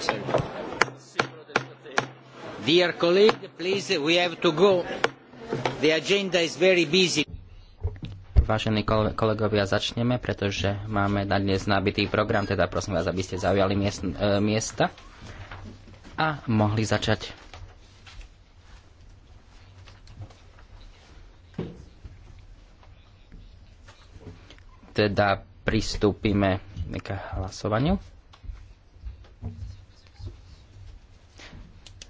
she Vážení kolegovia, začneme, pretože máme na dnes nabitý program, teda prosím vás, aby ste zaujali miest, e, miesta a mohli začať. Teda pristúpime k hlasovaniu.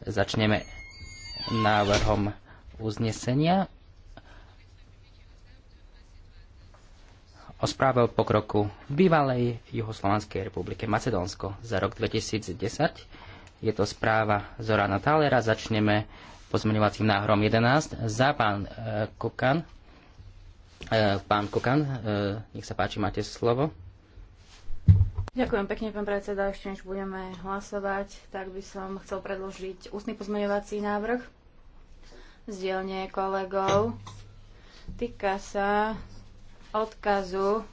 Začneme návrhom uznesenia o správe o pokroku v bývalej Juhoslovanskej republike Macedónsko za rok 2010. Je to správa Zorana Thalera. Začneme pozmeňovacím náhrom 11 za pán eh, Kukan. Eh, pán Kukan, eh, nech sa páči, máte slovo. Ďakujem pekne, pán predseda. Ešte než budeme hlasovať, tak by som chcel predložiť ústny pozmeňovací návrh z dielne kolegov. Týka sa odkazu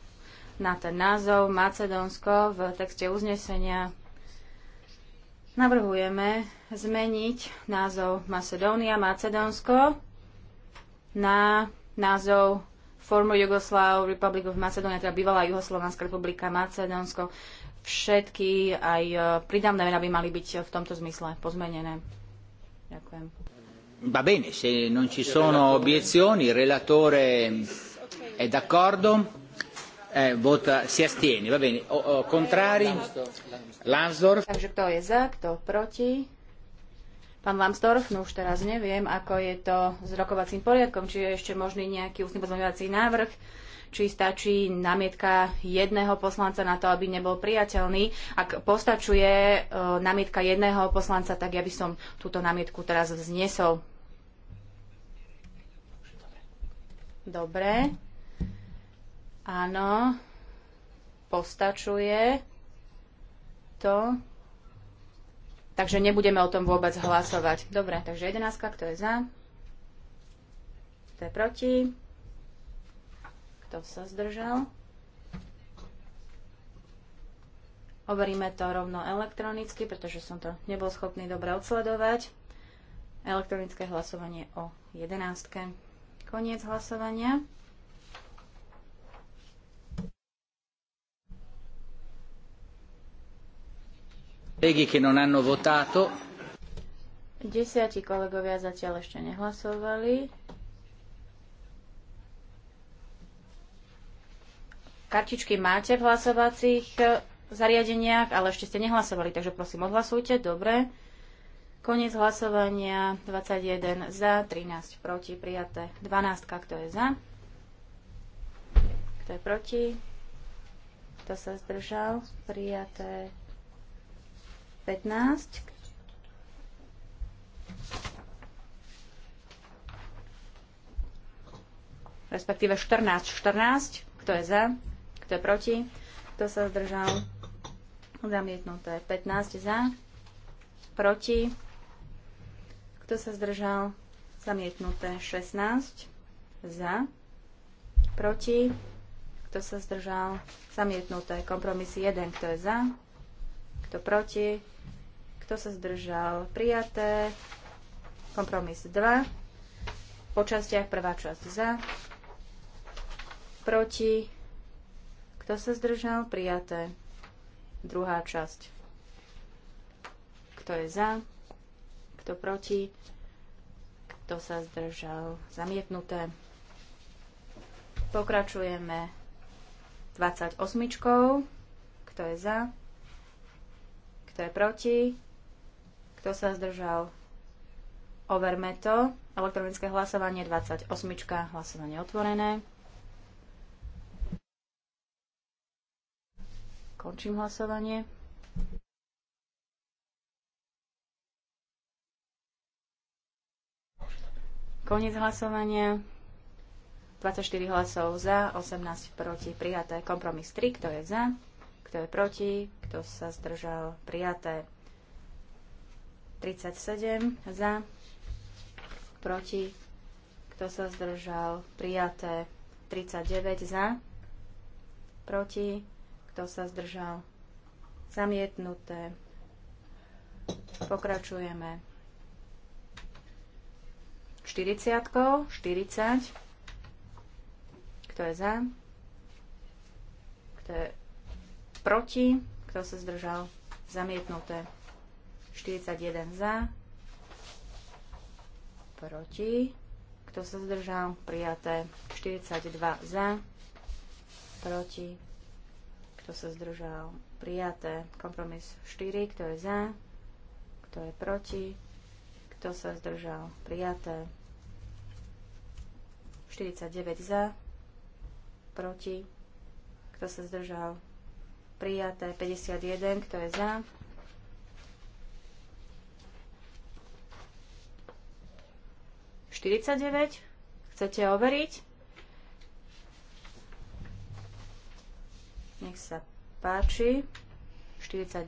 na ten názov Macedónsko v texte uznesenia. Navrhujeme zmeniť názov Macedónia, Macedónsko na názov former Yugoslav Republic of Macedonia, teda bývalá Juhoslovanská republika Macedónsko, všetky aj e, pridávne mená by mali byť v tomto zmysle pozmenené. Ďakujem. Va bene, se non ci sono obiezioni, il relatore è d'accordo, eh, vota, si astiene, va bene. O, o, contrari? Lansdorf. Takže kto je za, kto proti? Pán Lambsdorff, no už teraz neviem, ako je to s rokovacím poriadkom, či je ešte možný nejaký ústny pozmeňovací návrh, či stačí námietka jedného poslanca na to, aby nebol priateľný. Ak postačuje e, námietka jedného poslanca, tak ja by som túto namietku teraz vznesol. Dobre. Áno. Postačuje to. Takže nebudeme o tom vôbec hlasovať. Dobre, takže 11, kto je za? Kto je proti? Kto sa zdržal? Overíme to rovno elektronicky, pretože som to nebol schopný dobre odsledovať. Elektronické hlasovanie o 11. Koniec hlasovania. Desiatí kolegovia zatiaľ ešte nehlasovali. Kartičky máte v hlasovacích e, zariadeniach, ale ešte ste nehlasovali, takže prosím odhlasujte. Dobre. Koniec hlasovania. 21 za, 13 proti, prijaté. 12, kto je za? Kto je proti? Kto sa zdržal? Prijaté. 15. Respektíve 14. 14. Kto je za? Kto je proti? Kto sa zdržal? Zamietnuté. 15 za. Proti. Kto sa zdržal? Zamietnuté. 16 za. Proti. Kto sa zdržal? Zamietnuté. Kompromis 1. Kto je za? Kto proti? Kto sa zdržal? Prijaté. Kompromis 2. Po častiach prvá časť za. Proti. Kto sa zdržal? Prijaté. Druhá časť. Kto je za? Kto proti? Kto sa zdržal? Zamietnuté. Pokračujeme 28. Kto je za? Kto je proti? Kto sa zdržal? Overme to. Elektronické hlasovanie 28. Hlasovanie otvorené. Končím hlasovanie. Koniec hlasovania. 24 hlasov za, 18 proti, prijaté. Kompromis 3, kto je za, kto je proti, kto sa zdržal, prijaté. 37 za, proti, kto sa zdržal, prijaté 39 za, proti, kto sa zdržal, zamietnuté. Pokračujeme 40, 40, kto je za, kto je proti, kto sa zdržal, zamietnuté. 41 za, proti, kto sa zdržal, prijaté 42 za, proti, kto sa zdržal, prijaté kompromis 4, kto je za, kto je proti, kto sa zdržal, prijaté 49 za, proti, kto sa zdržal, prijaté 51, kto je za, 49. Chcete overiť? Nech sa páči. 49.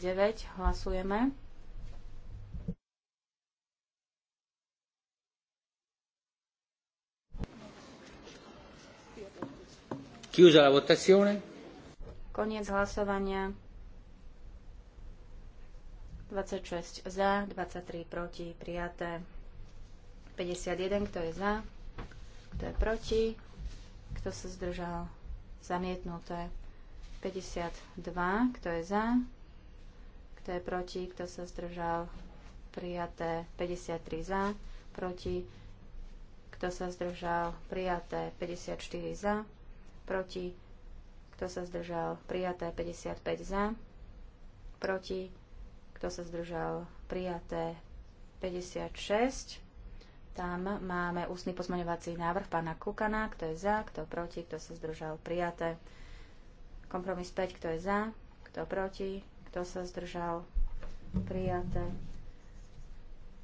Hlasujeme. Chiusa la votazione. Koniec hlasovania. 26 za, 23 proti, prijaté. 51, kto je za, kto je proti, kto sa zdržal, zamietnuté. 52, kto je za, kto je proti, kto sa zdržal, prijaté. 53 za, proti, kto sa zdržal, prijaté. 54 za, proti, kto sa zdržal, prijaté. 55 za, proti, kto sa zdržal, prijaté. 56 tam máme ústny pozmaňovací návrh pána Kukana, kto je za, kto proti, kto sa zdržal, prijaté. Kompromis 5, kto je za, kto proti, kto sa zdržal, prijaté.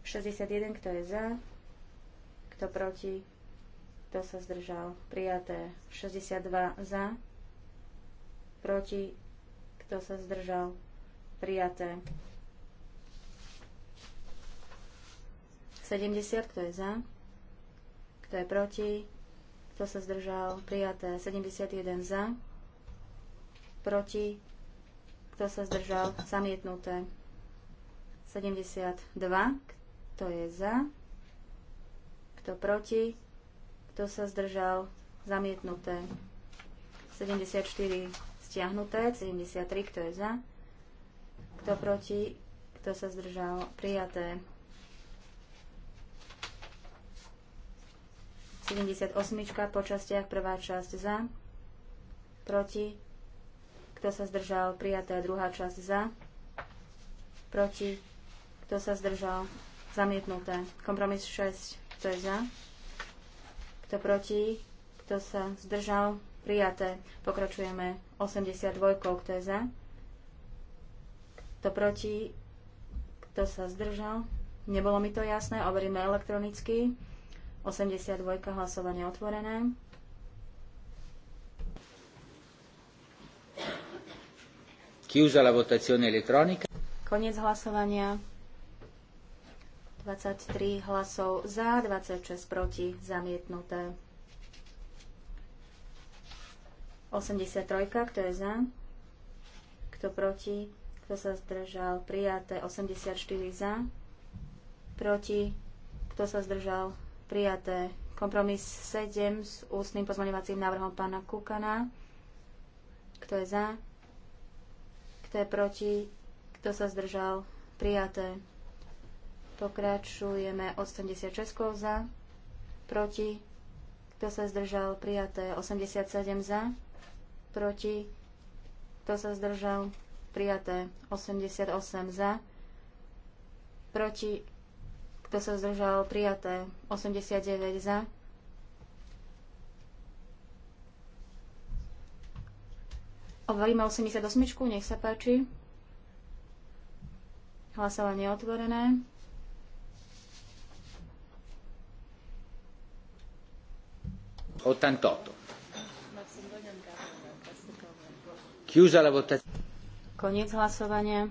61, kto je za, kto proti, kto sa zdržal, prijaté. 62 za, proti, kto sa zdržal, prijaté. 70, kto je za, kto je proti, kto sa zdržal, prijaté 71 za, proti, kto sa zdržal, zamietnuté 72, kto je za, kto proti, kto sa zdržal, zamietnuté 74 stiahnuté, 73 kto je za, kto proti, kto sa zdržal, prijaté 78 po častiach, prvá časť za, proti, kto sa zdržal, prijatá, druhá časť za, proti, kto sa zdržal, zamietnuté. Kompromis 6, kto je za, kto proti, kto sa zdržal, prijaté. Pokračujeme 82, kto je za, kto proti, kto sa zdržal, nebolo mi to jasné, overíme elektronicky. 82. Hlasovanie otvorené. Chiusa la votazione elettronica. Koniec hlasovania. 23 hlasov za, 26 proti, zamietnuté. 83, kto je za? Kto proti? Kto sa zdržal? Prijaté 84 za. Proti? Kto sa zdržal? prijaté. Kompromis 7 s ústnym pozmaňovacím návrhom pána Kukana. Kto je za? Kto je proti? Kto sa zdržal? Prijaté. Pokračujeme 86 za, proti, kto sa zdržal, prijaté 87 za, proti, kto sa zdržal, prijaté 88 za, proti, kto sa zdržal? Prijaté. 89 za. Overíme 88. Nech sa páči. Hlasovanie otvorené. Chiusa la votazione. Koniec hlasovania.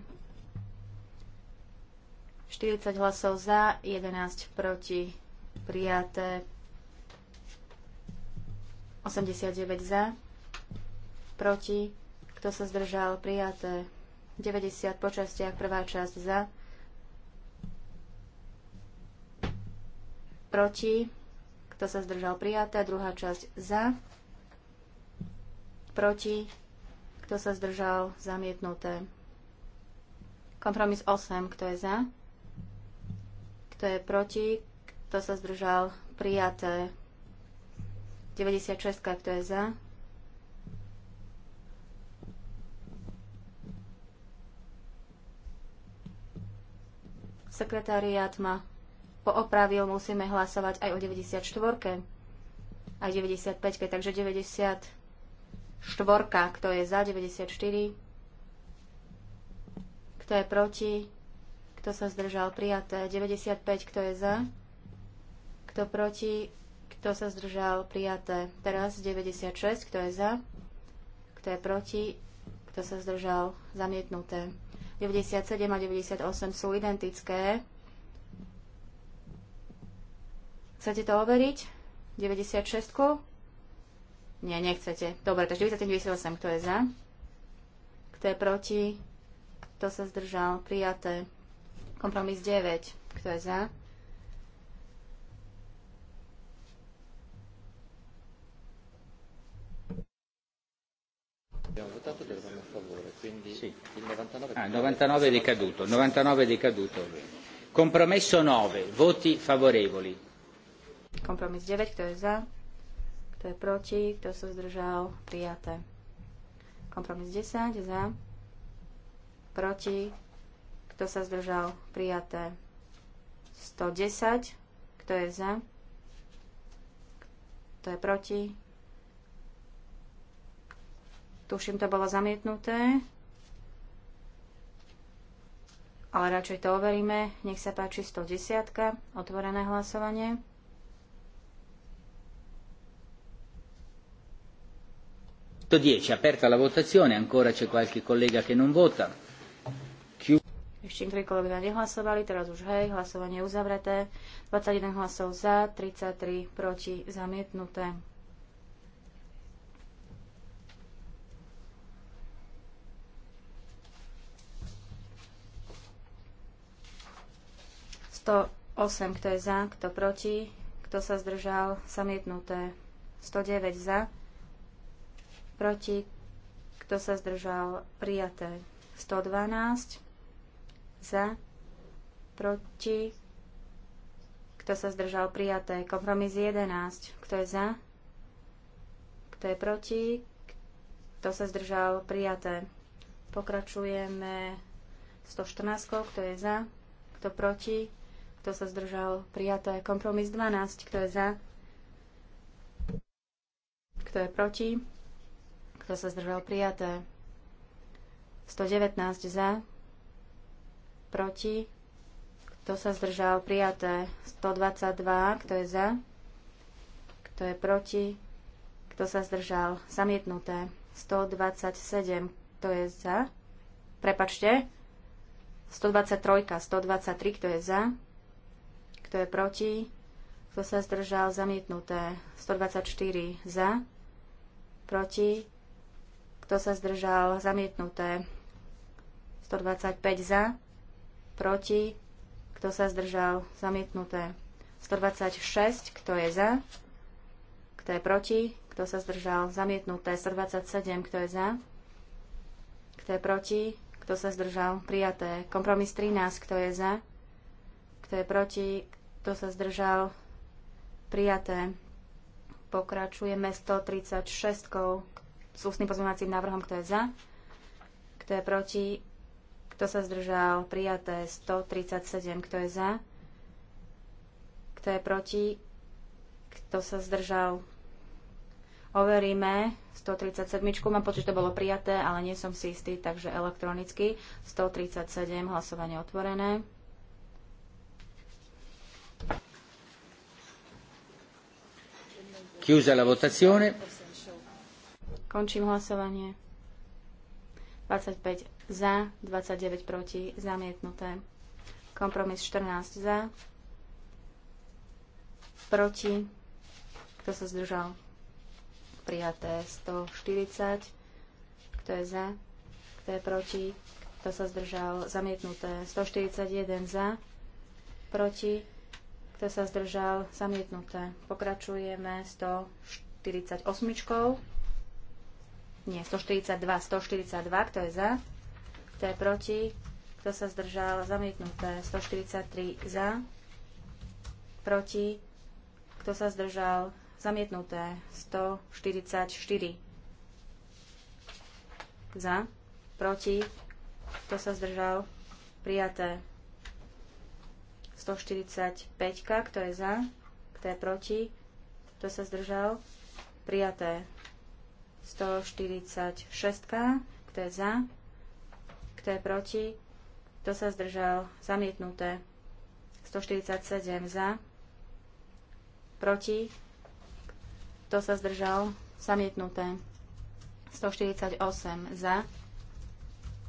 40 hlasov za, 11 proti, prijaté. 89 za, proti, kto sa zdržal, prijaté. 90 po častiach, prvá časť za, proti, kto sa zdržal, prijaté. Druhá časť za, proti, kto sa zdržal, zamietnuté. Kompromis 8, kto je za? Kto je proti? Kto sa zdržal? Prijaté. 96. Kto je za? Sekretariat ma poopravil, musíme hlasovať aj o 94. Aj 95. Takže 94. Kto je za? 94. Kto je proti? Kto sa zdržal? Prijaté. 95. Kto je za? Kto proti? Kto sa zdržal? Prijaté. Teraz 96. Kto je za? Kto je proti? Kto sa zdržal? Zamietnuté. 97 a 98 sú identické. Chcete to overiť? 96? Nie, nechcete. Dobre, takže 97, kto je za? Kto je proti? Kto sa zdržal? Prijaté. Kompromis 9. Kto je za? Ah, 99 è decaduto, 99 è decaduto. Compromesso 9, voti favorevoli. Kompromis 9, kto je za? Kto je proti? Kto sa zdržal? Prijaté. Kompromis 10, za? Proti? Kto sa zdržal? Prijaté. 110. Kto je za? Kto je proti? Tuším, to bolo zamietnuté. Ale radšej to overíme. Nech sa páči 110. Otvorené hlasovanie. To 10, aperta la votazione, ancora c'è qualche collega che non vota. Ešte niektorí kolegovia nehlasovali, teraz už hej, hlasovanie uzavreté. 21 hlasov za, 33 proti, zamietnuté. Sto 8, kto je za, kto proti, kto sa zdržal, zamietnuté. 109 za, proti, kto sa zdržal, prijaté. 112 za, proti, kto sa zdržal prijaté. Kompromis 11, kto je za, kto je proti, kto sa zdržal prijaté. Pokračujeme 114, kto je za, kto proti, kto sa zdržal prijaté. Kompromis 12, kto je za, kto je proti, kto sa zdržal prijaté. 119 za, proti, kto sa zdržal, prijaté 122, kto je za, kto je proti, kto sa zdržal, zamietnuté 127, kto je za, prepačte, 123, 123, kto je za, kto je proti, kto sa zdržal, zamietnuté 124 za, proti, kto sa zdržal, zamietnuté 125 za, proti, kto sa zdržal, zamietnuté. 126, kto je za, kto je proti, kto sa zdržal, zamietnuté. 127, kto je za, kto je proti, kto sa zdržal, prijaté. Kompromis 13, kto je za, kto je proti, kto sa zdržal, prijaté. Pokračujeme 136 s ústnym pozmeňovacím návrhom, kto je za, kto je proti, kto sa zdržal? Prijaté 137. Kto je za? Kto je proti? Kto sa zdržal? Overíme 137. Mám pocit, že to bolo prijaté, ale nie som si istý, takže elektronicky 137. Hlasovanie otvorené. Chiusa la votazione. Končím hlasovanie. 25 za, 29 proti, zamietnuté. Kompromis 14 za, proti, kto sa zdržal, prijaté 140, kto je za, kto je proti, kto sa zdržal, zamietnuté 141 za, proti, kto sa zdržal, zamietnuté. Pokračujeme 148. Nie, 142, 142, kto je za? Kto je proti? Kto sa zdržal? Zamietnuté. 143 za. Proti? Kto sa zdržal? Zamietnuté. 144 za. Proti? Kto sa zdržal? Prijaté. 145. Kto je za? Kto je proti? Kto sa zdržal? Prijaté. 146. Kto je za? Kto je proti? Kto sa zdržal? Zamietnuté. 147 za. Proti? Kto sa zdržal? Zamietnuté. 148 za.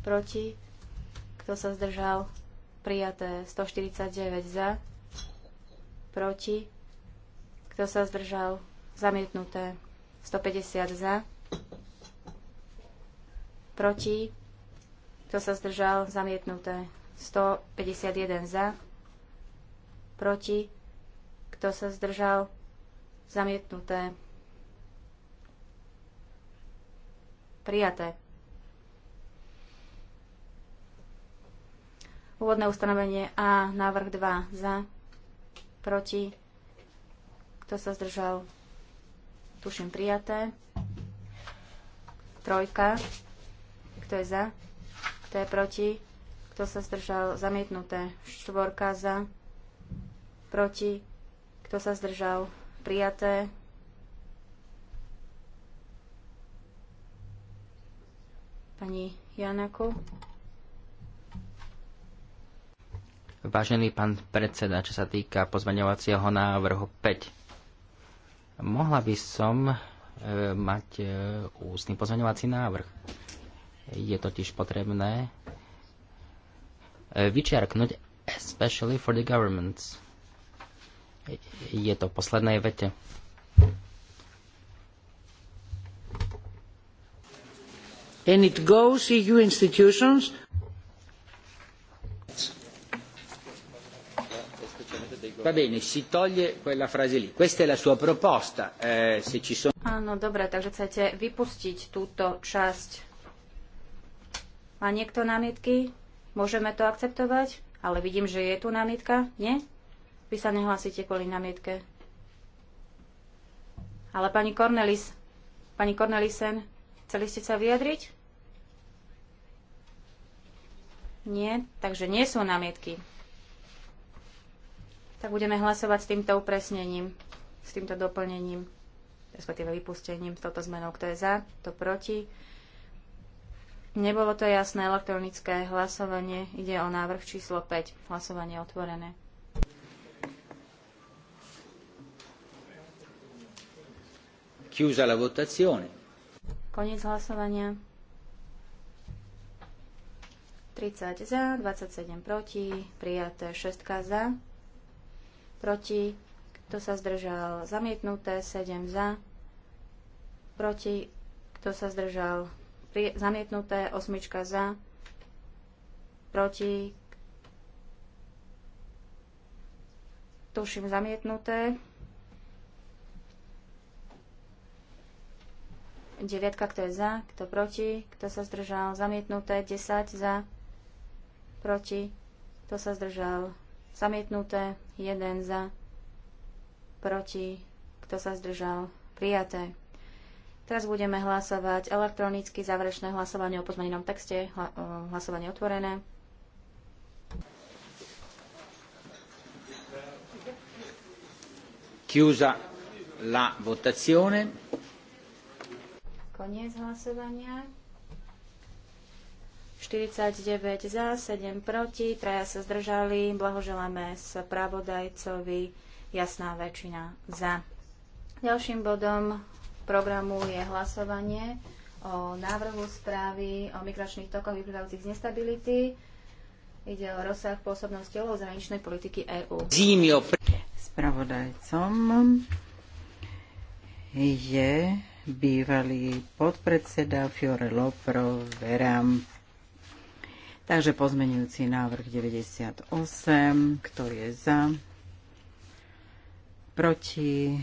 Proti? Kto sa zdržal? Prijaté. 149 za. Proti? Kto sa zdržal? Zamietnuté. 150 za. Proti? Kto sa zdržal? Zamietnuté. 151 za. Proti. Kto sa zdržal? Zamietnuté. Prijaté. Úvodné ustanovenie A, návrh 2 za. Proti. Kto sa zdržal? Tuším prijaté. Trojka. Kto je za? Kto je proti? Kto sa zdržal? Zamietnuté. Štvorka za. Proti. Kto sa zdržal? Prijaté. Pani Janaku. Vážený pán predseda, čo sa týka pozmeňovacieho návrhu 5, mohla by som e, mať e, ústny pozmeňovací návrh. Je totiž potrebné eh, vyčiarknúť especially for the governments. Je to poslednej vete. And it goes EU institutions Va bene, si toglie quella frase lì. Questa è la sua proposta. Eh, se ci sono... Ah, no, dobra, takže chcete vypustiť túto časť má niekto námietky? Môžeme to akceptovať? Ale vidím, že je tu námietka. Nie? Vy sa nehlasíte kvôli námietke. Ale pani Cornelis, pani Cornelisen, chceli ste sa vyjadriť? Nie, takže nie sú námietky. Tak budeme hlasovať s týmto upresnením, s týmto doplnením, respektíve vypustením, s touto zmenou. Kto je za, kto proti. Nebolo to jasné elektronické hlasovanie. Ide o návrh číslo 5. Hlasovanie otvorené. Chiusa la votazione. Koniec hlasovania. 30 za, 27 proti, prijaté 6 za, proti, kto sa zdržal, zamietnuté 7 za, proti, kto sa zdržal, zamietnuté, osmička za, proti, tuším zamietnuté. Deviatka, kto je za, kto proti, kto sa zdržal, zamietnuté, 10 za, proti, kto sa zdržal, zamietnuté, 1 za, proti, kto sa zdržal, prijaté. Teraz budeme hlasovať elektronicky záverečné hlasovanie o pozmenenom texte. Hlasovanie otvorené. Chiusa la votazione. Koniec hlasovania. 49 za, 7 proti, traja sa zdržali. Blahoželáme spravodajcovi. Jasná väčšina za. Ďalším bodom programu je hlasovanie o návrhu správy o migračných tokoch vyplývajúcich z nestability. Ide o rozsah pôsobnosti o zahraničnej politiky EÚ. Spravodajcom je bývalý podpredseda Fiore Lopro Veram. Takže pozmenujúci návrh 98, kto je za, proti,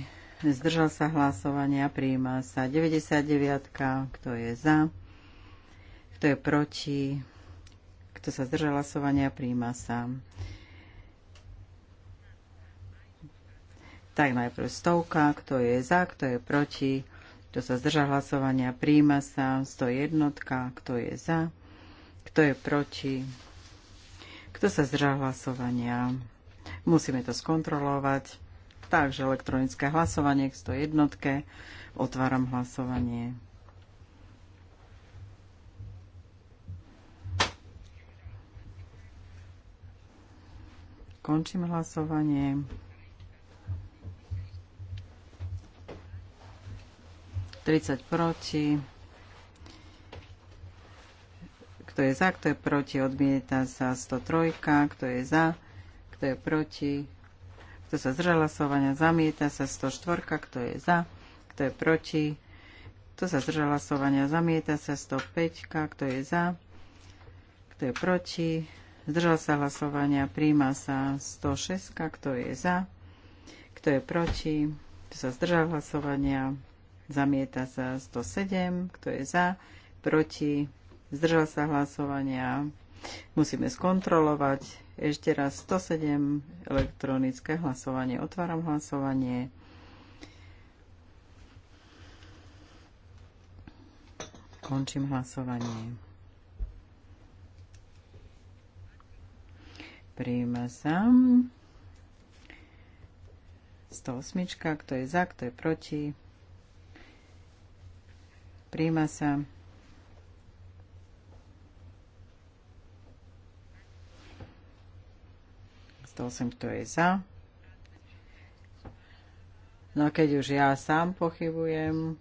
zdržal sa hlasovania, prijíma sa 99, kto je za, kto je proti, kto sa zdržal hlasovania, prijíma sa. Tak najprv stovka, kto je za, kto je proti, kto sa zdržal hlasovania, prijíma sa 101, kto je za, kto je proti, kto sa zdržal hlasovania. Musíme to skontrolovať. Takže elektronické hlasovanie k 101. Otváram hlasovanie. Končím hlasovanie. 30 proti. Kto je za, kto je proti, odmieta sa 103. Kto je za, kto je proti, kto sa zdržal hlasovania, zamieta sa 104, kto je za, kto je proti, kto sa zdržal hlasovania, zamieta sa 105, kto je za, kto je proti, zdržal sa hlasovania, príjma sa 106, kto je za, kto je proti, kto sa zdržal hlasovania, zamieta sa 107, kto je za, proti, zdržal sa hlasovania, Musíme skontrolovať ešte raz 107 elektronické hlasovanie. Otváram hlasovanie. Končím hlasovanie. Príjme sa. 108, kto je za, kto je proti. Príjma sa. 108, kto je za. No keď už ja sám pochybujem,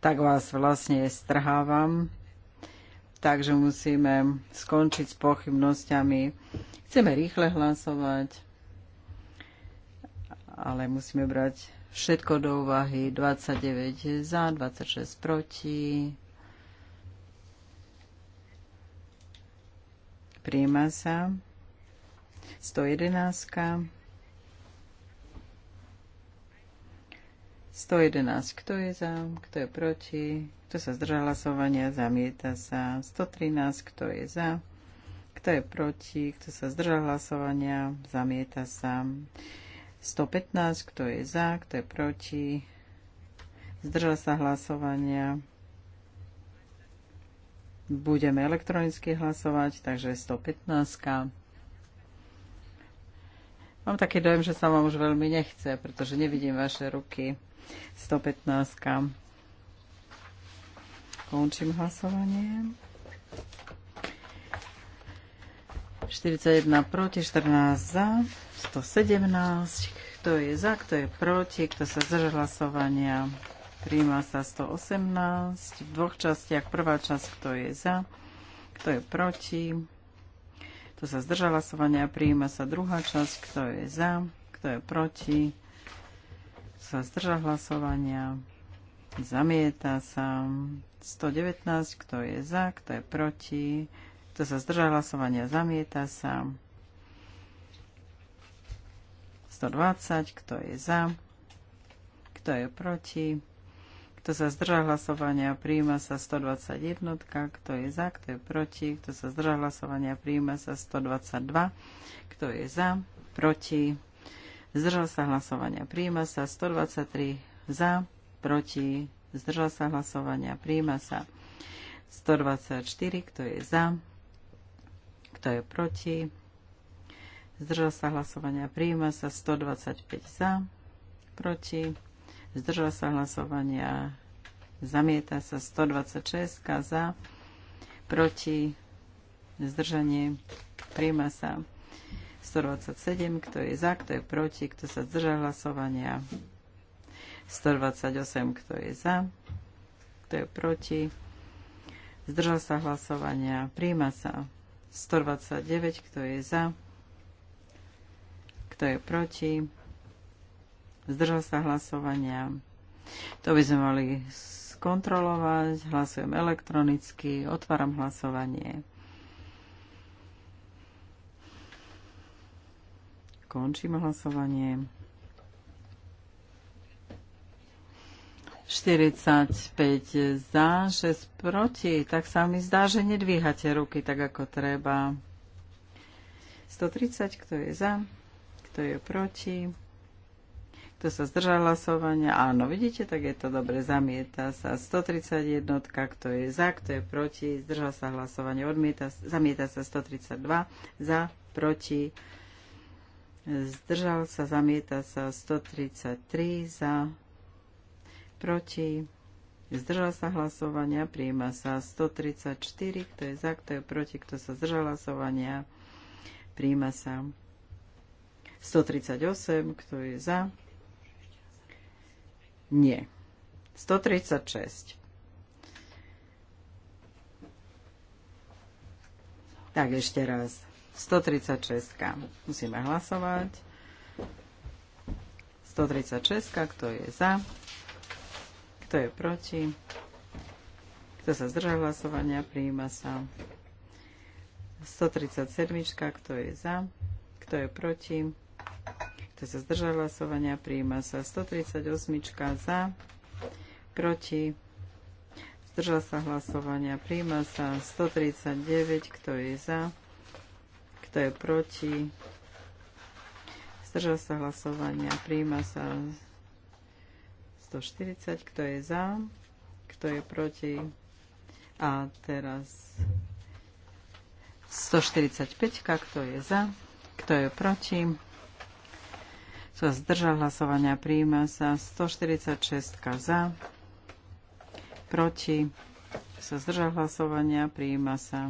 tak vás vlastne strhávam. Takže musíme skončiť s pochybnosťami. Chceme rýchle hlasovať, ale musíme brať všetko do úvahy. 29 za, 26 proti. Prima sa. 111. 111. Kto je za? Kto je proti? Kto sa zdržal hlasovania? Zamieta sa. 113. Kto je za? Kto je proti? Kto sa zdržal hlasovania? Zamieta sa. 115. Kto je za? Kto je proti? Zdržal sa hlasovania. Budeme elektronicky hlasovať, takže 115. Mám taký dojem, že sa vám už veľmi nechce, pretože nevidím vaše ruky. 115. Končím hlasovanie. 41 proti, 14 za, 117. Kto je za, kto je proti, kto sa zdržal hlasovania. Príjma sa 118. V dvoch častiach. Prvá časť, kto je za, kto je proti kto sa zdržal hlasovania? Prijíma sa druhá časť. Kto je za? Kto je proti? Kto sa zdržal hlasovania? Zamieta sa. 119. Kto je za? Kto je proti? Kto sa zdržal hlasovania? Zamieta sa. 120. Kto je za? Kto je proti? Kto sa zdržal hlasovania, príjma sa 121. Kto je za, kto je proti. Kto sa zdržal hlasovania, príjma sa 122. Kto je za, proti. Zdržal sa hlasovania, príjma sa 123. Za, proti. Zdržal sa hlasovania, príjma sa 124. Kto je za, kto je proti. Zdržal sa hlasovania, príjma sa 125 za, proti zdržal sa hlasovania, zamieta sa 126 za, proti, zdržanie, príjma sa 127, kto je za, kto je proti, kto sa zdržal hlasovania, 128, kto je za, kto je proti, zdržal sa hlasovania, príjma sa 129, kto je za, kto je proti, Zdržal sa hlasovania. To by sme mali skontrolovať. Hlasujem elektronicky. Otváram hlasovanie. Končím hlasovanie. 45 za, 6 proti. Tak sa mi zdá, že nedvíhate ruky tak, ako treba. 130, kto je za, kto je proti kto sa zdržal hlasovania, áno, vidíte, tak je to dobre, zamieta sa 131, kto je za, kto je proti, zdržal sa hlasovanie, odmieta, zamieta sa 132, za, proti, zdržal sa, zamieta sa 133, za, proti, zdržal sa hlasovania, prijíma sa 134, kto je za, kto je proti, kto sa zdržal hlasovania, prijíma sa 138, kto je za, nie. 136. Tak ešte raz. 136. Musíme hlasovať. 136. Kto je za? Kto je proti? Kto sa zdržal hlasovania? Prijíma sa. 137. Kto je za? Kto je proti? Kto sa zdržal hlasovania, prijíma sa 138 za, proti, zdržal sa hlasovania, prijíma sa 139, kto je za, kto je proti, zdržal sa hlasovania, prijíma sa 140, kto je za, kto je proti a teraz 145, kto je za, kto je proti sa zdržal hlasovania, prijíma sa 146 za, proti, sa zdržal hlasovania, prijíma sa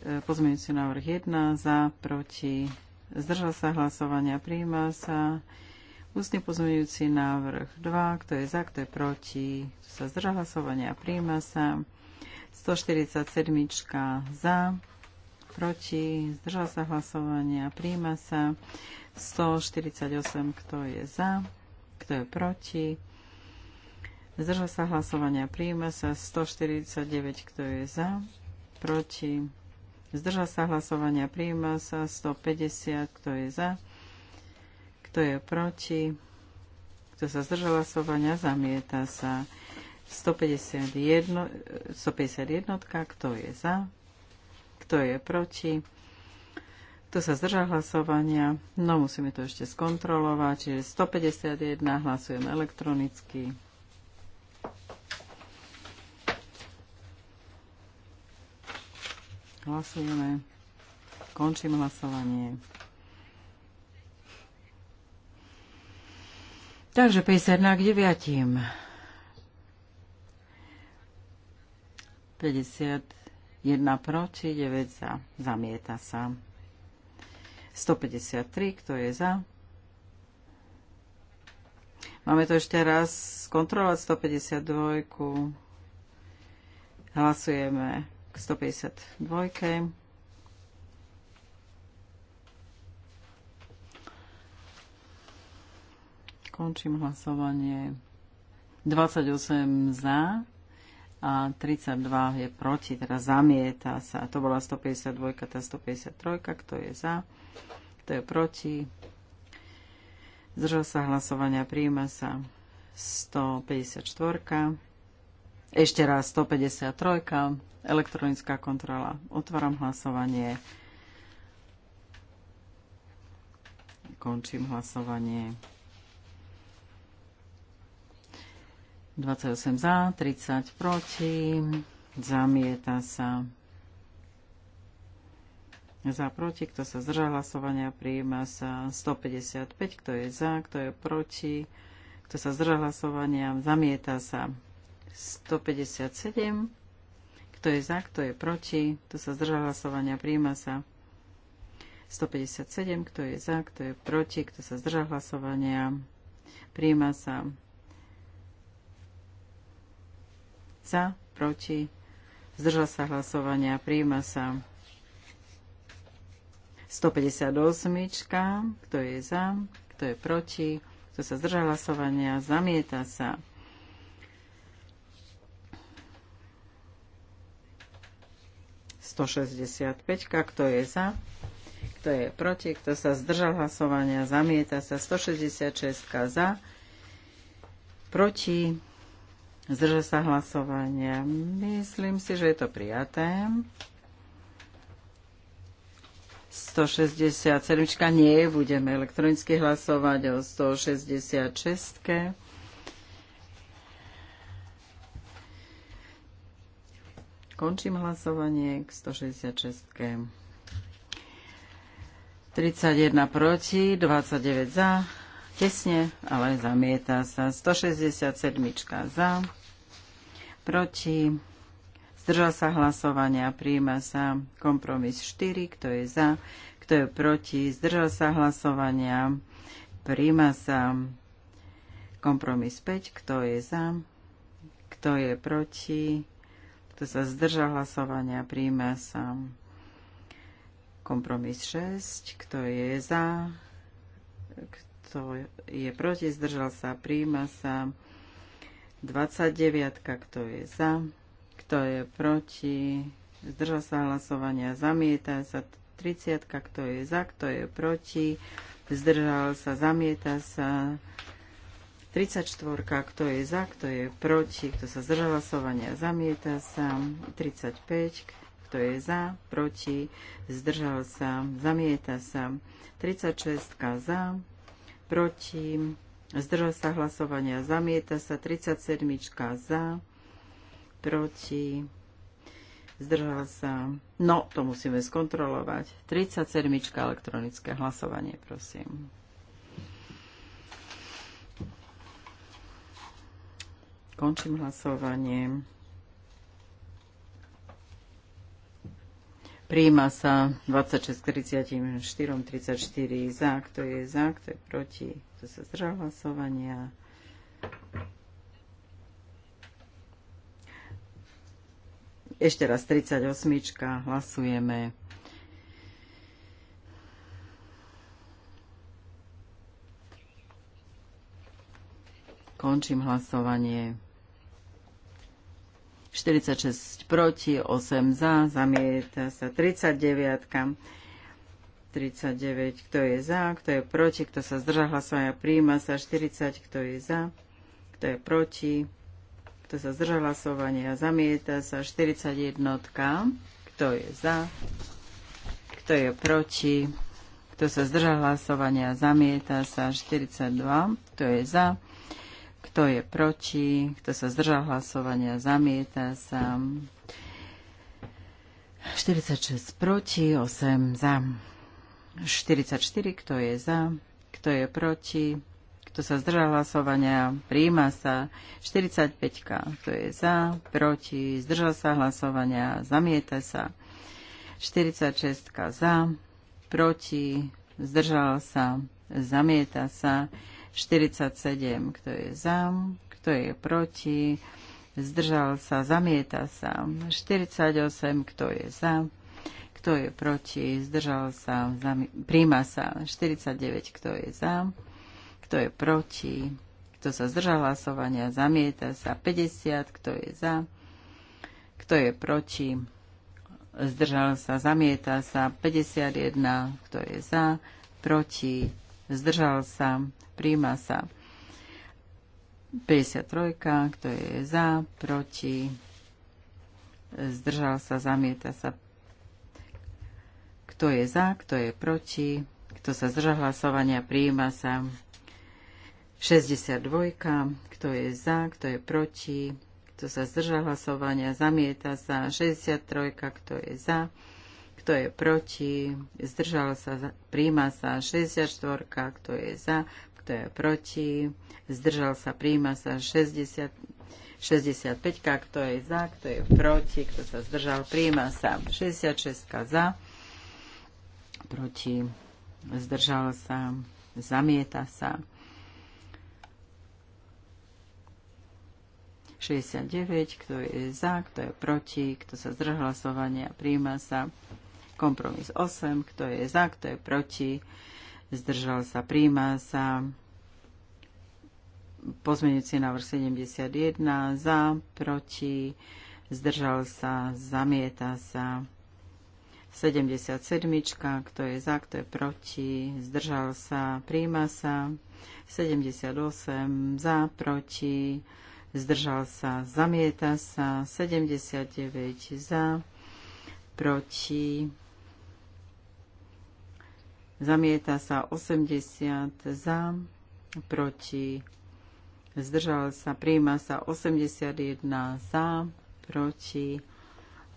e, pozmeňujúci návrh 1 za, proti, zdržal sa hlasovania, prijíma sa ústny pozmeňujúci návrh 2, kto je za, kto je proti, sa zdržal hlasovania, prijíma sa 147 za, proti, zdržal sa hlasovania, príjma sa 148, kto je za, kto je proti, zdržal sa hlasovania, príjma sa 149, kto je za, proti, zdržal sa hlasovania, príjma sa 150, kto je za, kto je proti, kto sa zdržal hlasovania, zamieta sa 151, 151 kto je za, kto je proti? Kto sa zdržal hlasovania? No, musíme to ešte skontrolovať. Čiže 151 hlasujem elektronicky. Hlasujeme. Končím hlasovanie. Takže 51 k 9. 50 1 proti, 9 za. Zamieta sa. 153, kto je za? Máme to ešte raz skontrolovať 152. Hlasujeme k 152. Končím hlasovanie. 28 za, a 32 je proti, teda zamieta sa. To bola 152, tá 153, kto je za, kto je proti. Zdržal sa hlasovania, príjma sa 154. Ešte raz 153. Elektronická kontrola. Otváram hlasovanie. Končím hlasovanie. 28 za, 30 proti, zamieta sa. Za proti, kto sa zdržal hlasovania, prijíma sa 155, kto je za, kto je proti, kto sa zdržal hlasovania, zamieta sa 157, kto je za, kto je proti, kto sa zdržal hlasovania, prijíma sa 157, kto je za, kto je proti, kto sa zdržal hlasovania, prijíma sa Za, proti, zdržal sa hlasovania, príjma sa. 158, kto je za, kto je proti, kto sa zdržal hlasovania, zamieta sa. kto je za, kto je proti, kto sa zdržal hlasovania, zamieta sa. 166 za, proti, Zdrža sa hlasovania. Myslím si, že je to prijaté. 167 nie, budeme elektronicky hlasovať o 166. Končím hlasovanie k 166. 31 proti, 29 za, Tesne, ale zamieta sa. 167 za, proti, zdržal sa hlasovania, príjma sa kompromis 4, kto je za, kto je proti, zdržal sa hlasovania, príjma sa kompromis 5, kto je za, kto je proti, kto sa zdržal hlasovania, príjma sa kompromis 6, kto je za, kto kto je proti, zdržal sa, príjma sa. 29, kto je za, kto je proti, zdržal sa hlasovania, zamieta sa. 30, kto je za, kto je proti, zdržal sa, zamieta sa. 34, kto je za, kto je proti, kto sa zdržal hlasovania, zamieta sa. 35, kto je za, proti, zdržal sa, zamieta sa. 36 za, proti, zdržal sa hlasovania, zamieta sa 37 za, proti, zdržal sa, no to musíme skontrolovať, 37 elektronické hlasovanie, prosím. Končím hlasovanie. Príjma sa 26 44, 34 za, kto je za, kto je proti, kto sa zdržal hlasovania. Ešte raz 38, hlasujeme. Končím hlasovanie. 46 proti, 8 za, zamieta sa 39. 39, kto je za, kto je proti, kto sa zdržal hlasovania, príjma sa 40, kto je za, kto je proti, kto sa zdržal hlasovania, zamieta sa 41, kto je za, kto je proti, kto sa zdržal hlasovania, zamieta sa 42, kto je za, kto je proti? Kto sa zdržal hlasovania? Zamieta sa. 46 proti, 8 za. 44, kto je za? Kto je proti? Kto sa zdržal hlasovania? Príjma sa. 45, kto je za? Proti? Zdržal sa hlasovania? Zamieta sa. 46 za, proti, zdržal sa, zamieta sa. 47. Kto je za? Kto je proti? Zdržal sa, zamieta sa. 48. Kto je za? Kto je proti? Zdržal sa, zami- príjma sa. 49. Kto je za? Kto je proti? Kto sa zdržal hlasovania? Zamieta sa. 50. Kto je za? Kto je proti? Zdržal sa, zamieta sa. 51. Kto je za? Proti? zdržal sa, príjma sa. 53, kto je za, proti, zdržal sa, zamieta sa. Kto je za, kto je proti, kto sa zdržal hlasovania, príjma sa. 62, kto je za, kto je proti, kto sa zdržal hlasovania, zamieta sa. 63, kto je za, kto je proti, zdržal sa, príjma sa 64, kto je za, kto je proti, zdržal sa, príjma sa 60, 65, kto je za, kto je proti, kto sa zdržal, príjma sa 66 za, proti, zdržal sa, zamieta sa 69, kto je za, kto je proti, kto sa zdržal hlasovania, príjma sa Kompromis 8, kto je za, kto je proti, zdržal sa, príjma sa. Pozmeňujúci návrh 71, za, proti, zdržal sa, zamieta sa. 77, kto je za, kto je proti, zdržal sa, príjma sa. 78, za, proti, zdržal sa, zamieta sa, 79 za, proti, Zamieta sa 80 za, proti, zdržal sa, príjma sa 81 za, proti,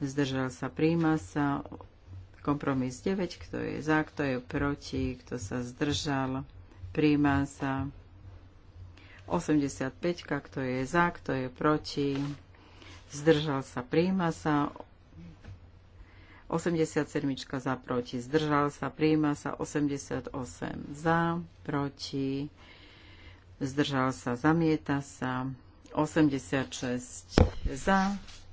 zdržal sa, príjma sa kompromis 9, kto je za, kto je proti, kto sa zdržal, príjma sa 85, kto je za, kto je proti, zdržal sa, príjma sa 87 za, proti, zdržal sa, príjma sa 88 za, proti, zdržal sa, zamieta sa 86 za,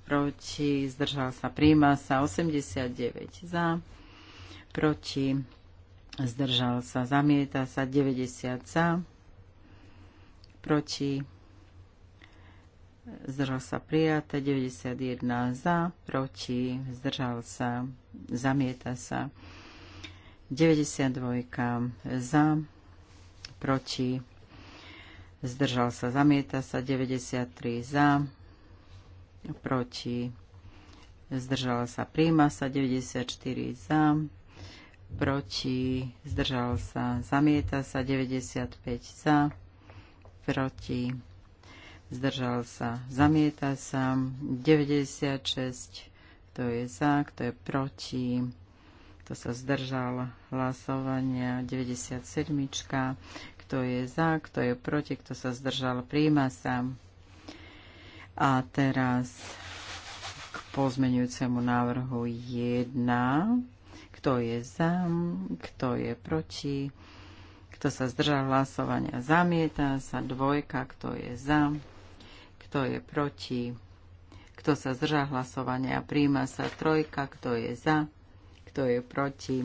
proti, zdržal sa, príjma sa 89 za, proti, zdržal sa, zamieta sa 90 za, proti, zdržal sa prijaté, 91 za, proti, zdržal sa, zamieta sa, 92 za, proti, zdržal sa, zamieta sa, 93 za, proti, zdržal sa, príjma sa, 94 za, proti, zdržal sa, zamieta sa, 95 za, proti, zdržal sa, zamieta sa, 96, to je za, kto je proti, kto sa zdržal hlasovania, 97, kto je za, kto je proti, kto sa zdržal, príjma sa. A teraz k pozmenujúcemu návrhu 1, kto je za, kto je proti, kto sa zdržal hlasovania, zamieta sa, dvojka, kto je za, kto je proti, kto sa zdrža hlasovania, príjma sa trojka, kto je za, kto je proti,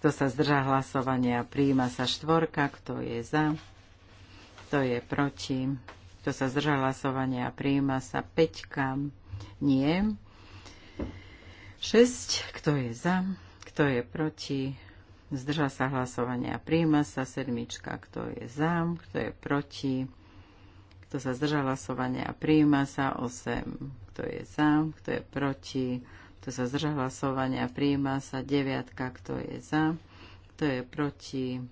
kto sa zdrža hlasovania, príjma sa štvorka, kto je za, kto je proti, kto sa zdrža hlasovania, príjma sa peťka, nie. šesť, kto je za, kto je proti, zdrža sa hlasovania, príjma sa sedmička, kto je za, kto je proti, kto sa zdržal hlasovania a prijíma sa 8. Kto je za, kto je proti. Kto sa zdržal hlasovania a prijíma sa 9. Kto je za, kto je proti.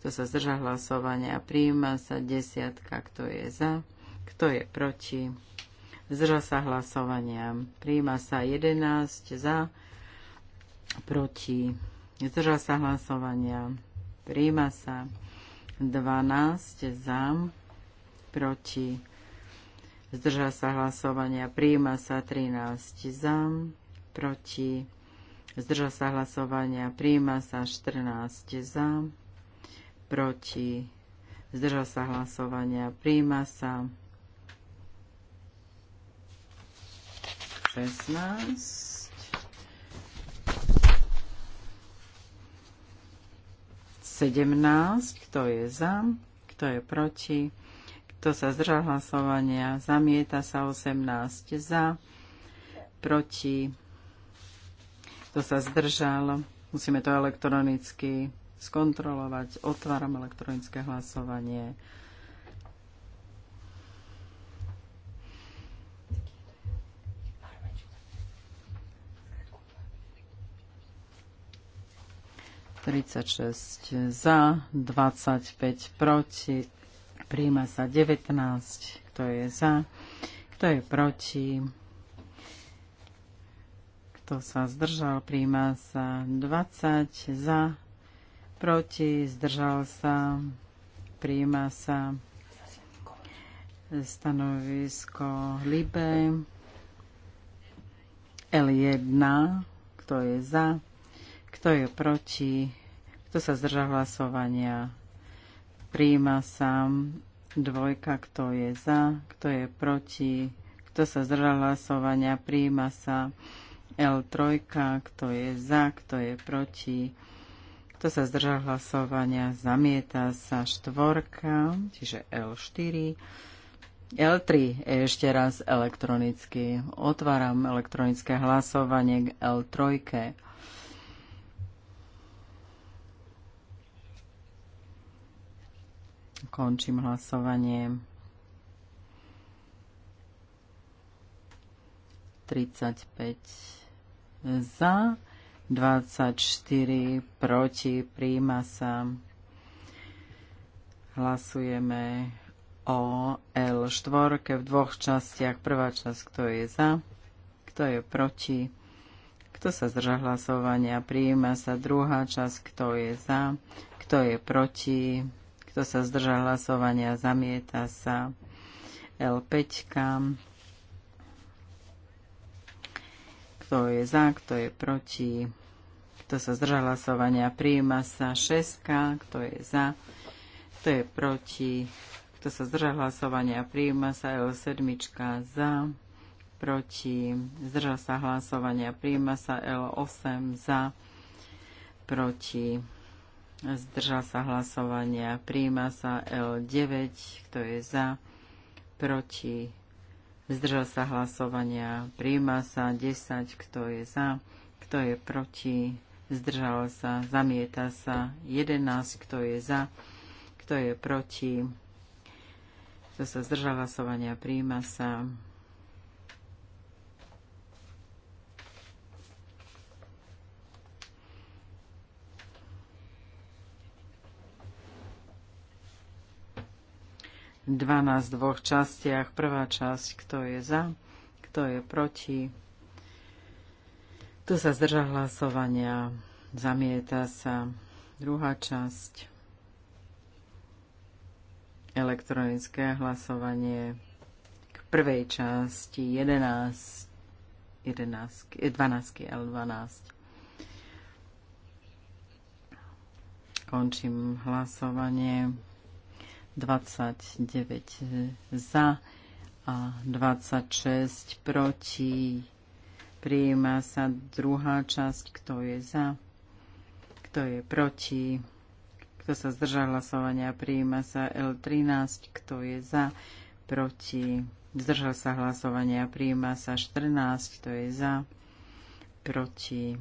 Kto sa zdržal hlasovania a prijíma sa 10. Kto je za, kto je proti. Zdržal sa hlasovania. Prijíma sa 11 za, proti. Zdržal sa hlasovania. prijíma sa 12 za, proti, zdrža sa hlasovania, príjma sa 13 za, proti, zdrža sa hlasovania, príjma sa 14 za, proti, zdrža sa hlasovania, príjma sa 16 17, kto je za, kto je proti, kto sa zdržal hlasovania? Zamieta sa 18 za. Proti. Kto sa zdržal? Musíme to elektronicky skontrolovať. Otváram elektronické hlasovanie. Tridsaťšesť za, 25 proti, Príjma sa 19. Kto je za? Kto je proti? Kto sa zdržal? Príjma sa 20. Za? Proti? Zdržal sa? Príjma sa stanovisko Libe L1. Kto je za? Kto je proti? Kto sa zdržal hlasovania? Príjima sa dvojka, kto je za, kto je proti, kto sa zdržal hlasovania, príjima sa L3, kto je za, kto je proti, kto sa zdržal hlasovania, zamieta sa štvorka, čiže L4, L3 ešte raz elektronicky. Otváram elektronické hlasovanie k L3. Končím hlasovanie. 35 za, 24 proti, príjma sa. Hlasujeme o L4 v dvoch častiach. Prvá časť, kto je za, kto je proti, kto sa zdrža hlasovania, príjma sa. Druhá časť, kto je za, kto je proti, kto sa zdržal hlasovania, zamieta sa. L5. Kto je za, kto je proti. Kto sa zdržal hlasovania, prijíma sa. 6. Kto je za, kto je proti. Kto sa zdržal hlasovania, prijíma sa. L7. Za proti, zdržal sa hlasovania, prijíma sa L8 za, proti, zdržal sa hlasovania, príjma sa L9, kto je za, proti, zdržal sa hlasovania, príjma sa 10, kto je za, kto je proti, zdržal sa, zamieta sa 11, kto je za, kto je proti, kto sa zdržal hlasovania, príjma sa 12 dvoch častiach. Prvá časť, kto je za, kto je proti. Tu sa zdrža hlasovania, zamieta sa. Druhá časť, elektronické hlasovanie k prvej časti 11, 11 12 L12. Končím hlasovanie. 29 eh, za a 26 proti. Prijíma sa druhá časť, kto je za, kto je proti, kto sa zdržal hlasovania. Prijíma sa L13, kto je za, proti, zdržal sa hlasovania. Prijíma sa 14, kto je za, proti,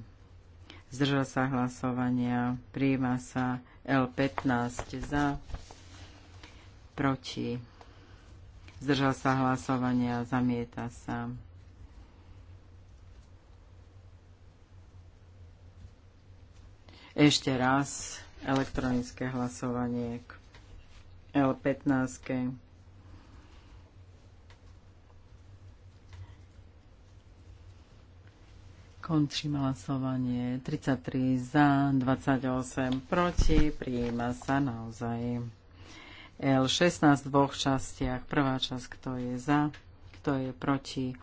zdržal sa hlasovania. Prijíma sa L15 za, proti, zdržal sa hlasovania, zamieta sa. Ešte raz elektronické hlasovanie k L15. Končím hlasovanie. 33 za, 28 proti. Prijíma sa naozaj. L16 v dvoch častiach. Prvá časť, kto je za, kto je proti,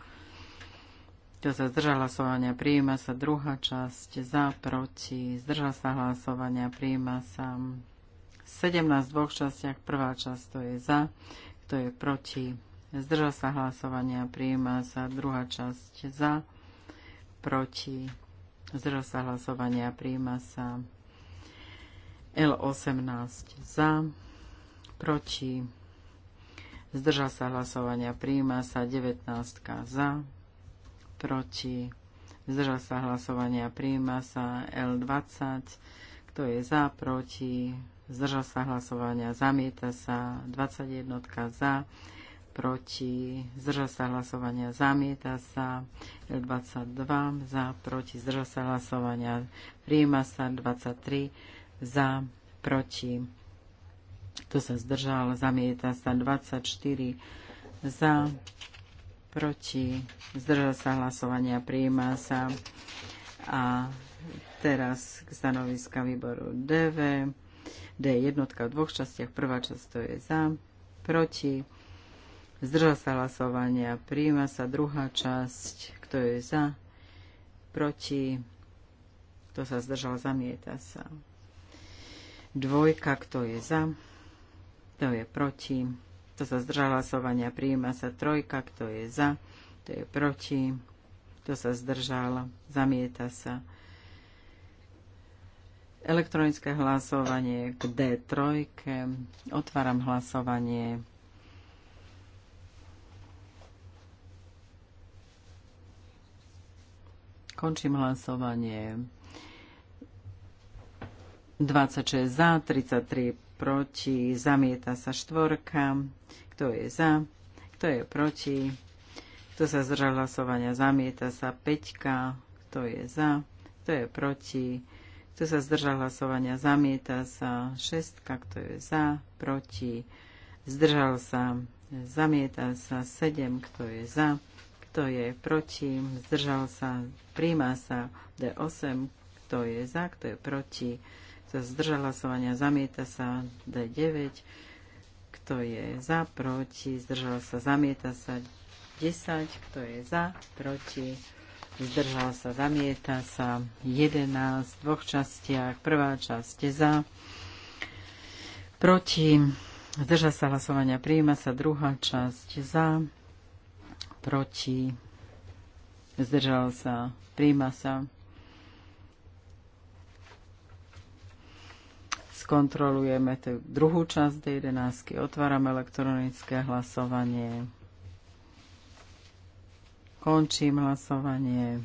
kto sa zdržal hlasovania, prijíma sa. Druhá časť, za, proti, zdržal sa hlasovania, prijíma sa. 17 v dvoch častiach. Prvá časť, to je za, kto je proti, zdržal sa hlasovania, prijíma sa. Druhá časť, za, proti, zdržal sa hlasovania, prijíma sa. L18 za, proti, zdržal sa hlasovania, príjma sa 19 za, proti, zdržal sa hlasovania, príjma sa L20, kto je za, proti, zdržal sa hlasovania, zamieta sa 21 za, proti, zdržal sa hlasovania, zamieta sa, l 22 za, proti, zdržal sa hlasovania, prijíma sa, 23 za, proti, kto sa zdržal, zamieta sa 24 za, proti, zdržal sa hlasovania, prijíma sa. A teraz k stanoviska výboru DV. D je jednotka v dvoch častiach. Prvá časť to je za, proti, zdržal sa hlasovania, prijíma sa druhá časť, kto je za, proti, kto sa zdržal, zamieta sa. Dvojka, kto je za, kto je proti, kto sa zdržal hlasovania, prijíma sa trojka, kto je za, kto je proti, kto sa zdržal, zamieta sa. Elektronické hlasovanie k D3. Otváram hlasovanie. Končím hlasovanie. 26 za, 33 proti, zamieta sa štvorka, kto je za, kto je proti, kto sa zdržal hlasovania, zamieta sa peťka, kto je za, kto je proti, kto sa zdržal hlasovania, zamieta sa šestka, kto je za, proti, zdržal sa, zamieta sa sedem, kto je za, kto je proti, zdržal sa, príjma sa D8, kto je za, kto je proti, sa zdržal hlasovania, zamieta sa D9, kto je za, proti, zdržal sa, zamieta sa 10, kto je za, proti, zdržal sa, zamieta sa 11 v dvoch častiach, prvá časť je za, proti, zdrža sa hlasovania, prijíma sa druhá časť za, proti, zdržal sa, prijíma sa Skontrolujeme tú druhú časť d 11. Otváram elektronické hlasovanie. Končím hlasovanie.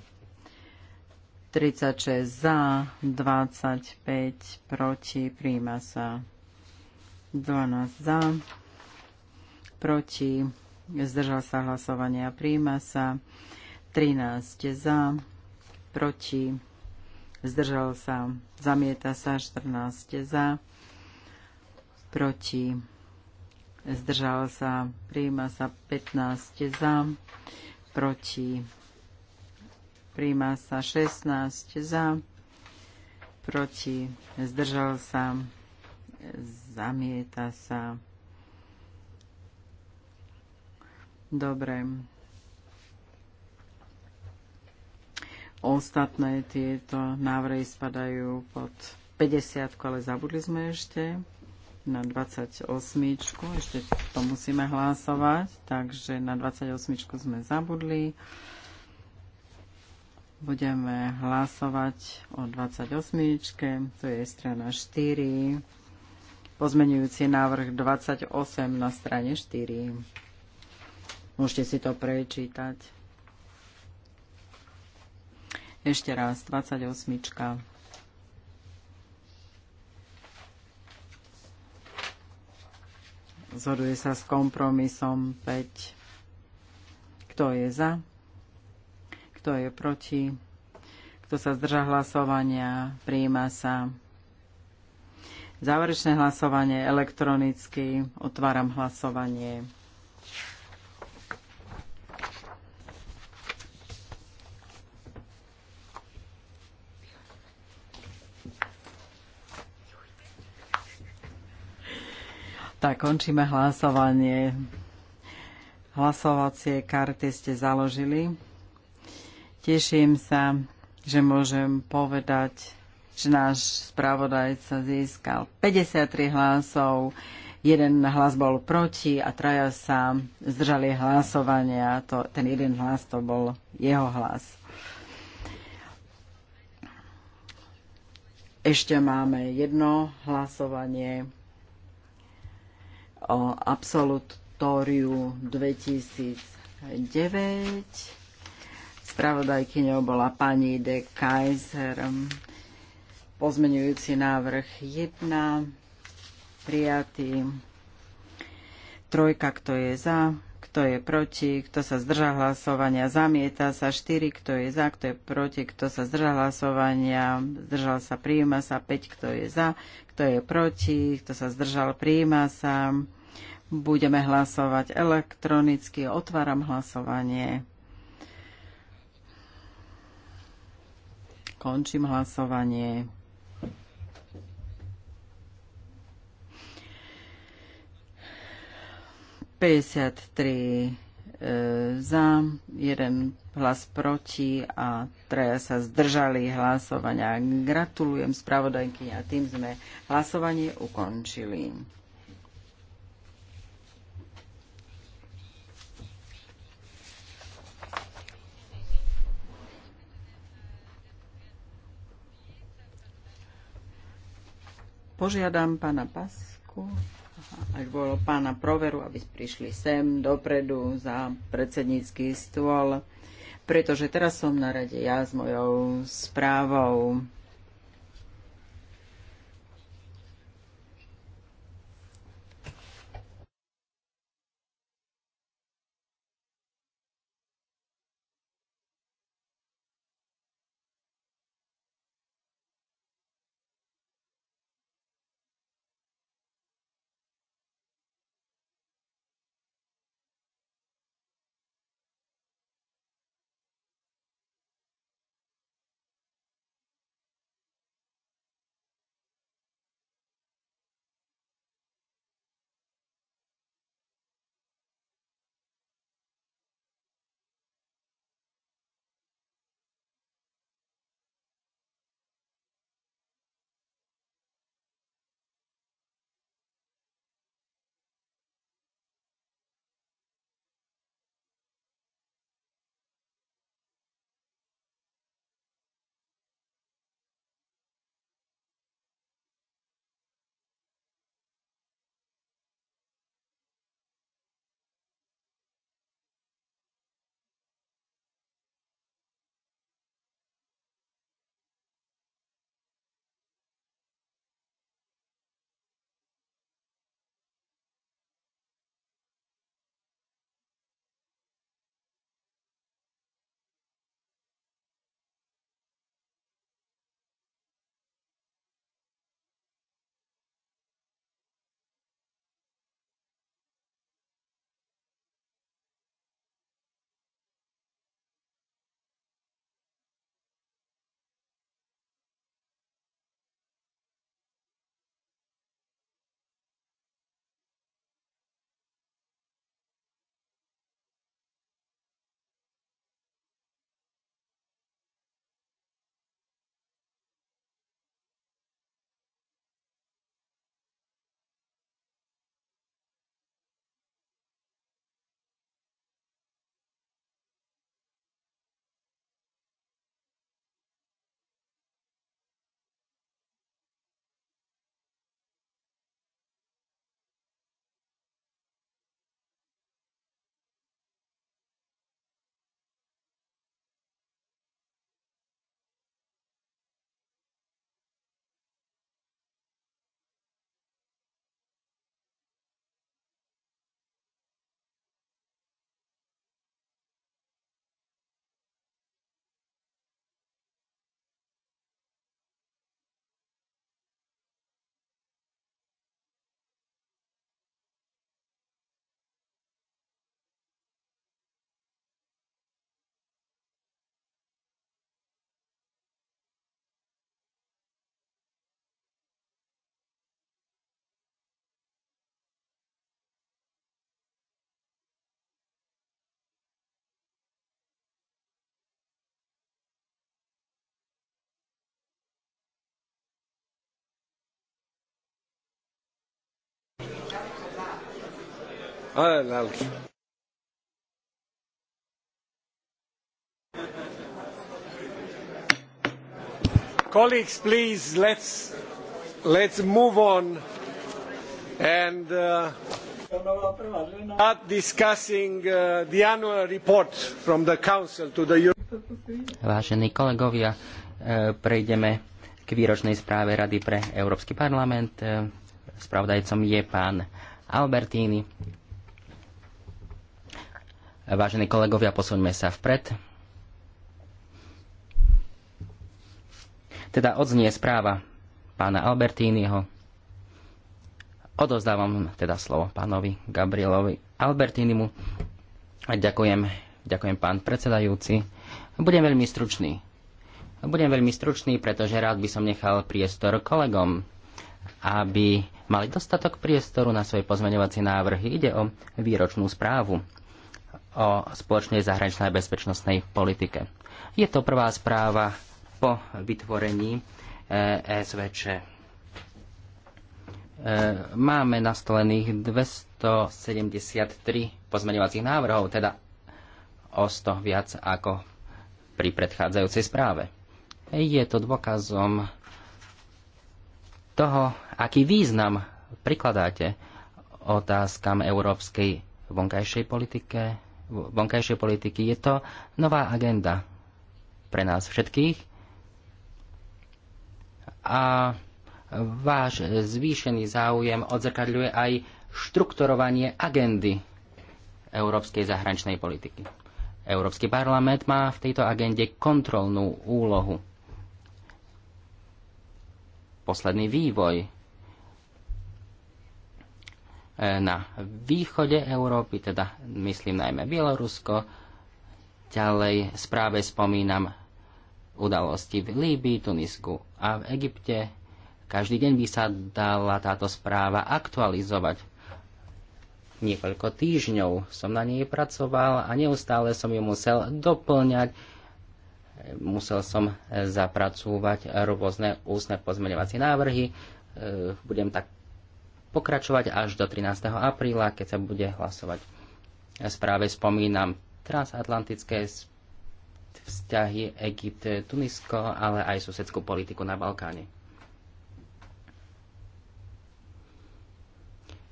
36 za, 25 proti, príjma sa. 12 za, proti, zdržal sa a príjma sa. 13 za, proti, zdržal sa, zamieta sa 14 za, proti, zdržal sa, príjma sa 15 za, proti, príjma sa 16 za, proti, zdržal sa, zamieta sa. Dobre, Ostatné tieto návrhy spadajú pod 50, ale zabudli sme ešte na 28. Ešte to musíme hlasovať, takže na 28. sme zabudli. Budeme hlasovať o 28. To je strana 4. Pozmenujúci návrh 28 na strane 4. Môžete si to prečítať. Ešte raz, 28. Zhoduje sa s kompromisom 5. Kto je za? Kto je proti? Kto sa zdrža hlasovania? Príjima sa. Záverečné hlasovanie elektronicky. Otváram hlasovanie. Tak končíme hlasovanie. Hlasovacie karty ste založili. Teším sa, že môžem povedať, že náš spravodajca získal 53 hlasov, jeden hlas bol proti a traja sa zdržali hlasovania. To, ten jeden hlas to bol jeho hlas. Ešte máme jedno hlasovanie o absolutóriu 2009. Spravodajkyňou bola pani de Kaiser. Pozmenujúci návrh 1 prijatý. Trojka, kto je za, kto je proti, kto sa zdrža hlasovania, zamieta sa. 4, kto je za, kto je proti, kto sa zdrža hlasovania, zdržal sa, prijíma sa. 5, kto je za, kto je proti, kto sa zdržal, prijíma sa. Budeme hlasovať elektronicky. Otváram hlasovanie. Končím hlasovanie. Päťdesiat tri e, za, jeden hlas proti a traja sa zdržali hlasovania. Gratulujem spravodajky a tým sme hlasovanie ukončili. Požiadam pána Pasku, ak bolo pána Proveru, aby prišli sem dopredu za predsednícky stôl, pretože teraz som na rade ja s mojou správou Ah, l'altro. colleagues please let's let's move on and uh, start discussing uh, the annual report from the council to the Vážení kolegovia, uh, prejdeme k výročnej správe Rady pre Európsky parlament. Uh, spravodajcom je pán Albertini. Vážení kolegovia, posuňme sa vpred. Teda odznie správa pána Albertínyho. Odozdávam teda slovo pánovi Gabrielovi Albertínimu. Ďakujem, ďakujem pán predsedajúci. Budem veľmi stručný. Budem veľmi stručný, pretože rád by som nechal priestor kolegom, aby mali dostatok priestoru na svoje pozmeňovacie návrhy. Ide o výročnú správu o spoločnej zahraničnej bezpečnostnej politike. Je to prvá správa po vytvorení eh, SVČ. Eh, máme nastolených 273 pozmeňovacích návrhov, teda o 100 viac ako pri predchádzajúcej správe. Je to dôkazom toho, aký význam prikladáte otázkam európskej vonkajšej politike, vonkajšej politiky. Je to nová agenda pre nás všetkých. A váš zvýšený záujem odzrkadľuje aj štrukturovanie agendy európskej zahraničnej politiky. Európsky parlament má v tejto agende kontrolnú úlohu. Posledný vývoj E, na východe Európy, teda myslím najmä Bielorusko. Ďalej správe spomínam udalosti v Líbii, Tunisku a v Egypte. Každý deň by sa dala táto správa aktualizovať. Niekoľko týždňov som na nej pracoval a neustále som ju musel doplňať. Musel som zapracovať rôzne ústne pozmeňovacie návrhy. E, budem tak pokračovať až do 13. apríla, keď sa bude hlasovať. Ja správe spomínam transatlantické vzťahy Egypt, Tunisko, ale aj susedskú politiku na Balkáne.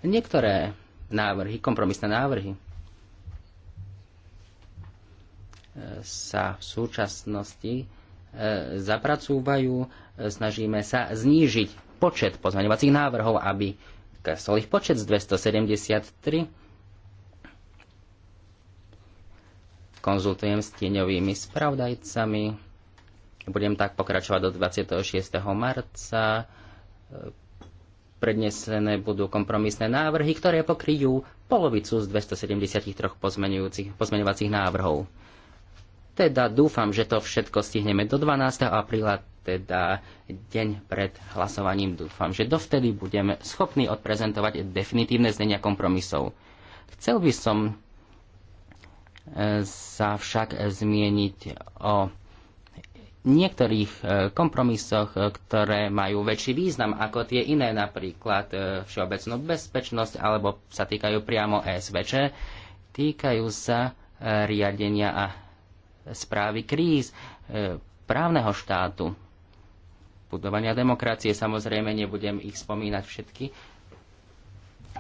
Niektoré návrhy, kompromisné návrhy, e, sa v súčasnosti e, zapracúvajú, e, snažíme sa znížiť počet pozmeňovacích návrhov, aby klesol ich počet z 273. Konzultujem s tieňovými spravdajcami. Budem tak pokračovať do 26. marca. Prednesené budú kompromisné návrhy, ktoré pokryjú polovicu z 273 pozmeňovacích návrhov. Teda dúfam, že to všetko stihneme do 12. apríla teda deň pred hlasovaním. Dúfam, že dovtedy budeme schopní odprezentovať definitívne znenia kompromisov. Chcel by som e, sa však zmieniť o niektorých e, kompromisoch, e, ktoré majú väčší význam ako tie iné, napríklad všeobecnú bezpečnosť alebo sa týkajú priamo ESVČ, týkajú sa riadenia a správy kríz právneho štátu budovania demokracie. Samozrejme, nebudem ich spomínať všetky,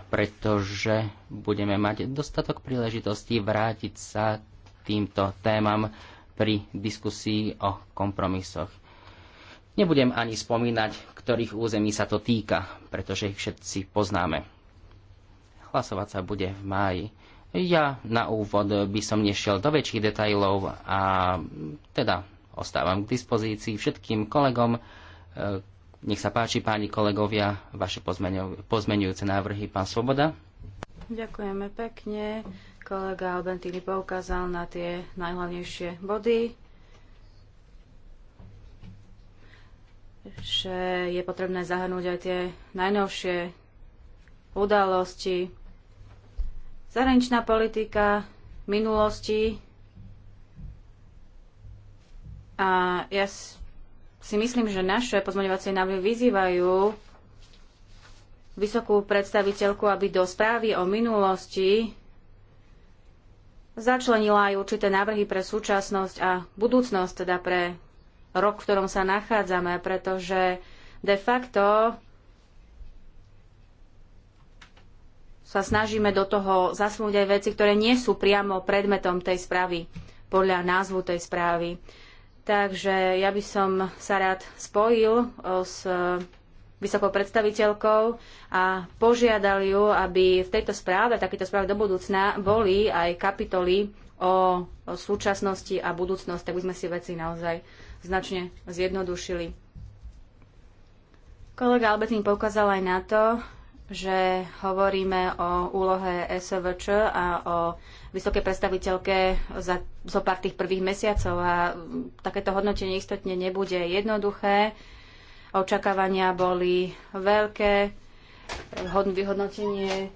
pretože budeme mať dostatok príležitostí vrátiť sa týmto témam pri diskusii o kompromisoch. Nebudem ani spomínať, ktorých území sa to týka, pretože ich všetci poznáme. Hlasovať sa bude v máji. Ja na úvod by som nešiel do väčších detajlov a teda ostávam k dispozícii všetkým kolegom, E, nech sa páči, páni kolegovia, vaše pozmenujúce návrhy, pán Svoboda. Ďakujeme pekne. Kolega Albentini poukázal na tie najhlavnejšie body, že je potrebné zahrnúť aj tie najnovšie udalosti. Zahraničná politika minulosti a ja si myslím, že naše pozmeňovacie návrhy vyzývajú vysokú predstaviteľku, aby do správy o minulosti začlenila aj určité návrhy pre súčasnosť a budúcnosť, teda pre rok, v ktorom sa nachádzame, pretože de facto sa snažíme do toho zasunúť aj veci, ktoré nie sú priamo predmetom tej správy, podľa názvu tej správy. Takže ja by som sa rád spojil s e, vysokou predstaviteľkou a požiadal ju, aby v tejto správe, takýto správe do budúcna, boli aj kapitoly o, o súčasnosti a budúcnosti, tak by sme si veci naozaj značne zjednodušili. Kolega Albertín poukázal aj na to, že hovoríme o úlohe SVČ a o vysokej predstaviteľke za zo pár tých prvých mesiacov a takéto hodnotenie istotne nebude jednoduché. Očakávania boli veľké, vyhodnotenie e,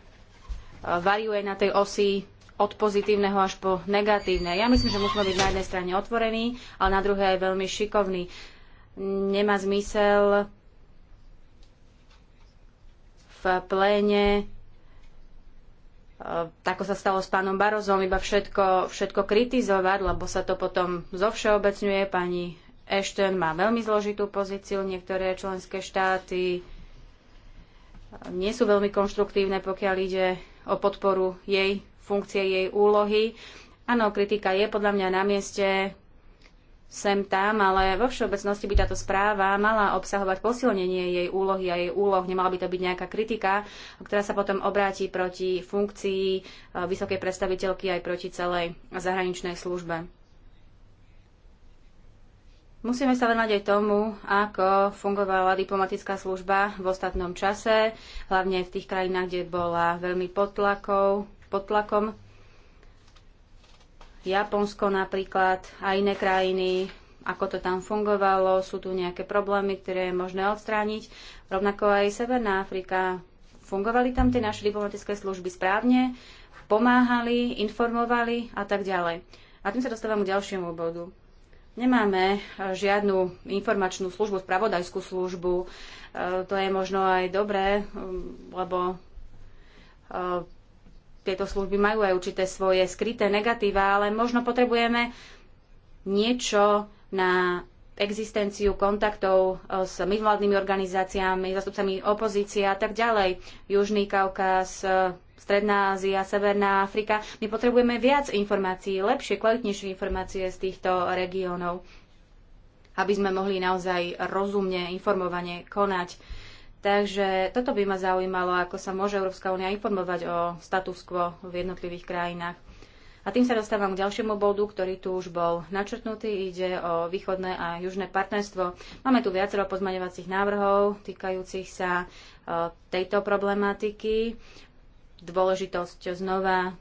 variuje na tej osi od pozitívneho až po negatívne. Ja myslím, že musíme byť na jednej strane otvorení, ale na druhej aj veľmi šikovní. Nemá zmysel v pléne. E, Tako sa stalo s pánom Barozom, iba všetko, všetko kritizovať, lebo sa to potom zovšeobecňuje. Pani Ashton má veľmi zložitú pozíciu, niektoré členské štáty nie sú veľmi konštruktívne, pokiaľ ide o podporu jej funkcie, jej úlohy. Áno, kritika je podľa mňa na mieste, sem tam, ale vo všeobecnosti by táto správa mala obsahovať posilnenie jej úlohy a jej úloh. Nemala by to byť nejaká kritika, ktorá sa potom obráti proti funkcii e, vysokej predstaviteľky aj proti celej zahraničnej službe. Musíme sa venovať aj tomu, ako fungovala diplomatická služba v ostatnom čase, hlavne v tých krajinách, kde bola veľmi pod, pod tlakom. Japonsko napríklad a iné krajiny, ako to tam fungovalo, sú tu nejaké problémy, ktoré je možné odstrániť. Rovnako aj Severná Afrika. Fungovali tam tie naše diplomatické služby správne, pomáhali, informovali a tak ďalej. A tým sa dostávam k ďalšiemu bodu. Nemáme e, žiadnu informačnú službu, spravodajskú službu. E, to je možno aj dobré, lebo e, tieto služby majú aj určité svoje skryté negatíva, ale možno potrebujeme niečo na existenciu kontaktov e, s mimovládnymi organizáciami, zastupcami opozície a tak ďalej. Južný Kaukaz, e, Stredná Ázia, Severná Afrika. My potrebujeme viac informácií, lepšie, kvalitnejšie informácie z týchto regiónov, aby sme mohli naozaj rozumne, informovane konať. Takže toto by ma zaujímalo, ako sa môže Európska únia informovať o status quo v jednotlivých krajinách. A tým sa dostávam k ďalšiemu bodu, ktorý tu už bol načrtnutý. Ide o východné a južné partnerstvo. Máme tu viacero pozmaňovacích návrhov týkajúcich sa e, tejto problematiky, dôležitosť znova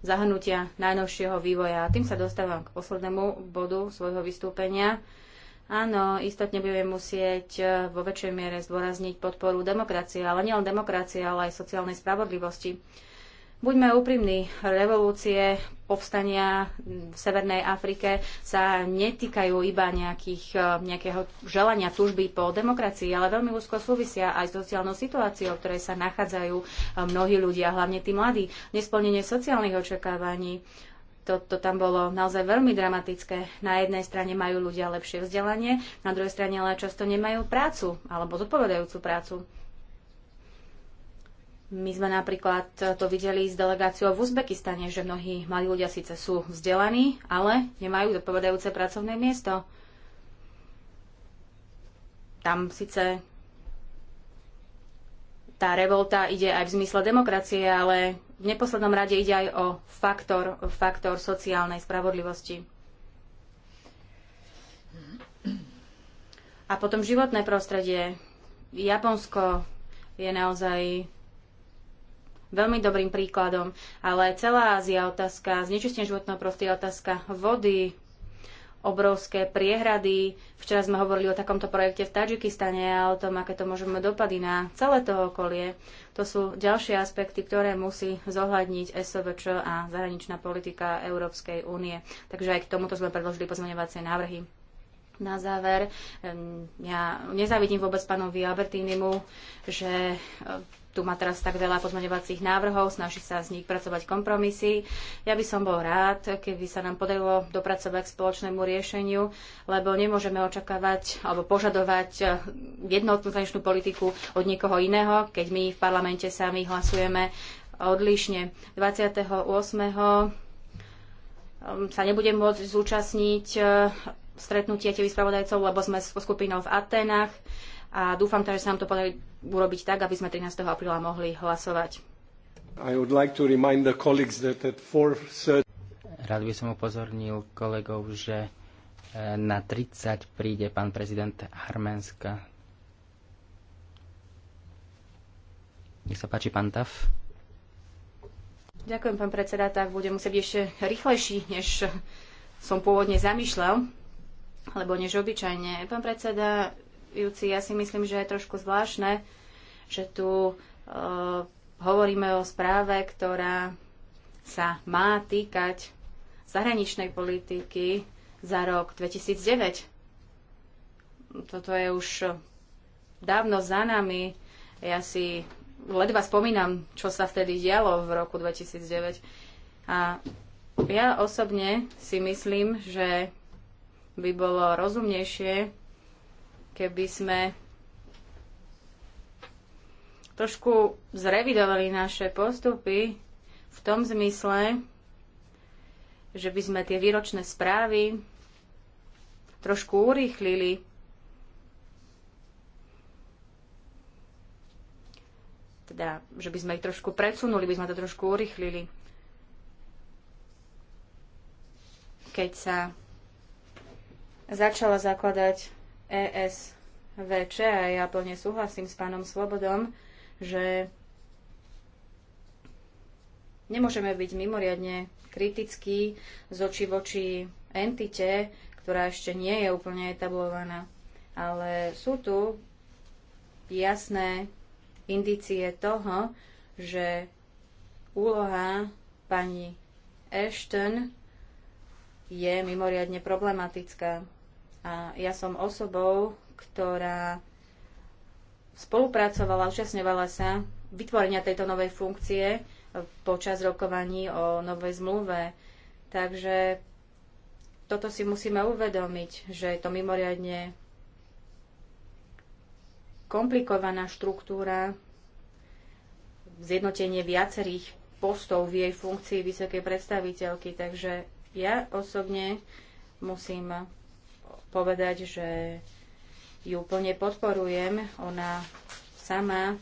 zahrnutia najnovšieho vývoja. A tým sa dostávam k poslednému bodu svojho vystúpenia. Áno, istotne budeme musieť e, vo väčšej miere zdôrazniť podporu demokracie, ale nielen demokracie, ale aj sociálnej spravodlivosti. Buďme úprimní, revolúcie, povstania v Severnej Afrike sa netýkajú iba nejakých, e, nejakého želania túžby po demokracii, ale veľmi úzko súvisia aj s sociálnou situáciou, v ktorej sa nachádzajú e, mnohí ľudia, hlavne tí mladí, nesplnenie sociálnych očakávaní, toto tam bolo naozaj veľmi dramatické. Na jednej strane majú ľudia lepšie vzdelanie, na druhej strane ale často nemajú prácu alebo zodpovedajúcu prácu. My sme napríklad to videli s delegáciou v Uzbekistane, že mnohí mladí ľudia síce sú vzdelaní, ale nemajú zodpovedajúce pracovné miesto. Tam síce tá revolta ide aj v zmysle demokracie, ale v neposlednom rade ide aj o faktor, faktor sociálnej spravodlivosti. A potom životné prostredie. Japonsko je naozaj veľmi dobrým príkladom, ale celá Ázia otázka, znečistenie životného prostredia otázka vody, obrovské priehrady. Včera sme hovorili o takomto projekte v Tadžikistane a o tom, aké to môžeme dopady na celé to okolie. To sú ďalšie aspekty, ktoré musí zohľadniť SOVČ a zahraničná politika Európskej únie. Takže aj k tomuto sme predložili pozmeňovacie návrhy. Na záver, ja nezávidím vôbec pánovi Albertínimu, že tu má teraz tak veľa pozmeňovacích návrhov, snaží sa z nich pracovať kompromisy. Ja by som bol rád, keby sa nám podarilo dopracovať k spoločnému riešeniu, lebo nemôžeme očakávať alebo požadovať jednotnú zahraničnú politiku od niekoho iného, keď my v parlamente sami hlasujeme odlišne. 28 um, sa nebudem môcť zúčastniť uh, stretnutie tiež spravodajcov, lebo sme s skupinou v Atenách a dúfam, teda, že sa nám to podarí urobiť tak, aby sme 13. apríla mohli hlasovať. I would like to remind the colleagues that at Rád by som upozornil kolegov, že e, na 30 príde pán prezident Arménska. Nech sa páči, pán Taf. Ďakujem, pán predseda. Tak budem musieť ešte rýchlejší, než som pôvodne zamýšľal, Lebo než obyčajne. Pán predseda, predsedajúci, ja si myslím, že je trošku zvláštne, že tu uh, hovoríme o správe, ktorá sa má týkať zahraničnej politiky za rok 2009. Toto je už dávno za nami. Ja si ledva spomínam, čo sa vtedy dialo v roku 2009. A ja osobne si myslím, že by bolo rozumnejšie keby sme trošku zrevidovali naše postupy v tom zmysle, že by sme tie výročné správy trošku urýchlili. Teda, že by sme ich trošku predsunuli, by sme to trošku urýchlili. Keď sa začala zakladať ESVČ a ja plne súhlasím s pánom Svobodom, že nemôžeme byť mimoriadne kritickí z oči voči entite, ktorá ešte nie je úplne etablovaná. Ale sú tu jasné indície toho, že úloha pani Ashton je mimoriadne problematická. A ja som osobou, ktorá spolupracovala, účastňovala sa vytvorenia tejto novej funkcie počas rokovaní o novej zmluve. Takže toto si musíme uvedomiť, že je to mimoriadne komplikovaná štruktúra, zjednotenie viacerých postov v jej funkcii vysokej predstaviteľky. Takže ja osobne musím povedať, že ju plne podporujem. Ona sama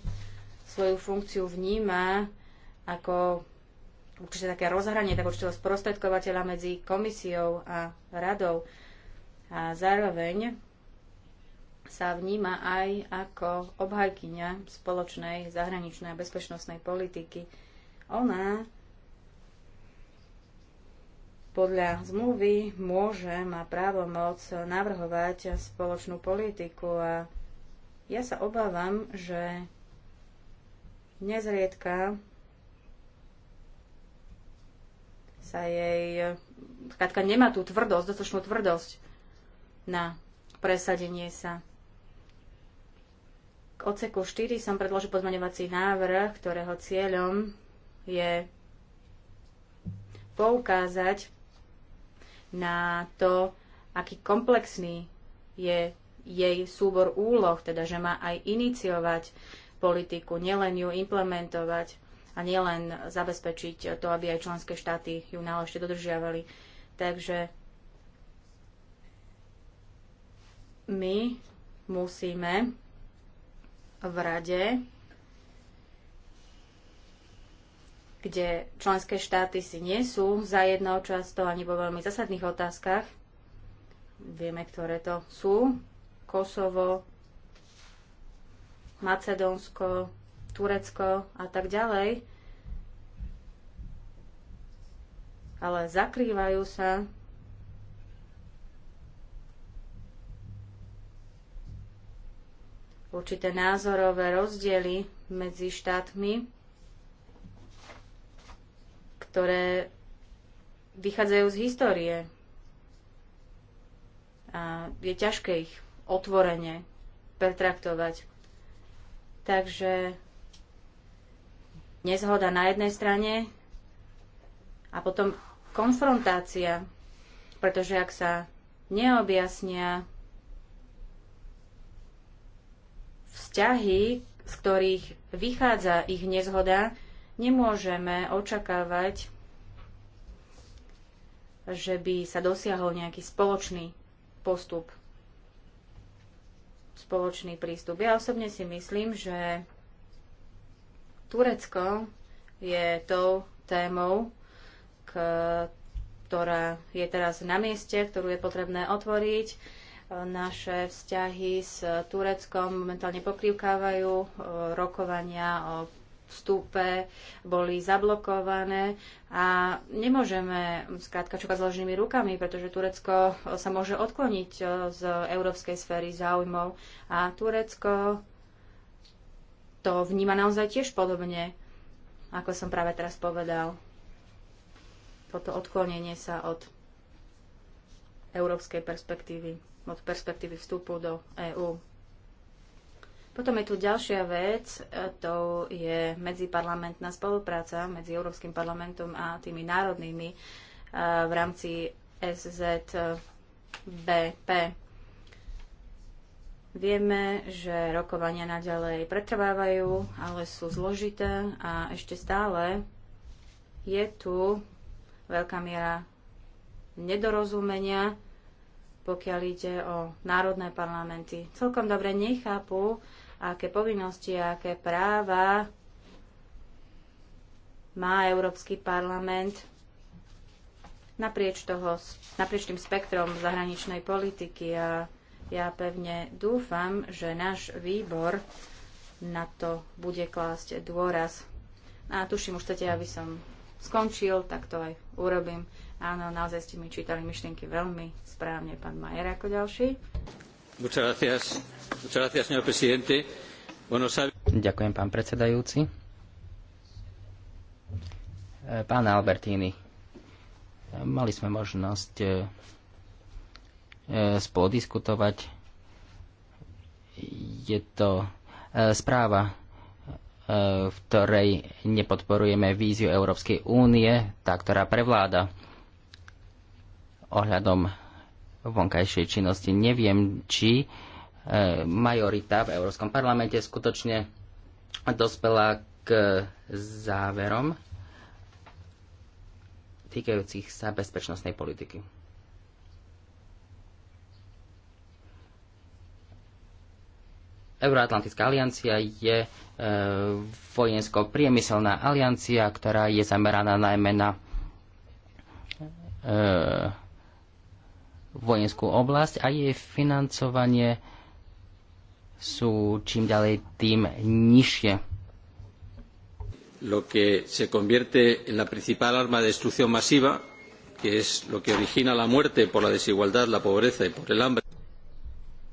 svoju funkciu vníma ako určite také rozhranie, tak určite sprostredkovateľa medzi komisiou a radou. A zároveň sa vníma aj ako obhajkyňa spoločnej zahraničnej a bezpečnostnej politiky. Ona podľa zmluvy môže, má moc navrhovať spoločnú politiku a ja sa obávam, že nezriedka sa jej, skrátka nemá tú tvrdosť, dostatočnú tvrdosť na presadenie sa. K oceku 4 som predložil pozmaňovací návrh, ktorého cieľom je poukázať na to, aký komplexný je jej súbor úloh, teda že má aj iniciovať politiku, nielen ju implementovať a nielen zabezpečiť to, aby aj členské štáty ju náležite dodržiavali. Takže my musíme v rade kde členské štáty si nie sú za jedno často ani vo veľmi zásadných otázkach. Vieme, ktoré to sú. Kosovo, Macedónsko, Turecko a tak ďalej. Ale zakrývajú sa určité názorové rozdiely medzi štátmi ktoré vychádzajú z histórie. A je ťažké ich otvorene pertraktovať. Takže nezhoda na jednej strane a potom konfrontácia, pretože ak sa neobjasnia vzťahy, z ktorých vychádza ich nezhoda, Nemôžeme očakávať, že by sa dosiahol nejaký spoločný postup, spoločný prístup. Ja osobne si myslím, že Turecko je tou témou, ktorá je teraz na mieste, ktorú je potrebné otvoriť naše vzťahy s Tureckom momentálne pokrývkávajú eh, rokovania o vstupe boli zablokované a nemôžeme skrátka čukať zloženými rukami, pretože Turecko sa môže odkloniť e, z európskej sféry záujmov a Turecko to vníma naozaj tiež podobne, ako som práve teraz povedal. Toto odklonenie sa od európskej perspektívy, od perspektívy vstupu do EÚ. Potom je tu ďalšia vec, to je medziparlamentná spolupráca medzi Európskym parlamentom a tými národnými v rámci SZBP. Vieme, že rokovania naďalej pretrvávajú, ale sú zložité a ešte stále je tu veľká miera nedorozumenia pokiaľ ide o národné parlamenty. Celkom dobre nechápu, aké povinnosti a aké práva má Európsky parlament naprieč, toho, naprieč tým spektrom zahraničnej politiky a ja pevne dúfam, že náš výbor na to bude klásť dôraz. A tuším, už chcete, aby som skončil, tak to aj urobím. Áno, naozaj ste mi čítali myšlienky veľmi správne, pán Majer ako ďalší. Ďakujem, pán predsedajúci. E, pán Albertini, mali sme možnosť e, e, spolu diskutovať. Je to správa, v ktorej nepodporujeme víziu Európskej únie, tá, ktorá prevláda ohľadom vonkajšej činnosti. Neviem, či e, majorita v Európskom parlamente skutočne dospela k záverom týkajúcich sa bezpečnostnej politiky. Euroatlantická aliancia je e, vojensko-priemyselná aliancia, ktorá je zameraná najmä na e, vojenskú oblasť a jej financovanie sú čím ďalej tým nižšie lo que se convierte en la principal arma de destrucción masiva, que es lo que origina la muerte por la desigualdad, la pobreza y por el hambre.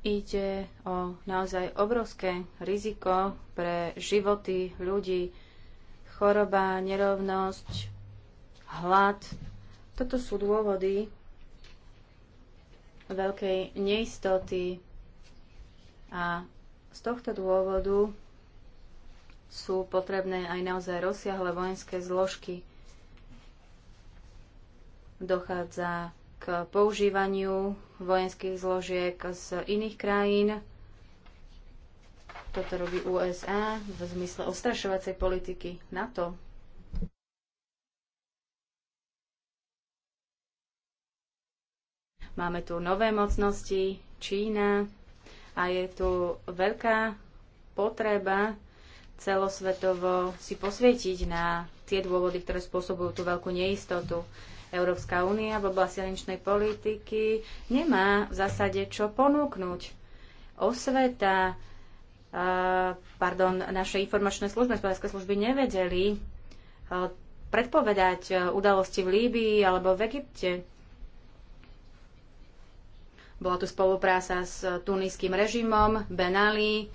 Ide o naozaj obrovské riziko pre životy ľudí. Choroba, nerovnosť, hlad. Toto sú dôvody, veľkej neistoty a z tohto dôvodu sú potrebné aj naozaj rozsiahle vojenské zložky. Dochádza k používaniu vojenských zložiek z iných krajín. Toto robí USA v zmysle ostrašovacej politiky NATO. Máme tu nové mocnosti, Čína a je tu veľká potreba celosvetovo si posvietiť na tie dôvody, ktoré spôsobujú tú veľkú neistotu. Európska únia v oblasti zahraničnej politiky nemá v zásade čo ponúknuť. Osveta, pardon, naše informačné služby, spravodajské služby nevedeli predpovedať udalosti v Líbii alebo v Egypte. Bola tu spolupráca s tuniským režimom, Ben Ali,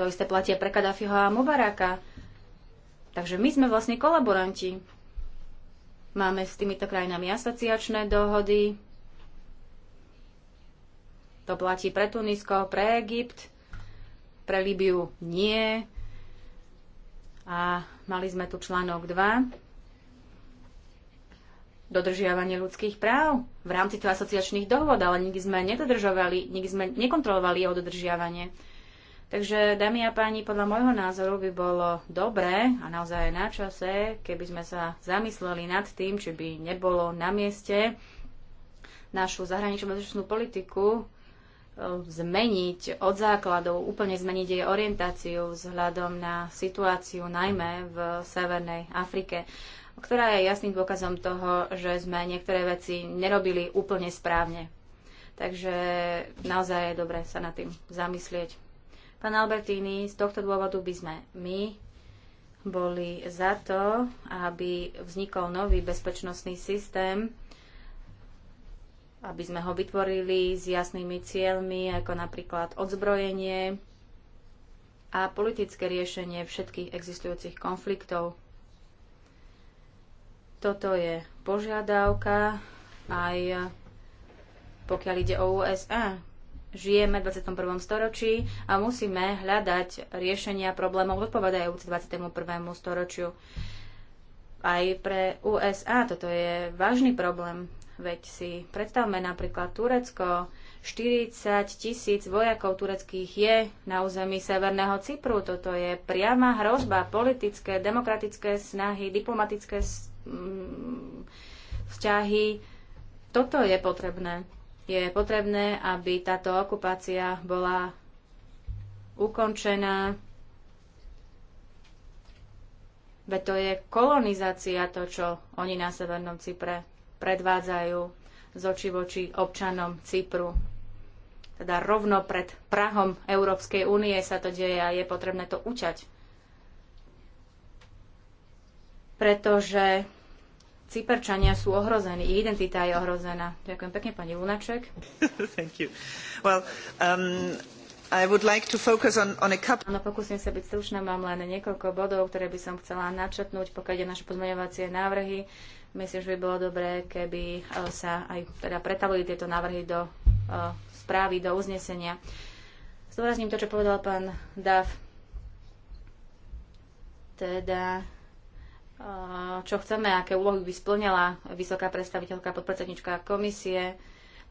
to isté platia pre Kadáfiho a Mubaraka. Takže my sme vlastne kolaboranti. Máme s týmito krajinami asociačné dohody. To platí pre Tunisko, pre Egypt, pre Líbiu nie. A mali sme tu článok 2 dodržiavanie ľudských práv v rámci tých asociačných dohod, ale nikdy sme nedodržovali, nikdy sme nekontrolovali jeho dodržiavanie. Takže, dámy a páni, podľa môjho názoru by bolo dobré a naozaj na čase, keby sme sa zamysleli nad tým, či by nebolo na mieste našu zahraničnú bezpečnostnú politiku e, zmeniť od základov, úplne zmeniť jej orientáciu vzhľadom na situáciu najmä v Severnej Afrike ktorá je jasným dôkazom toho, že sme niektoré veci nerobili úplne správne. Takže naozaj je dobre sa nad tým zamyslieť. Pán Albertini, z tohto dôvodu by sme my boli za to, aby vznikol nový bezpečnostný systém, aby sme ho vytvorili s jasnými cieľmi, ako napríklad odzbrojenie a politické riešenie všetkých existujúcich konfliktov. Toto je požiadavka aj eh, pokiaľ ide o USA. Žijeme v 21. storočí a musíme hľadať riešenia problémov odpovedajúce 21. storočiu. Aj pre USA toto je vážny problém. Veď si predstavme napríklad Turecko. 40 tisíc vojakov tureckých je na území Severného Cypru. Toto je priama hrozba. Politické, demokratické snahy, diplomatické snahy Mm, vzťahy. Toto je potrebné. Je potrebné, aby táto okupácia bola ukončená. Veď to je kolonizácia, to, čo oni na Severnom Cypre predvádzajú z oči voči občanom Cypru. Teda rovno pred Prahom Európskej únie sa to deje a je potrebné to uťať. Pretože Cyperčania sú ohrození, ich identita je ohrozená. Ďakujem pekne, pani Lunaček. Thank you. Well, um, I would like to focus on, on a couple... Áno, pokúsim sa byť stručná, mám len niekoľko bodov, ktoré by som chcela načetnúť, pokiaľ je naše pozmeňovacie návrhy. Myslím, že by bolo dobré, keby e, sa aj teda pretavili tieto návrhy do uh, správy, do uznesenia. Zdôrazním to, čo povedal pán Dav. Teda čo chceme, aké úlohy by splnila vysoká predstaviteľka podpredsednička komisie,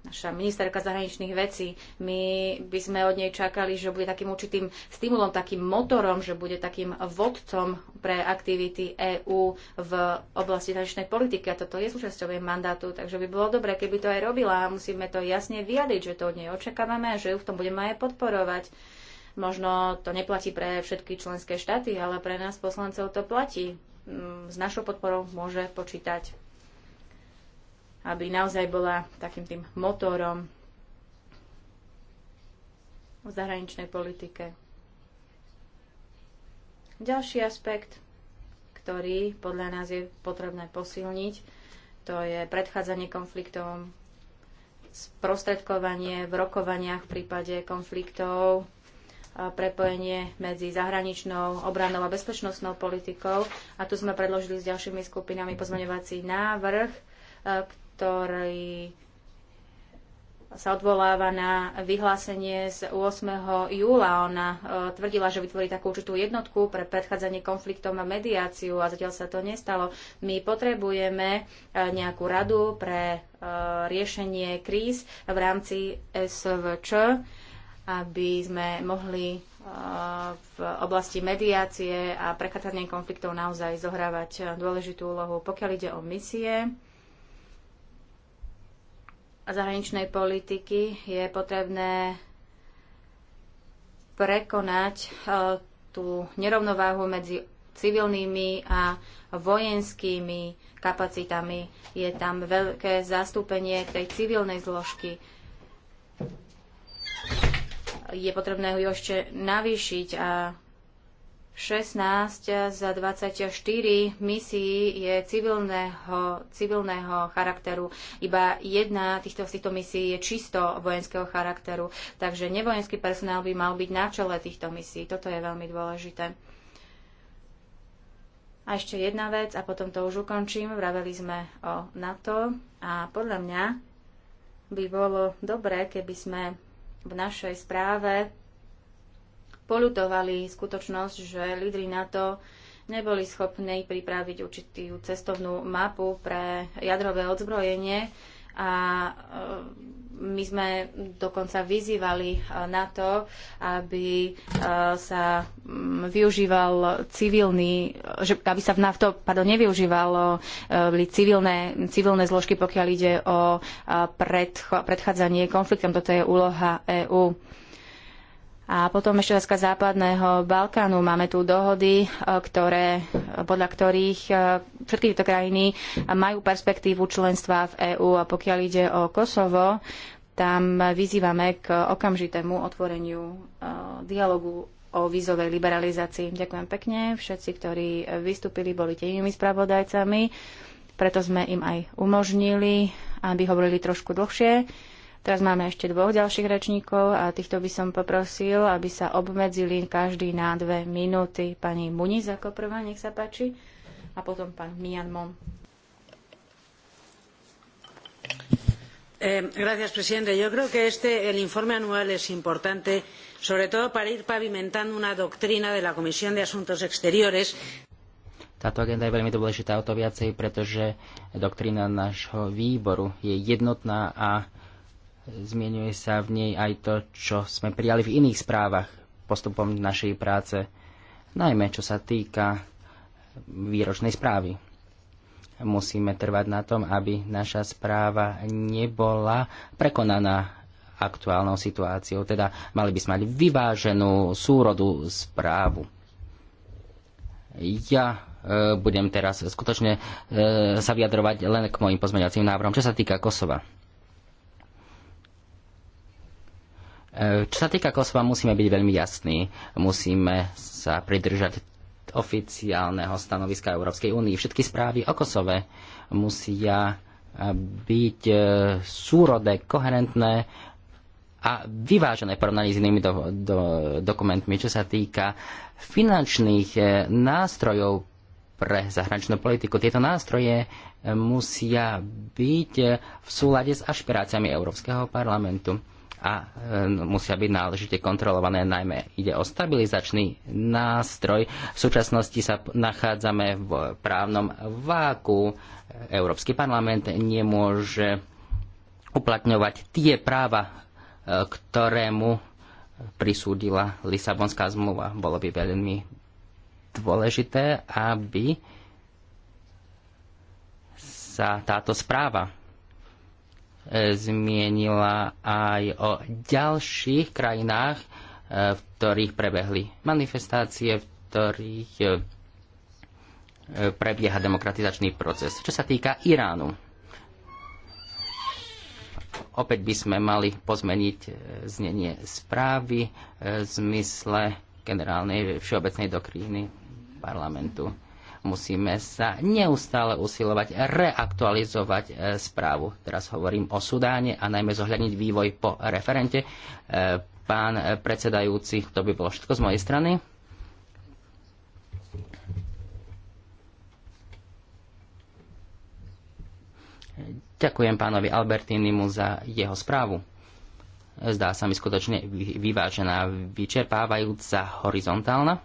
naša ministerka zahraničných vecí. My by sme od nej čakali, že bude takým určitým stimulom, takým motorom, že bude takým vodcom pre aktivity EÚ v oblasti zahraničnej politiky. A toto je súčasťou jej mandátu, takže by bolo dobré, keby to aj robila. Musíme to jasne vyjadriť, že to od nej očakávame a že ju v tom budeme aj podporovať. Možno to neplatí pre všetky členské štáty, ale pre nás poslancov to platí. Mm, s našou podporou môže počítať, aby naozaj bola takým tým motorom v zahraničnej politike. Ďalší aspekt, ktorý podľa nás je potrebné posilniť, to je predchádzanie konfliktom, sprostredkovanie v rokovaniach v prípade konfliktov, prepojenie medzi zahraničnou, obranou a bezpečnostnou politikou. A tu sme predložili s ďalšími skupinami pozmeňovací návrh, e, ktorý sa odvoláva na vyhlásenie z 8. júla. Ona e, tvrdila, že vytvorí takú určitú jednotku pre predchádzanie konfliktom a mediáciu a zatiaľ sa to nestalo. My potrebujeme e, nejakú radu pre riešenie kríz v rámci SVČ aby sme mohli eh, v oblasti mediácie a prekratania konfliktov naozaj zohrávať eh, dôležitú úlohu. Pokiaľ ide o misie a zahraničnej politiky, je potrebné prekonať eh, tú nerovnováhu medzi civilnými a vojenskými kapacitami. Je tam veľké zastúpenie tej civilnej zložky je potrebné ju ešte navýšiť a 16 z 24 misií je civilného, civilného charakteru. Iba jedna týchto, z týchto misií je čisto vojenského charakteru, takže nevojenský personál by mal byť na čele týchto misií. Toto je veľmi dôležité. A ešte jedna vec a potom to už ukončím. Vraveli sme o NATO a podľa mňa by bolo dobré, keby sme v našej správe polutovali skutočnosť, že lídry NATO neboli schopní pripraviť určitú cestovnú mapu pre jadrové odzbrojenie a my sme dokonca vyzývali e, na to, aby e, sa mm, využíval civilný, e, že, aby sa v nafto pardon, nevyužívalo civilné, civilné zložky, pokiaľ ide o predcho, predchádzanie konfliktom. Toto je úloha EÚ. A potom ešte otázka západného Balkánu. Máme tu dohody, ktoré, podľa ktorých všetky tieto krajiny majú perspektívu členstva v EÚ. A pokiaľ ide o Kosovo, tam vyzývame k okamžitému otvoreniu e, dialogu o vízovej liberalizácii. Ďakujem pekne. Všetci, ktorí vystúpili, boli tými spravodajcami, preto sme im aj umožnili, aby hovorili trošku dlhšie. Teraz máme ešte dvoch ďalších rečníkov a týchto by som poprosil, aby sa obmedzili každý na dve minúty. Pani Muniz ako prvá, nech sa páči, a potom pán Mianmon. Eh, señor presidente yo creo que este, el informe anual es importante sobre todo para ir pavimentando una doctrina de la comisión de asuntos exteriores táto agenda je veľmi dôležitá o to viacej, pretože doktrína nášho výboru je jednotná a zmienuje sa v nej aj to, čo sme prijali v iných správach postupom našej práce, najmä čo sa týka výročnej správy. Musíme trvať na tom, aby naša správa nebola prekonaná aktuálnou situáciou. Teda mali by sme mať vyváženú súrodu správu. Ja e, budem teraz skutočne e, sa vyjadrovať len k mojim pozmeňovacím návrhom, čo sa týka Kosova. E, čo sa týka Kosova, musíme byť veľmi jasní. Musíme sa pridržať oficiálneho stanoviska Európskej únie. Všetky správy o Kosove musia byť e, súrode, koherentné a vyvážené porovnaní s inými do, do, dokumentmi, čo sa týka finančných e, nástrojov pre zahraničnú politiku. Tieto nástroje e, musia byť v súlade s ašpiráciami Európskeho parlamentu a e, musia byť náležite kontrolované. Najmä ide o stabilizačný nástroj. V súčasnosti sa nachádzame v právnom váku. Európsky parlament nemôže uplatňovať tie práva, e, ktorému prisúdila Lisabonská zmluva. Bolo by veľmi dôležité, aby sa táto správa E, zmienila aj o ďalších krajinách, e, v ktorých prebehli manifestácie, v ktorých e, prebieha demokratizačný proces. Čo sa týka Iránu, opäť by sme mali pozmeniť znenie správy v zmysle generálnej všeobecnej dokríny parlamentu. Musíme sa neustále usilovať reaktualizovať e, správu. Teraz hovorím o Sudáne a najmä zohľadniť vývoj po referente. E, pán predsedajúci, to by bolo všetko z mojej strany. Ďakujem pánovi Albertinimu za jeho správu. Zdá sa mi skutočne vyvážená, vyčerpávajúca, horizontálna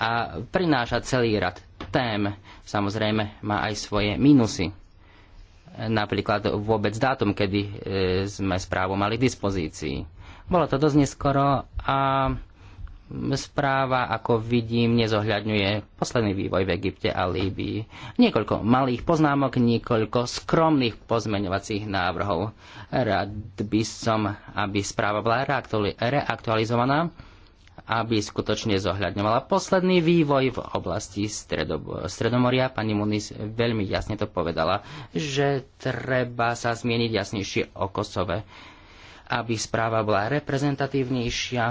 a prináša celý rad tém. Samozrejme má aj svoje minusy. Napríklad vôbec dátum, kedy e, sme správu mali k dispozícii. Bolo to dosť neskoro a správa, ako vidím, nezohľadňuje posledný vývoj v Egypte a Líbii. Niekoľko malých poznámok, niekoľko skromných pozmeňovacích návrhov. Rád by som, aby správa bola reaktualizovaná aby skutočne zohľadňovala posledný vývoj v oblasti stredob- Stredomoria. Pani Muniz veľmi jasne to povedala, že treba sa zmieniť jasnejšie o Kosove, aby správa bola reprezentatívnejšia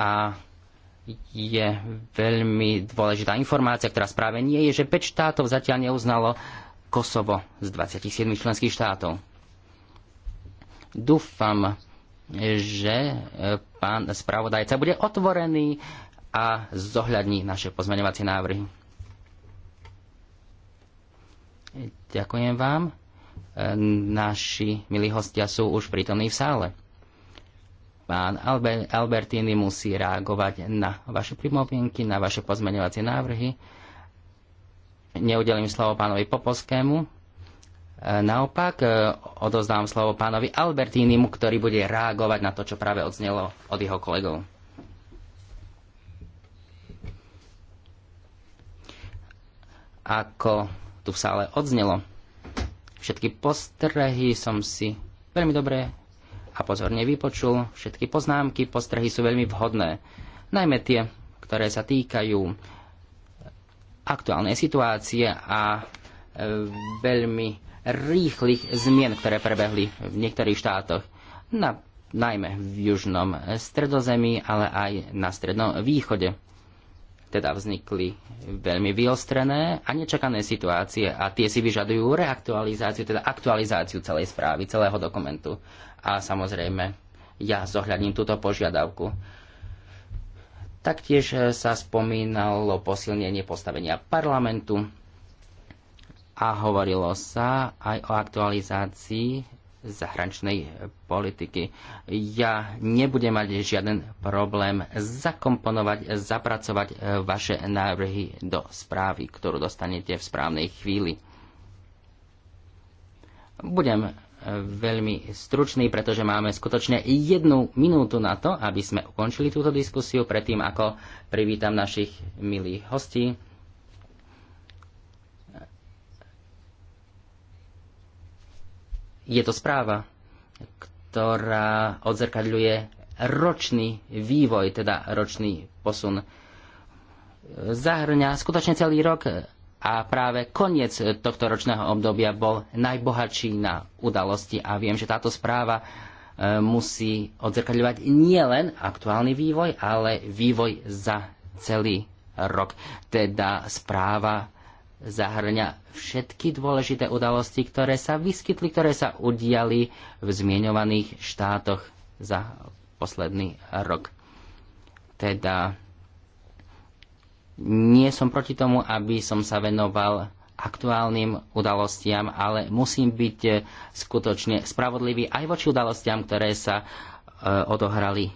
a je veľmi dôležitá informácia, ktorá správe nie je, že 5 štátov zatiaľ neuznalo Kosovo z 27 členských štátov. Dúfam, že e, pán spravodajca bude otvorený a zohľadní naše pozmeňovacie návrhy. Ďakujem vám. E, naši milí hostia sú už prítomní v sále. Pán Albertini musí reagovať na vaše pripomienky, na vaše pozmeňovacie návrhy. Neudelím slovo pánovi Popovskému, Naopak e, odozdám slovo pánovi Albertínimu, ktorý bude reagovať na to, čo práve odznelo od jeho kolegov. Ako tu v sále odznelo, všetky postrehy som si veľmi dobre a pozorne vypočul. Všetky poznámky, postrehy sú veľmi vhodné. Najmä tie, ktoré sa týkajú aktuálnej situácie a e, veľmi rýchlych zmien, ktoré prebehli v niektorých štátoch. Na, najmä v južnom stredozemí, ale aj na strednom východe. Teda vznikli veľmi vyostrené a nečakané situácie a tie si vyžadujú reaktualizáciu, teda aktualizáciu celej správy, celého dokumentu. A samozrejme, ja zohľadním túto požiadavku. Taktiež sa spomínalo posilnenie postavenia parlamentu a hovorilo sa aj o aktualizácii zahraničnej politiky. Ja nebudem mať žiaden problém zakomponovať, zapracovať e, vaše návrhy do správy, ktorú dostanete v správnej chvíli. Budem e, veľmi stručný, pretože máme skutočne jednu minútu na to, aby sme ukončili túto diskusiu predtým, ako privítam našich milých hostí. je to správa, ktorá odzrkadľuje ročný vývoj, teda ročný posun. Zahrňa skutočne celý rok a práve koniec tohto ročného obdobia bol najbohatší na udalosti a viem, že táto správa e, musí odzrkadľovať nielen aktuálny vývoj, ale vývoj za celý rok. Teda správa zahrňa všetky dôležité udalosti, ktoré sa vyskytli, ktoré sa udiali v zmienovaných štátoch za posledný rok. Teda nie som proti tomu, aby som sa venoval aktuálnym udalostiam, ale musím byť eh, skutočne spravodlivý aj voči udalostiam, ktoré sa eh, odohrali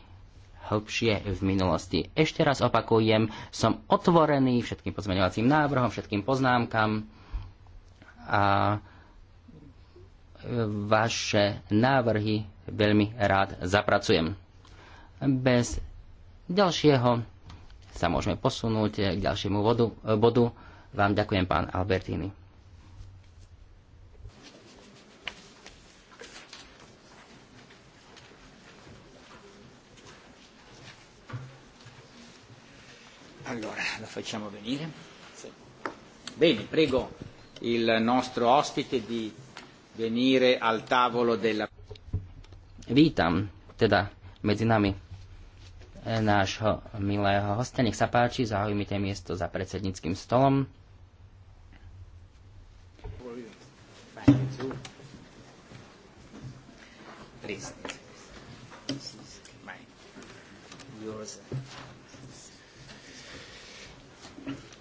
hĺbšie v minulosti. Ešte raz opakujem, som otvorený všetkým pozmeňovacím návrhom, všetkým poznámkam a e, vaše návrhy veľmi rád zapracujem. Bez ďalšieho sa môžeme posunúť k ďalšiemu bodu. Vám ďakujem, pán Albertini. Allora, la facciamo venire. Sì. Bene, prego il nostro ospite di venire al tavolo della... Vítam teda medzi nami eh, nášho milého hostia. Nech sa páči, zaujímite miesto za predsedníckým stolom. Present. Yours.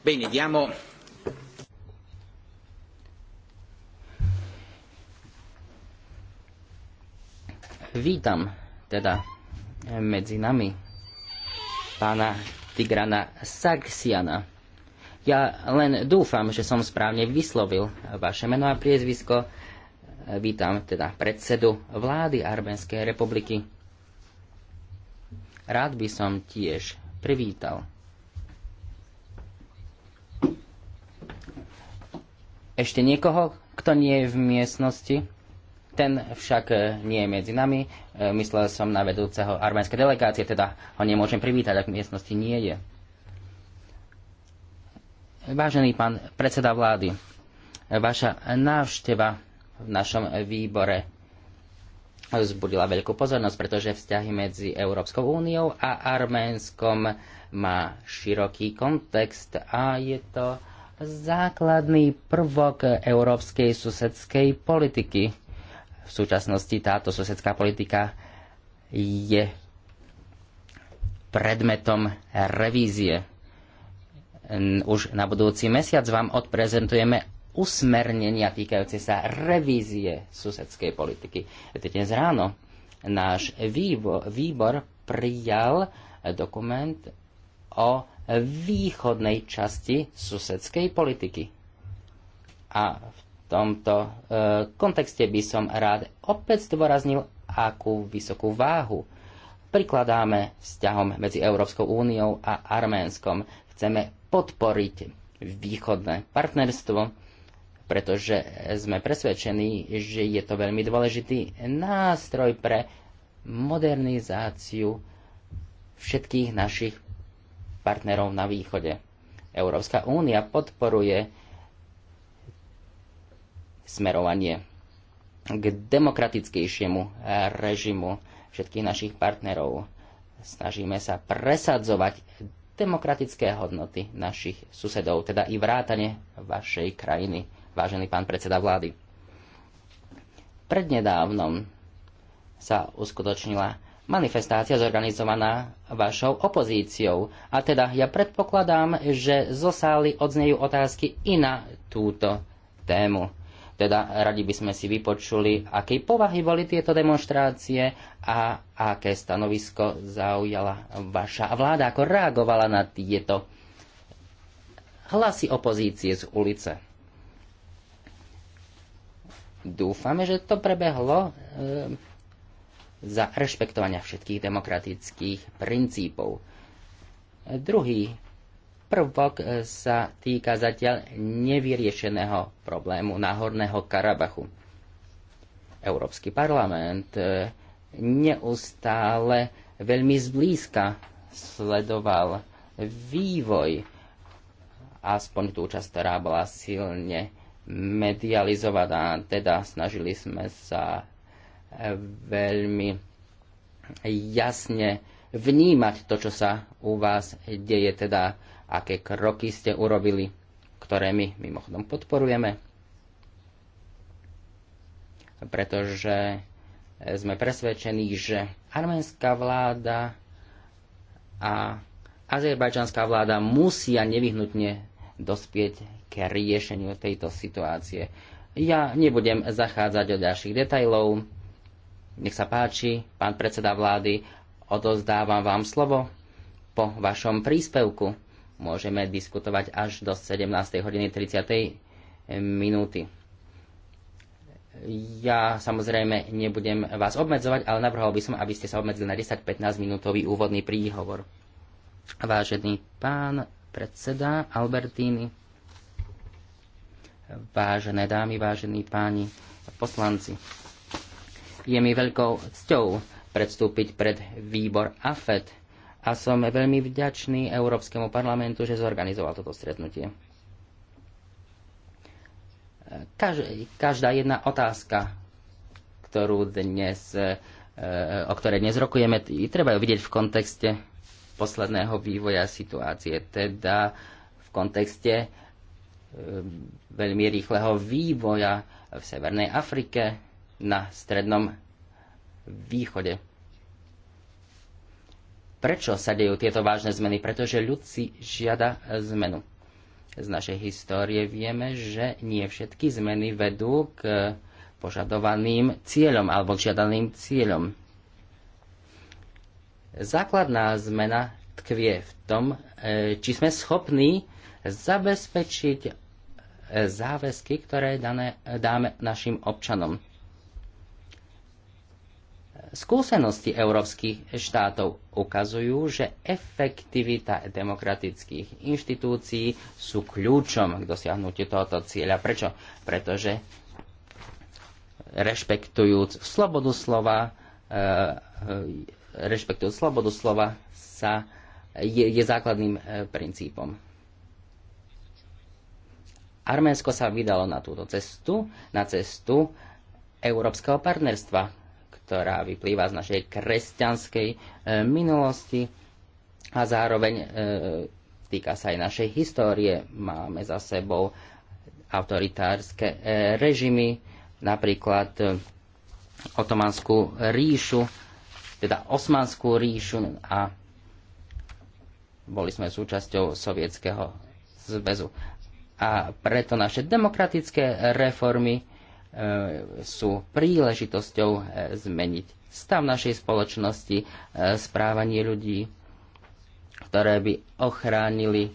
Bene, diamo... Vítam teda eh, medzi nami pána Tigrana Sarksiana. Ja len dúfam, že som správne vyslovil vaše meno a priezvisko. Eh, vítam teda predsedu vlády Arménskej republiky. Rád by som tiež privítal ešte niekoho, kto nie je v miestnosti? Ten však e, nie je medzi nami. E, myslel som na vedúceho arménskej delegácie, teda ho nemôžem privítať, ak v miestnosti nie je. Vážený pán predseda vlády, vaša návšteva v našom výbore vzbudila veľkú pozornosť, pretože vzťahy medzi Európskou úniou a Arménskom má široký kontext a je to základný prvok európskej susedskej politiky. V súčasnosti táto susedská politika je predmetom revízie. Už na budúci mesiac vám odprezentujeme usmernenia týkajúce sa revízie susedskej politiky. Dnes ráno náš výbor, výbor prijal dokument o východnej časti susedskej politiky. A v tomto e, kontexte by som rád opäť zdôraznil, akú vysokú váhu prikladáme vzťahom medzi Európskou úniou a Arménskom. Chceme podporiť východné partnerstvo, pretože sme presvedčení, že je to veľmi dôležitý nástroj pre modernizáciu všetkých našich partnerov na východe. Európska únia podporuje smerovanie k demokratickejšiemu režimu všetkých našich partnerov. Snažíme sa presadzovať demokratické hodnoty našich susedov, teda i vrátane vašej krajiny, vážený pán predseda vlády. Prednedávnom sa uskutočnila manifestácia zorganizovaná vašou opozíciou. A teda ja predpokladám, že zo sály odznejú otázky i na túto tému. Teda radi by sme si vypočuli, akej povahy boli tieto demonstrácie a aké stanovisko zaujala vaša vláda, ako reagovala na tieto hlasy opozície z ulice. Dúfame, že to prebehlo e za rešpektovania všetkých demokratických princípov. Druhý prvok sa týka zatiaľ nevyriešeného problému Náhorného Karabachu. Európsky parlament e, neustále veľmi zblízka sledoval vývoj, aspoň tú časť, ktorá bola silne medializovaná, teda snažili sme sa veľmi jasne vnímať to, čo sa u vás deje, teda aké kroky ste urobili, ktoré my mimochodom podporujeme, pretože sme presvedčení, že arménska vláda a azerbajčanská vláda musia nevyhnutne dospieť k riešeniu tejto situácie. Ja nebudem zachádzať do ďalších detajlov, nech sa páči, pán predseda vlády, odozdávam vám slovo. Po vašom príspevku môžeme diskutovať až do 17. hodiny 30. minúty. Ja samozrejme nebudem vás obmedzovať, ale navrhol by som, aby ste sa obmedzili na 10-15 minútový úvodný príhovor. Vážený pán predseda Albertini. vážené dámy, vážení páni poslanci, je mi veľkou cťou predstúpiť pred výbor AFET a som veľmi vďačný Európskemu parlamentu, že zorganizoval toto stretnutie. Každá jedna otázka, ktorú dnes, e, o ktorej dnes rokujeme, treba ju vidieť v kontexte posledného vývoja situácie, teda v kontexte e, veľmi rýchleho vývoja v Severnej Afrike, na Strednom východe. Prečo sa dejú tieto vážne zmeny? Pretože ľud si žiada eh, zmenu. Z našej histórie vieme, že nie všetky zmeny vedú k eh, požadovaným cieľom alebo k žiadaným cieľom. Základná zmena tkvie v tom, eh, či sme schopní zabezpečiť záväzky, ktoré dáme našim občanom. Skúsenosti európskych štátov ukazujú, že efektivita demokratických inštitúcií sú kľúčom k dosiahnutiu tohoto cieľa. Prečo? Pretože rešpektujúc slobodu slova, eh, rešpektujúc slobodu slova sa je, je základným eh, princípom. Arménsko sa vydalo na túto cestu, na cestu európskeho partnerstva, ktorá vyplýva z našej kresťanskej e, minulosti a zároveň e, týka sa aj našej histórie. Máme za sebou autoritárske e, režimy, napríklad otomanskú ríšu, teda osmanskú ríšu a boli sme súčasťou Sovietskeho zväzu. A preto naše demokratické reformy E, sú príležitosťou e, zmeniť stav našej spoločnosti, e, správanie ľudí, ktoré by ochránili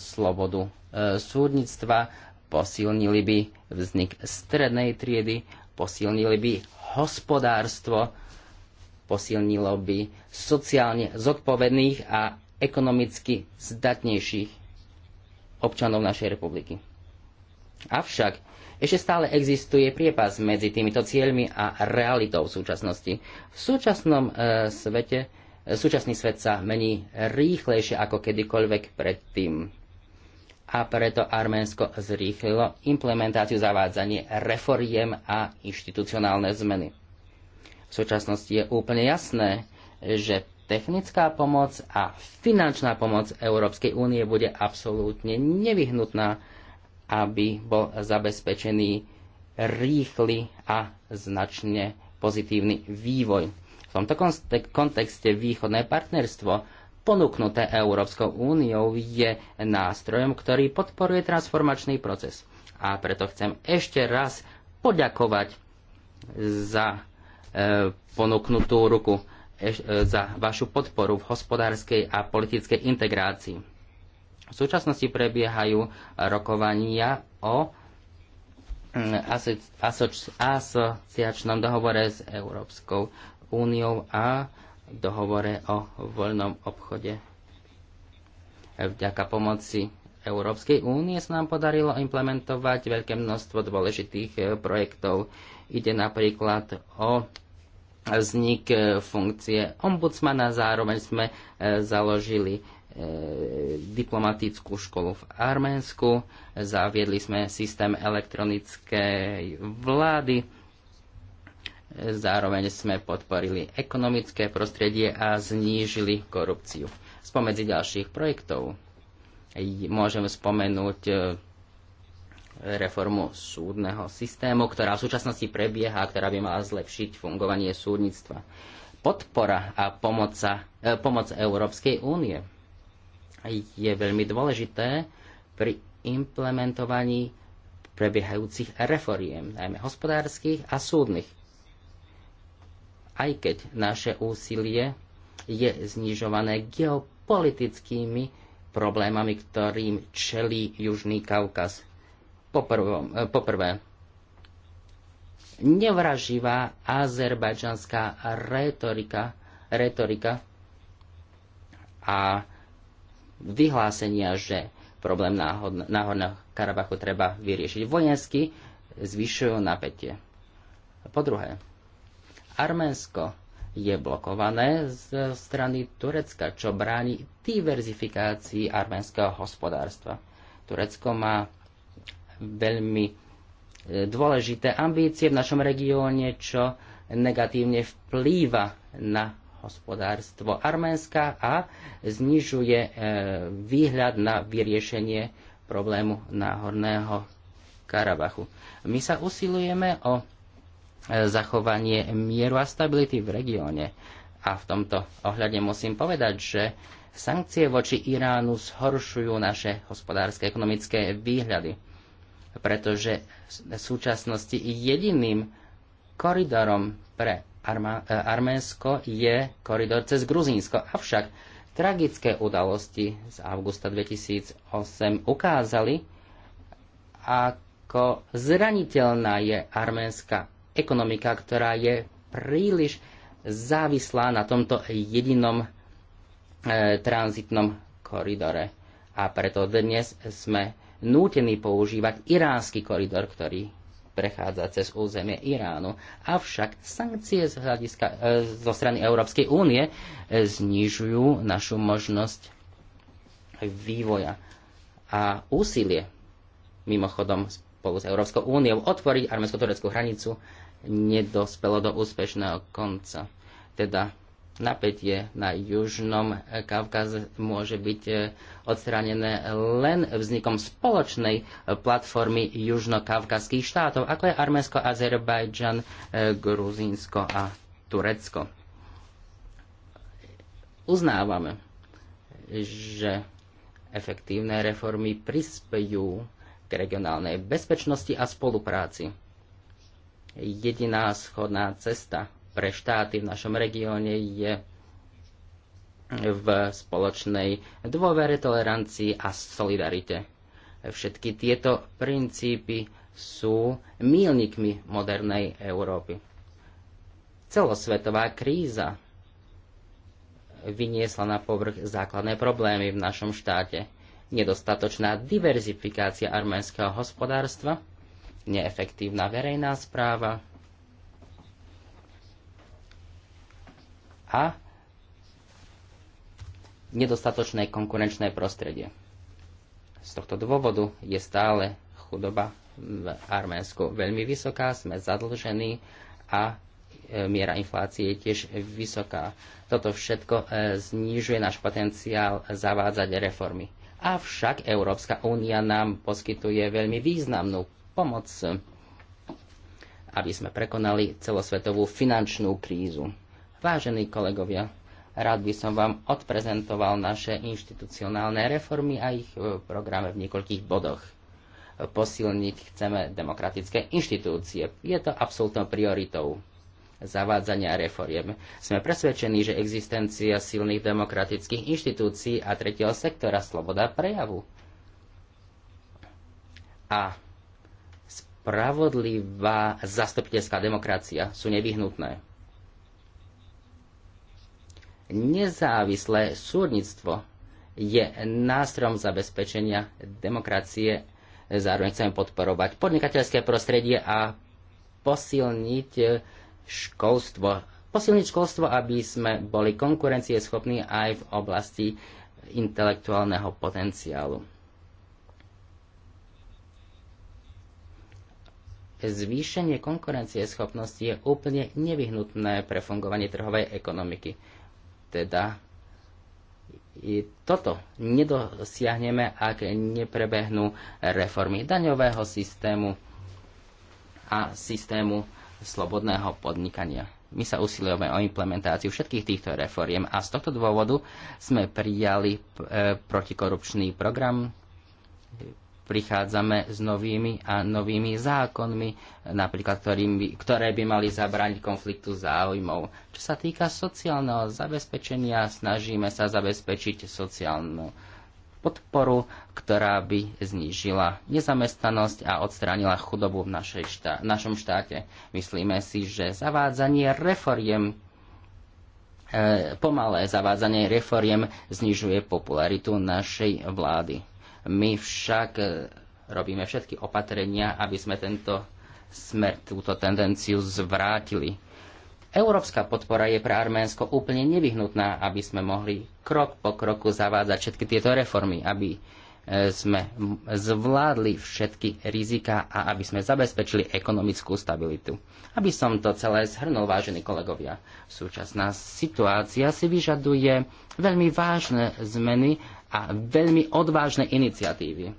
slobodu súdnictva, posilnili by vznik strednej triedy, posilnili by hospodárstvo, posilnilo by sociálne zodpovedných a ekonomicky zdatnejších občanov našej republiky. Avšak ešte stále existuje priepas medzi týmito cieľmi a realitou v súčasnosti. V súčasnom e, svete, e, súčasný svet sa mení rýchlejšie ako kedykoľvek predtým. A preto Arménsko zrýchlilo implementáciu zavádzanie reforiem a inštitucionálne zmeny. V súčasnosti je úplne jasné, že technická pomoc a finančná pomoc Európskej únie bude absolútne nevyhnutná aby bol zabezpečený rýchly a značne pozitívny vývoj. V tomto kontexte východné partnerstvo ponúknuté Európskou úniou je nástrojom, ktorý podporuje transformačný proces. A preto chcem ešte raz poďakovať za e, ponúknutú ruku, e, za vašu podporu v hospodárskej a politickej integrácii. V súčasnosti prebiehajú rokovania o mm, asociačnom dohovore s Európskou úniou a dohovore o voľnom obchode. Vďaka pomoci Európskej únie sa nám podarilo implementovať veľké množstvo dôležitých e, projektov. Ide napríklad o vznik e, funkcie ombudsmana, zároveň sme e, založili diplomatickú školu v Arménsku, zaviedli sme systém elektronickej vlády, zároveň sme podporili ekonomické prostredie a znížili korupciu. Spomedzi ďalších projektov môžem spomenúť e, reformu súdneho systému, ktorá v súčasnosti prebieha a ktorá by mala zlepšiť fungovanie súdnictva. Podpora a pomoca, e, pomoc Európskej únie je veľmi dôležité pri implementovaní prebiehajúcich reforiem, najmä hospodárskych a súdnych. Aj keď naše úsilie je znižované geopolitickými problémami, ktorým čelí Južný Kaukaz. Poprvé, eh, nevraživá azerbajdžanská retorika, retorika a vyhlásenia, že problém náhodného Karabachu treba vyriešiť vojensky, zvyšujú napätie. Po druhé, Arménsko je blokované z strany Turecka, čo bráni diverzifikácii arménskeho hospodárstva. Turecko má veľmi e, dôležité ambície v našom regióne, čo negatívne vplýva na hospodárstvo Arménska a znižuje e, výhľad na vyriešenie problému Náhorného Karabachu. My sa usilujeme o e, zachovanie mieru a stability v regióne. A v tomto ohľade musím povedať, že sankcie voči Iránu zhoršujú naše hospodárske ekonomické výhľady, pretože v súčasnosti jediným koridorom pre E, Arménsko je koridor cez Gruzínsko. Avšak tragické udalosti z augusta 2008 ukázali, ako zraniteľná je arménska ekonomika, ktorá je príliš závislá na tomto jedinom e, tranzitnom koridore. A preto dnes sme nútení používať iránsky koridor, ktorý prechádza cez územie Iránu. Avšak sankcie z hľadiska, e, zo strany Európskej únie e, znižujú našu možnosť vývoja a úsilie mimochodom spolu s Európskou úniou otvoriť arménsko-tureckú hranicu nedospelo do úspešného konca. Teda napätie na Južnom Kavkaze môže byť e, odstranené len vznikom spoločnej e, platformy južnokavkazských štátov, ako je Arménsko, Azerbajdžan, e, Gruzínsko a Turecko. Uznávame, že efektívne reformy prispejú k regionálnej bezpečnosti a spolupráci. Jediná schodná cesta pre štáty v našom regióne je v spoločnej dôvere, tolerancii a solidarite. Všetky tieto princípy sú mílnikmi modernej Európy. Celosvetová kríza vyniesla na povrch základné problémy v našom štáte. Nedostatočná diverzifikácia arménskeho hospodárstva, neefektívna verejná správa, a nedostatočné konkurenčné prostredie. Z tohto dôvodu je stále chudoba v Arménsku veľmi vysoká, sme zadlžení a e, miera inflácie je tiež vysoká. Toto všetko e, znižuje náš potenciál zavádzať reformy. Avšak Európska únia nám poskytuje veľmi významnú pomoc, aby sme prekonali celosvetovú finančnú krízu. Vážení kolegovia, rád by som vám odprezentoval naše inštitucionálne reformy a ich e, programe v niekoľkých bodoch. Posilniť chceme demokratické inštitúcie. Je to absolútnou prioritou zavádzania reforiem. Sme presvedčení, že existencia silných demokratických inštitúcií a tretieho sektora sloboda prejavu a spravodlivá zastupiteľská demokracia sú nevyhnutné. Nezávislé súdnictvo je nástrojom zabezpečenia demokracie. Zároveň chceme podporovať podnikateľské prostredie a posilniť školstvo. Posilniť školstvo, aby sme boli konkurencieschopní aj v oblasti intelektuálneho potenciálu. Zvýšenie konkurencieschopnosti je úplne nevyhnutné pre fungovanie trhovej ekonomiky teda toto nedosiahneme, ak neprebehnú reformy daňového systému a systému slobodného podnikania. My sa usilujeme o implementáciu všetkých týchto reforiem a z tohto dôvodu sme prijali e, protikorupčný program prichádzame s novými a novými zákonmi, napríklad by, ktoré by mali zabrániť konfliktu záujmov. Čo sa týka sociálneho zabezpečenia, snažíme sa zabezpečiť sociálnu podporu, ktorá by znížila nezamestnanosť a odstránila chudobu v našej štá- našom štáte. Myslíme si, že zavádzanie reforiem e, pomalé zavádzanie reforiem znižuje popularitu našej vlády. My však e, robíme všetky opatrenia, aby sme tento smer, túto tendenciu zvrátili. Európska podpora je pre Arménsko úplne nevyhnutná, aby sme mohli krok po kroku zavádzať všetky tieto reformy, aby e, sme zvládli všetky rizika a aby sme zabezpečili ekonomickú stabilitu. Aby som to celé zhrnul, vážení kolegovia, súčasná situácia si vyžaduje veľmi vážne zmeny a veľmi odvážne iniciatívy.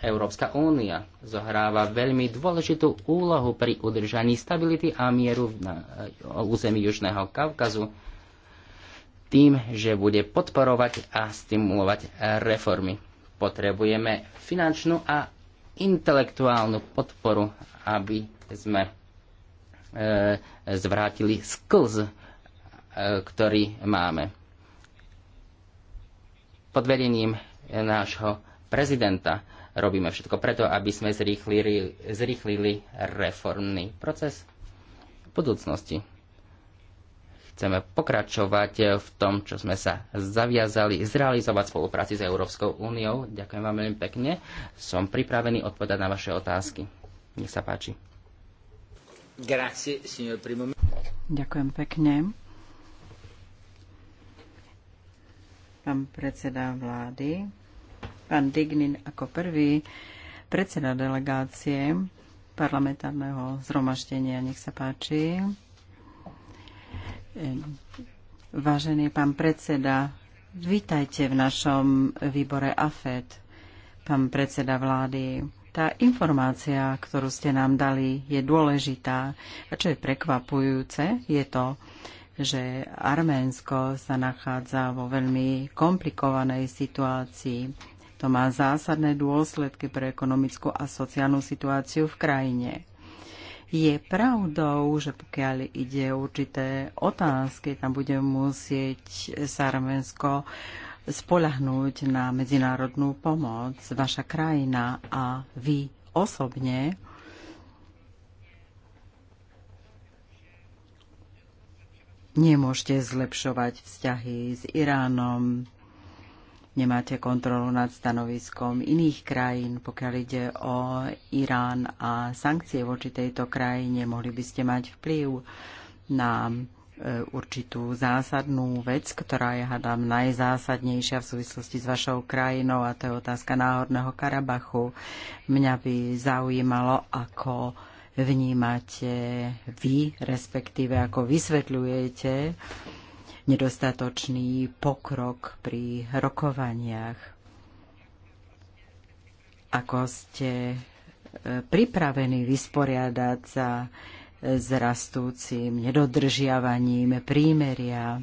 Európska únia zohráva veľmi dôležitú úlohu pri udržaní stability a mieru na e, území Južného Kaukazu tým, že bude podporovať a stimulovať reformy. Potrebujeme finančnú a intelektuálnu podporu, aby sme e, zvrátili sklz, e, ktorý máme pod vedením nášho prezidenta robíme všetko preto, aby sme zrýchlili, zrýchlili reformný proces v budúcnosti. Chceme pokračovať v tom, čo sme sa zaviazali, zrealizovať spolupráci s Európskou úniou. Ďakujem vám veľmi pekne. Som pripravený odpovedať na vaše otázky. Nech sa páči. Grazie, signor primo. Ďakujem pekne. pán predseda vlády, pán Dignin ako prvý predseda delegácie parlamentárneho zhromaždenia. Nech sa páči. Vážený pán predseda, vítajte v našom výbore AFED, pán predseda vlády. Tá informácia, ktorú ste nám dali, je dôležitá. A čo je prekvapujúce, je to, že Arménsko sa nachádza vo veľmi komplikovanej situácii. To má zásadné dôsledky pre ekonomickú a sociálnu situáciu v krajine. Je pravdou, že pokiaľ ide určité otázky, tam bude musieť sa Arménsko spolahnúť na medzinárodnú pomoc. Vaša krajina a vy osobne nemôžete zlepšovať vzťahy s Iránom, nemáte kontrolu nad stanoviskom iných krajín, pokiaľ ide o Irán a sankcie voči tejto krajine, mohli by ste mať vplyv na e, určitú zásadnú vec, ktorá je, hádam, najzásadnejšia v súvislosti s vašou krajinou a to je otázka Náhorného Karabachu. Mňa by zaujímalo, ako vnímate vy, respektíve ako vysvetľujete nedostatočný pokrok pri rokovaniach. Ako ste e, pripravení vysporiadať sa s rastúcim nedodržiavaním prímeria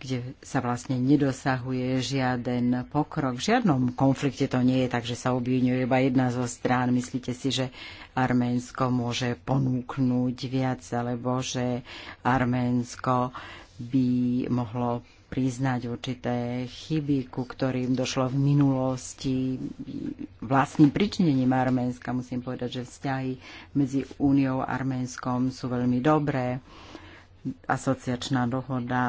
kde sa vlastne nedosahuje žiaden pokrok. V žiadnom konflikte to nie je tak, že sa obvinuje iba jedna zo strán. Myslíte si, že Arménsko môže ponúknuť viac, alebo že Arménsko by mohlo priznať určité chyby, ku ktorým došlo v minulosti vlastným pričinením Arménska. Musím povedať, že vzťahy medzi Úniou a Arménskom sú veľmi dobré asociačná dohoda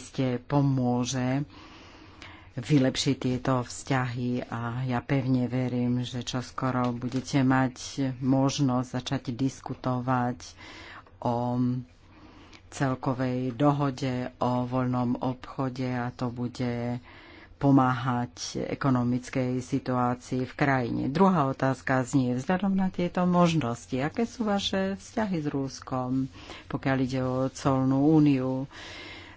iste pomôže vylepšiť tieto vzťahy a ja pevne verím, že čoskoro budete mať možnosť začať diskutovať o celkovej dohode o voľnom obchode a to bude pomáhať ekonomickej situácii v krajine. Druhá otázka znie vzhľadom na tieto možnosti. Aké sú vaše vzťahy s Rúskom, pokiaľ ide o colnú úniu?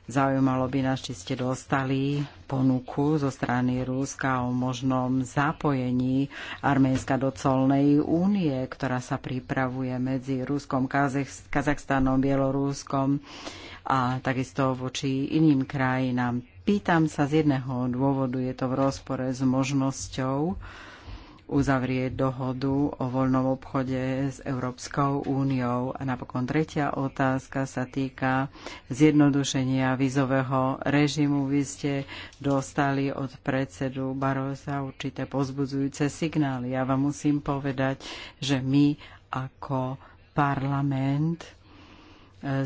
Zaujímalo by nás, či ste dostali ponuku zo strany Rúska o možnom zapojení Arménska do colnej únie, ktorá sa pripravuje medzi Ruskom, Kazachstanom, Bielorúskom a takisto voči iným krajinám. Pýtam sa z jedného dôvodu, je to v rozpore s možnosťou uzavrieť dohodu o voľnom obchode s Európskou úniou. A napokon tretia otázka sa týka zjednodušenia vízového režimu. Vy ste dostali od predsedu Barosa určité pozbudzujúce signály. Ja vám musím povedať, že my ako parlament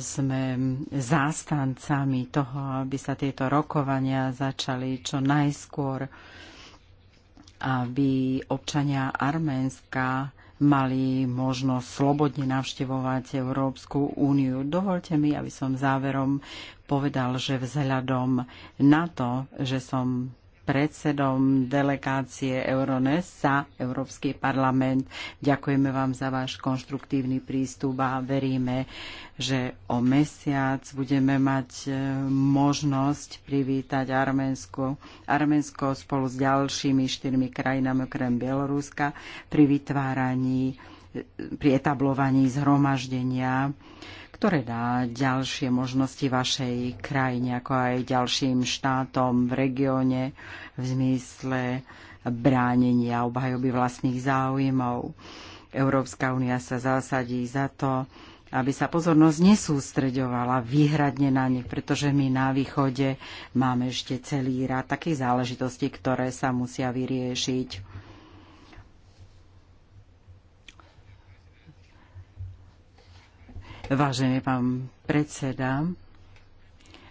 sme zástancami toho, aby sa tieto rokovania začali čo najskôr, aby občania Arménska mali možnosť slobodne navštevovať Európsku úniu. Dovolte mi, aby som záverom povedal, že vzhľadom na to, že som predsedom delegácie Euronest za Európsky parlament. Ďakujeme vám za váš konštruktívny prístup a veríme, že o mesiac budeme mať e, možnosť privítať Arménsko, Arménsko spolu s ďalšími štyrmi krajinami okrem Bieloruska pri vytváraní, e, pri etablovaní zhromaždenia ktoré dá ďalšie možnosti vašej krajine, ako aj ďalším štátom v regióne v zmysle bránenia obhajoby vlastných záujmov. Európska únia sa zasadí za to, aby sa pozornosť nesústreďovala výhradne na nich, pretože my na východe máme ešte celý rád takých záležitostí, ktoré sa musia vyriešiť. Vážený pán predseda,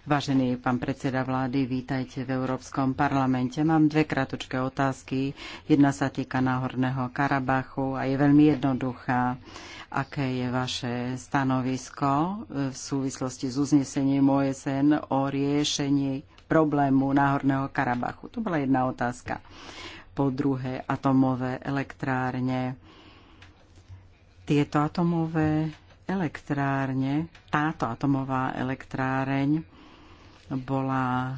Vážený pán predseda vlády, vítajte v Európskom parlamente. Mám dve kratučké otázky. Jedna sa týka Náhorného Karabachu a je veľmi jednoduchá. Aké je vaše stanovisko v súvislosti s uznesením OSN o riešení problému Náhorného Karabachu? To bola jedna otázka. Po druhé, atomové elektrárne. Tieto atomové elektrárne, táto atomová elektráreň bola e,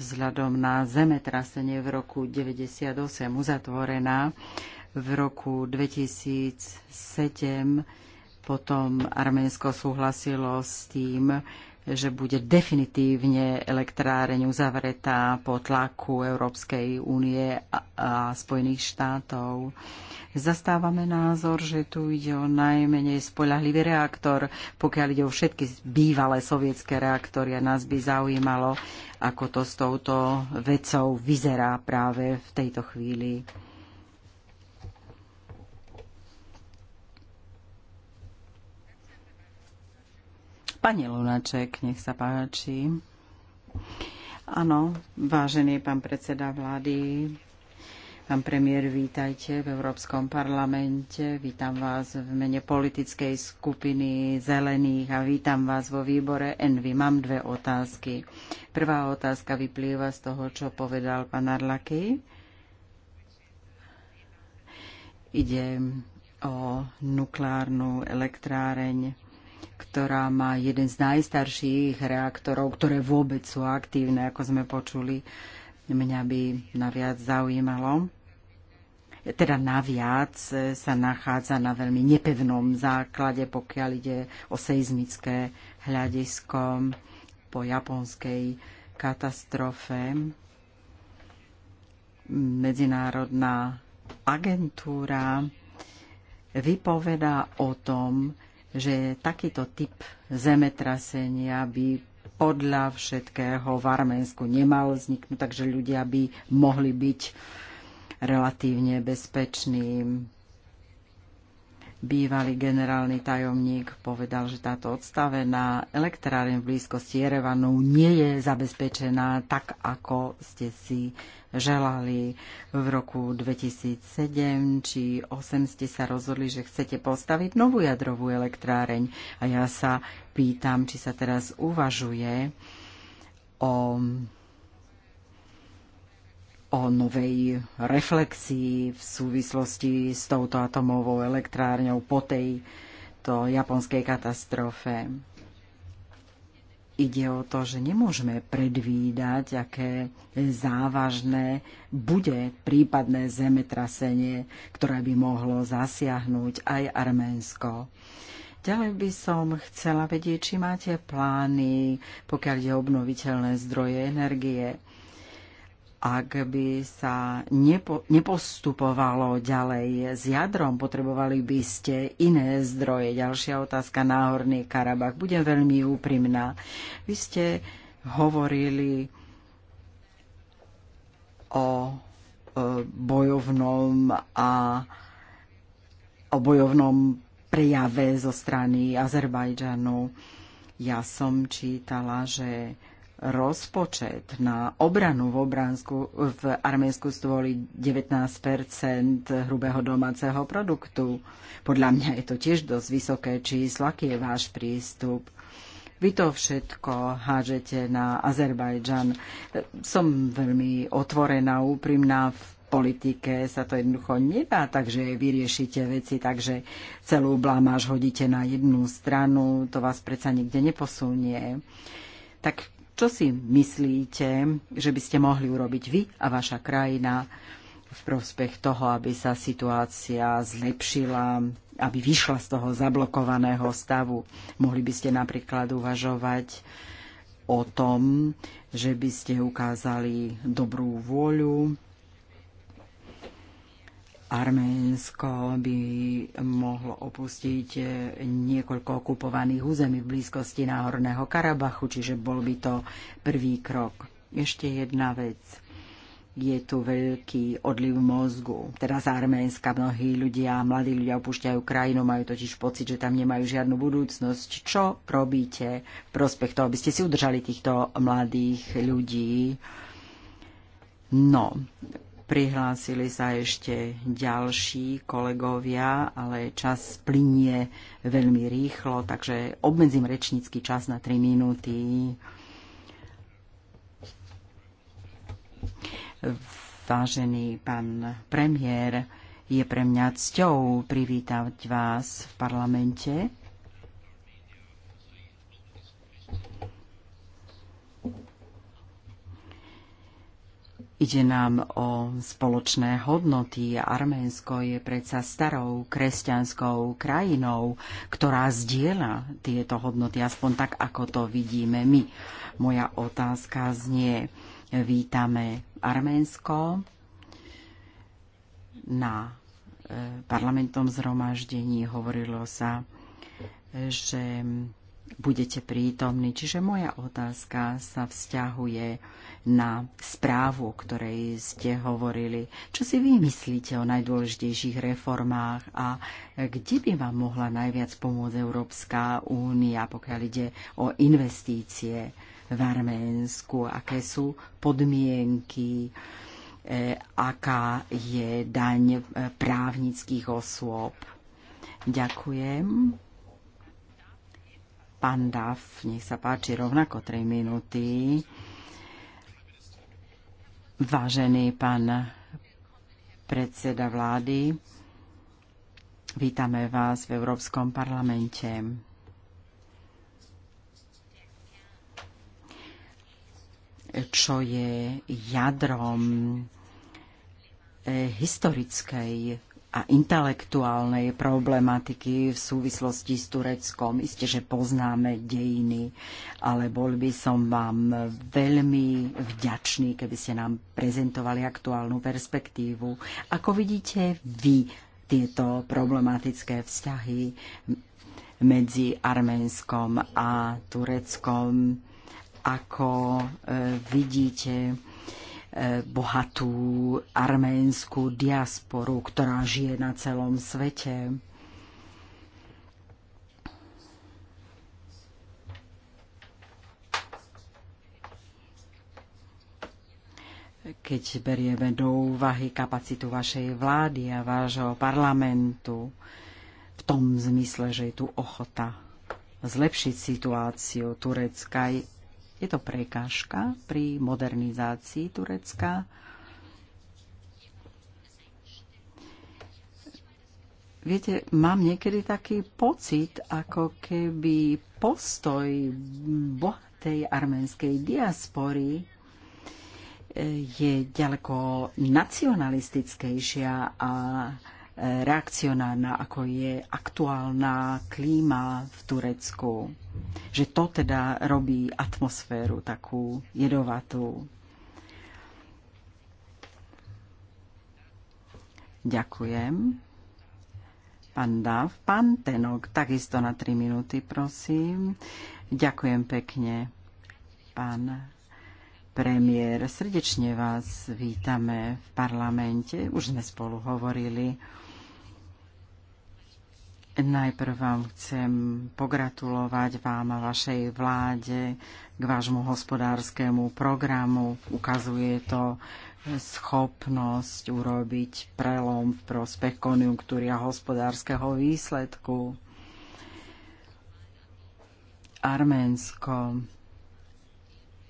vzhľadom na zemetrasenie v roku 1998 uzatvorená. V roku 2007 potom Arménsko súhlasilo s tým, že bude definitívne elektráreň uzavretá po tlaku Európskej únie a Spojených štátov. Zastávame názor, že tu ide o najmenej spolahlivý reaktor, pokiaľ ide o všetky bývalé sovietské reaktory a nás by zaujímalo, ako to s touto vecou vyzerá práve v tejto chvíli. Pani Lunaček, nech sa páči. Áno, vážený pán predseda vlády, Pán premiér, vítajte v Európskom parlamente. Vítam vás v mene politickej skupiny Zelených a vítam vás vo výbore Envy. Mám dve otázky. Prvá otázka vyplýva z toho, čo povedal pán Arlaky. Ide o nukleárnu elektráreň ktorá má jeden z najstarších reaktorov, ktoré vôbec sú aktívne, ako sme počuli. Mňa by naviac zaujímalo, teda naviac sa nachádza na veľmi nepevnom základe, pokiaľ ide o seizmické hľadisko po japonskej katastrofe. Medzinárodná agentúra vypovedá o tom, že takýto typ zemetrasenia by podľa všetkého v Arménsku nemal vzniknúť, takže ľudia by mohli byť relatívne bezpeční. Bývalý generálny tajomník povedal, že táto odstavená elektráreň v blízkosti Jerevanu nie je zabezpečená tak, ako ste si želali. V roku 2007 či 2008 ste sa rozhodli, že chcete postaviť novú jadrovú elektráreň. A ja sa pýtam, či sa teraz uvažuje o o novej reflexii v súvislosti s touto atomovou elektrárňou po to japonskej katastrofe. Ide o to, že nemôžeme predvídať, aké závažné bude prípadné zemetrasenie, ktoré by mohlo zasiahnuť aj Arménsko. Ďalej by som chcela vedieť, či máte plány, pokiaľ je obnoviteľné zdroje energie ak by sa nepo, nepostupovalo ďalej s jadrom, potrebovali by ste iné zdroje. Ďalšia otázka, Náhorný Karabach. Budem veľmi úprimná. Vy ste hovorili o e, bojovnom a o bojovnom prejave zo strany Azerbajdžanu. Ja som čítala, že rozpočet na obranu v, obránsku, v Arménsku stvoli 19 hrubého domáceho produktu. Podľa mňa je to tiež dosť vysoké číslo. Aký je váš prístup? Vy to všetko hážete na Azerbajdžan. Som veľmi otvorená, úprimná. V politike sa to jednoducho nedá, takže vyriešite veci, takže celú blamáž hodíte na jednu stranu, to vás predsa nikde neposunie. Tak čo si myslíte, že by ste mohli urobiť vy a vaša krajina v prospech toho, aby sa situácia zlepšila, aby vyšla z toho zablokovaného stavu? Mohli by ste napríklad uvažovať o tom, že by ste ukázali dobrú vôľu Arménsko by mohlo opustiť e, niekoľko okupovaných území v blízkosti Náhorného Karabachu, čiže bol by to prvý krok. Ešte jedna vec. Je tu veľký odliv mozgu. Teda z Arménska mnohí ľudia, mladí ľudia opúšťajú krajinu, majú totiž pocit, že tam nemajú žiadnu budúcnosť. Čo robíte v prospech toho, aby ste si udržali týchto mladých ľudí? No, Prihlásili sa ešte ďalší kolegovia, ale čas plinie veľmi rýchlo, takže obmedzím rečnícky čas na 3 minúty. Vážený pán premiér, je pre mňa cťou privítať vás v parlamente Ide nám o spoločné hodnoty. Arménsko je predsa starou kresťanskou krajinou, ktorá zdieľa tieto hodnoty, aspoň tak, ako to vidíme my. Moja otázka znie, vítame Arménsko na e, parlamentom zhromaždení hovorilo sa, že budete prítomní. Čiže moja otázka sa vzťahuje na správu, o ktorej ste hovorili. Čo si vy myslíte o najdôležitejších reformách a kde by vám mohla najviac pomôcť Európska únia, pokiaľ ide o investície v Arménsku? Aké sú podmienky? E, aká je daň e, právnických osôb. Ďakujem. Pandav, nech sa páči rovnako 3 minúty. Vážený pán predseda vlády, vítame vás v Európskom parlamente. čo je jadrom eh, historickej a intelektuálnej problematiky v súvislosti s Tureckom. Isté, že poznáme dejiny, ale bol by som vám veľmi vďačný, keby ste nám prezentovali aktuálnu perspektívu. Ako vidíte vy tieto problematické vzťahy medzi Arménskom a Tureckom? Ako e, vidíte bohatú arménskú diasporu, ktorá žije na celom svete. keď berieme do úvahy kapacitu vašej vlády a vášho parlamentu v tom zmysle, že je tu ochota zlepšiť situáciu Turecka je to prekážka pri modernizácii Turecka. Viete, mám niekedy taký pocit, ako keby postoj bohatej arménskej diaspory eh, je ďaleko nacionalistickejšia a reakcionárna, ako je aktuálna klíma v Turecku. Že to teda robí atmosféru takú jedovatú. Ďakujem. Pán Dav, pán Tenok, takisto na 3 minúty, prosím. Ďakujem pekne, pán premiér. Srdečne vás vítame v parlamente. Už sme spolu hovorili. Najprv vám chcem pogratulovať vám a vašej vláde k vášmu hospodárskému programu. Ukazuje to schopnosť urobiť prelom v prospech konjunktúry a hospodárskeho výsledku. Arménsko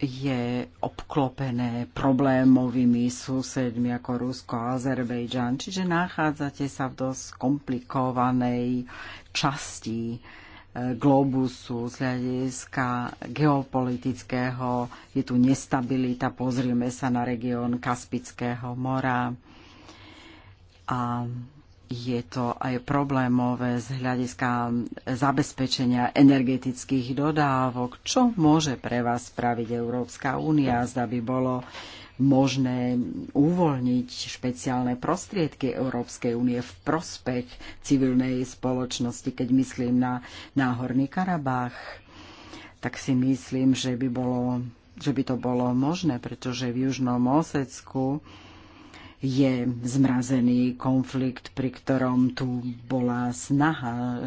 je obklopené problémovými susedmi ako Rusko a Azerbejdžan, čiže nachádzate sa v dosť komplikovanej časti e, globusu z hľadiska geopolitického. Je tu nestabilita, pozrieme sa na región Kaspického mora. A je to aj problémové z hľadiska zabezpečenia energetických dodávok. Čo môže pre vás spraviť Európska únia? Zda by bolo možné uvoľniť špeciálne prostriedky Európskej únie v prospech civilnej spoločnosti, keď myslím na Náhorný Karabách, tak si myslím, že by, bolo, že by to bolo možné, pretože v Južnom Osecku je zmrazený konflikt, pri ktorom tu bola snaha e,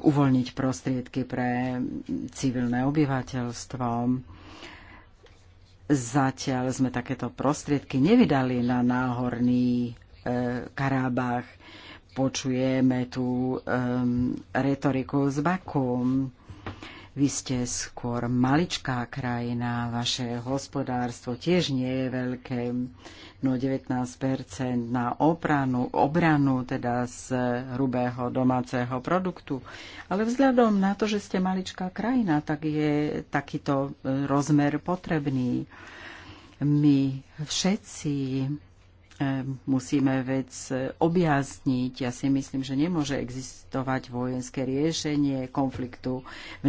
uvoľniť prostriedky pre civilné obyvateľstvo. Zatiaľ sme takéto prostriedky nevydali na náhorný e, Karábach. Počujeme tu um, retoriku z Baku. Vy ste skôr maličká krajina, vaše hospodárstvo tiež nie je veľké no 19 na obranu, obranu teda z hrubého domáceho produktu. Ale vzhľadom na to, že ste maličká krajina, tak je takýto e, rozmer potrebný. My všetci e, musíme vec objasniť. Ja si myslím, že nemôže existovať vojenské riešenie konfliktu v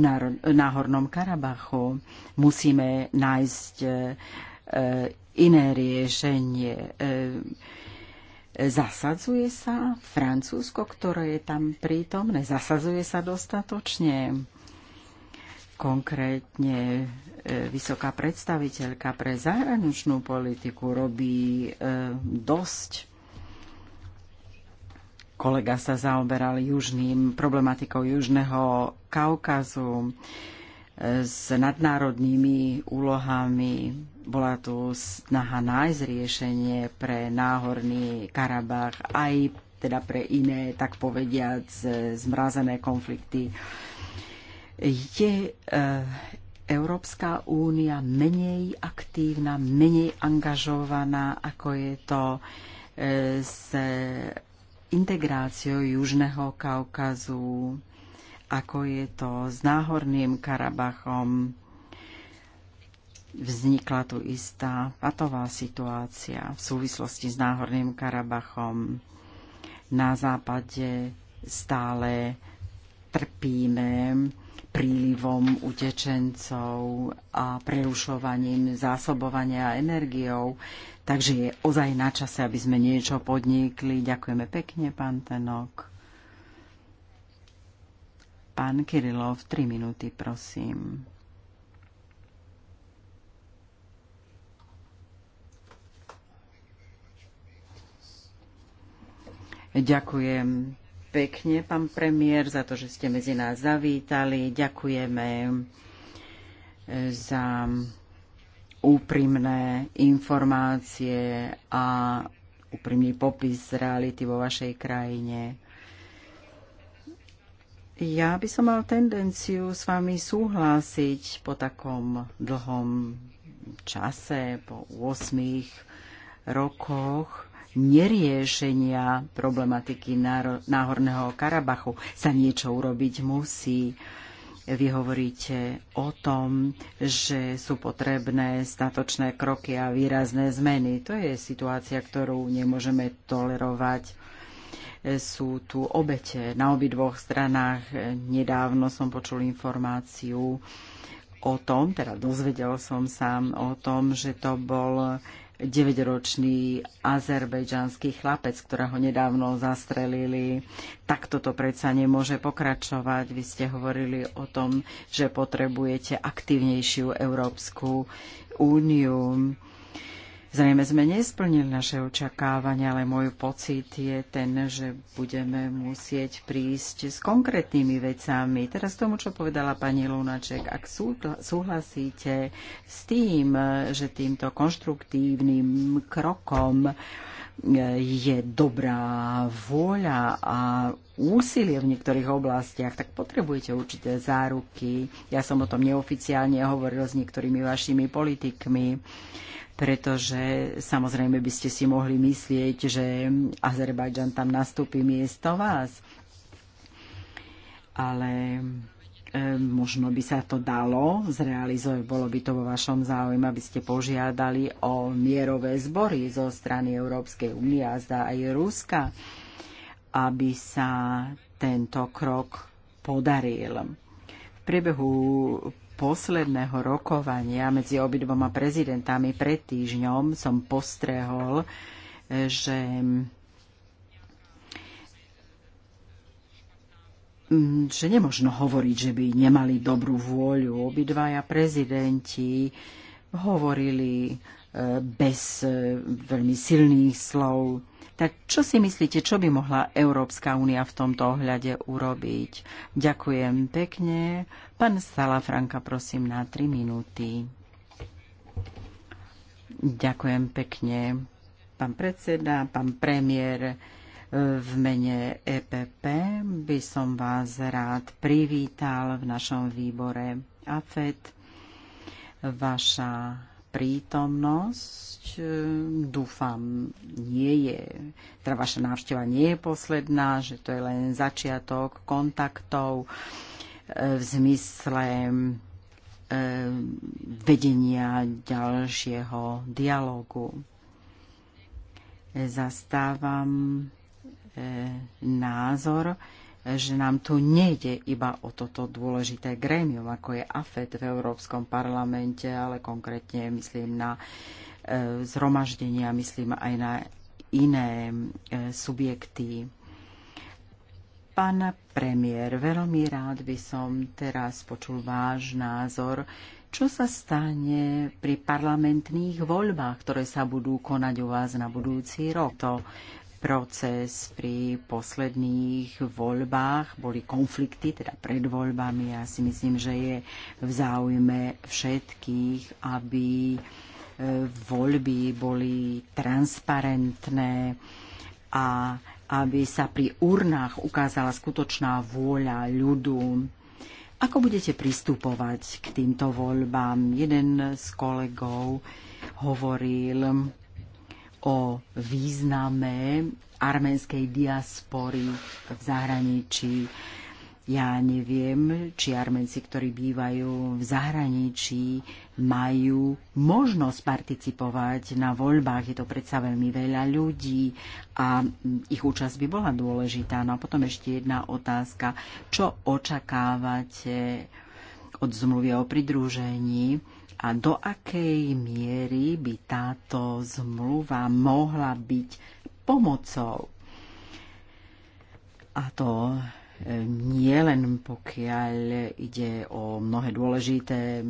Náhornom Karabachu. Musíme nájsť e, iné riešenie. E, e, zasadzuje sa Francúzsko, ktoré je tam prítomné, zasadzuje sa dostatočne. Konkrétne e, vysoká predstaviteľka pre zahraničnú politiku robí dosť. Kolega sa zaoberal južným, problematikou Južného Kaukazu s nadnárodnými úlohami. Bola tu snaha nájsť riešenie pre náhorný Karabach, aj teda pre iné, tak povediať, zmrazené konflikty. Je e, Európska únia menej aktívna, menej angažovaná, ako je to e, s integráciou Južného Kaukazu, ako je to s Náhorným Karabachom. Vznikla tu istá patová situácia v súvislosti s Náhorným Karabachom. Na západe stále trpíme prílivom utečencov a prerušovaním zásobovania energiou. Takže je ozaj na čase, aby sme niečo podnikli. Ďakujeme pekne, pán Tenok. Pán Kirilov, tri minúty, prosím. Ďakujem pekne, pán premiér, za to, že ste medzi nás zavítali. Ďakujeme eh, za úprimné informácie a úprimný popis reality vo vašej krajine. Ja by som mal tendenciu s vami súhlasiť po takom dlhom čase, po 8 rokoch neriešenia problematiky Náhorného Karabachu sa niečo urobiť musí. Vy hovoríte o tom, že sú potrebné statočné kroky a výrazné zmeny. To je situácia, ktorú nemôžeme tolerovať sú tu obete na obidvoch stranách. Nedávno som počul informáciu o tom, teda dozvedel som sa o tom, že to bol 9-ročný azerbejdžanský chlapec, ktorého nedávno zastrelili. Takto to predsa nemôže pokračovať. Vy ste hovorili o tom, že potrebujete aktívnejšiu Európsku úniu Zrejme sme nesplnili naše očakávania, ale môj pocit je ten, že budeme musieť prísť s konkrétnymi vecami. Teraz tomu, čo povedala pani Lunaček, ak súhlasíte s tým, že týmto konštruktívnym krokom e, je dobrá vôľa a úsilie v niektorých oblastiach, tak potrebujete určité záruky. Ja som o tom neoficiálne hovoril s niektorými vašimi politikmi pretože samozrejme by ste si mohli myslieť, že Azerbajdžan tam nastúpi miesto vás. Ale e, možno by sa to dalo zrealizovať, bolo by to vo vašom záujme, aby ste požiadali o mierové zbory zo strany Európskej únie a zdá aj Ruska, aby sa tento krok podaril. V priebehu posledného rokovania medzi obidvoma prezidentami pred týždňom som postrehol, že mm, že nemožno hovoriť, že by nemali dobrú vôľu. Obidvaja prezidenti hovorili eh, bez eh, veľmi silných slov tak čo si myslíte, čo by mohla Európska únia v tomto ohľade urobiť? Ďakujem pekne. Pán Sala Franka prosím, na 3 minúty. Ďakujem pekne. Pán predseda, pán premiér, v mene EPP by som vás rád privítal v našom výbore AFET. Vaša prítomnosť. E, dúfam, nie je, teda vaša návšteva nie je posledná, že to je len začiatok kontaktov e, v zmysle e, vedenia ďalšieho dialogu. Zastávam názor, že nám tu nejde iba o toto dôležité grémium, ako je AFET v Európskom parlamente, ale konkrétne myslím na e, zhromaždenia, myslím aj na iné e, subjekty. Pán premiér, veľmi rád by som teraz počul váš názor, čo sa stane pri parlamentných voľbách, ktoré sa budú konať u vás na budúci rok. To proces pri posledných voľbách, boli konflikty, teda pred voľbami. Ja si myslím, že je v záujme všetkých, aby e, voľby boli transparentné a aby sa pri urnách ukázala skutočná vôľa ľudu. Ako budete pristupovať k týmto voľbám? Jeden z kolegov hovoril o význame arménskej diaspory v zahraničí. Ja neviem, či arménci, ktorí bývajú v zahraničí, majú možnosť participovať na voľbách. Je to predsa veľmi veľa ľudí a ich účasť by bola dôležitá. No a potom ešte jedna otázka. Čo očakávate od zmluvy o pridružení? a do akej miery by táto zmluva mohla byť pomocou. A to e, nie len pokiaľ ide o mnohé dôležité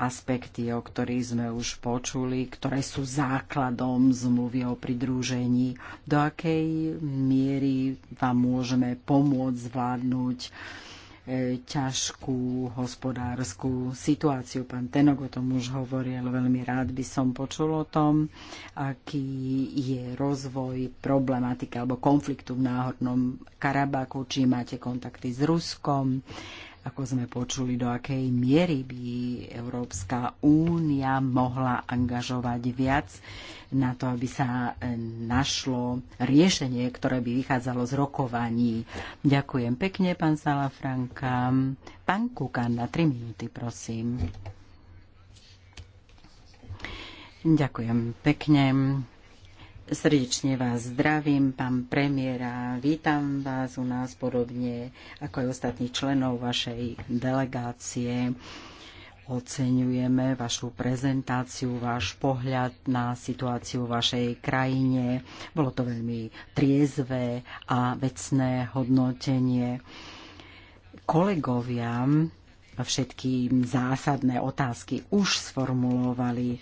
aspekty, o ktorých sme už počuli, ktoré sú základom zmluvy o pridružení, do akej miery vám môžeme pomôcť zvládnuť E, ťažkú hospodárskú situáciu. Pán Tenok o tom už hovoril, veľmi rád by som počul o tom, aký je rozvoj problematiky alebo konfliktu v Náhornom Karabaku, či máte kontakty s Ruskom, ako sme počuli, do akej miery by Európska únia mohla angažovať viac na to, aby sa našlo riešenie, ktoré by vychádzalo z rokovaní. Ďakujem pekne, pán Salafranka. Pán Kukan, na tri minúty, prosím. Ďakujem pekne. Srdečne vás zdravím, pán premiéra. Vítam vás u nás podobne ako aj ostatných členov vašej delegácie. Oceňujeme vašu prezentáciu, váš pohľad na situáciu v vašej krajine. Bolo to veľmi triezvé a vecné hodnotenie. Kolegovia všetky zásadné otázky už sformulovali.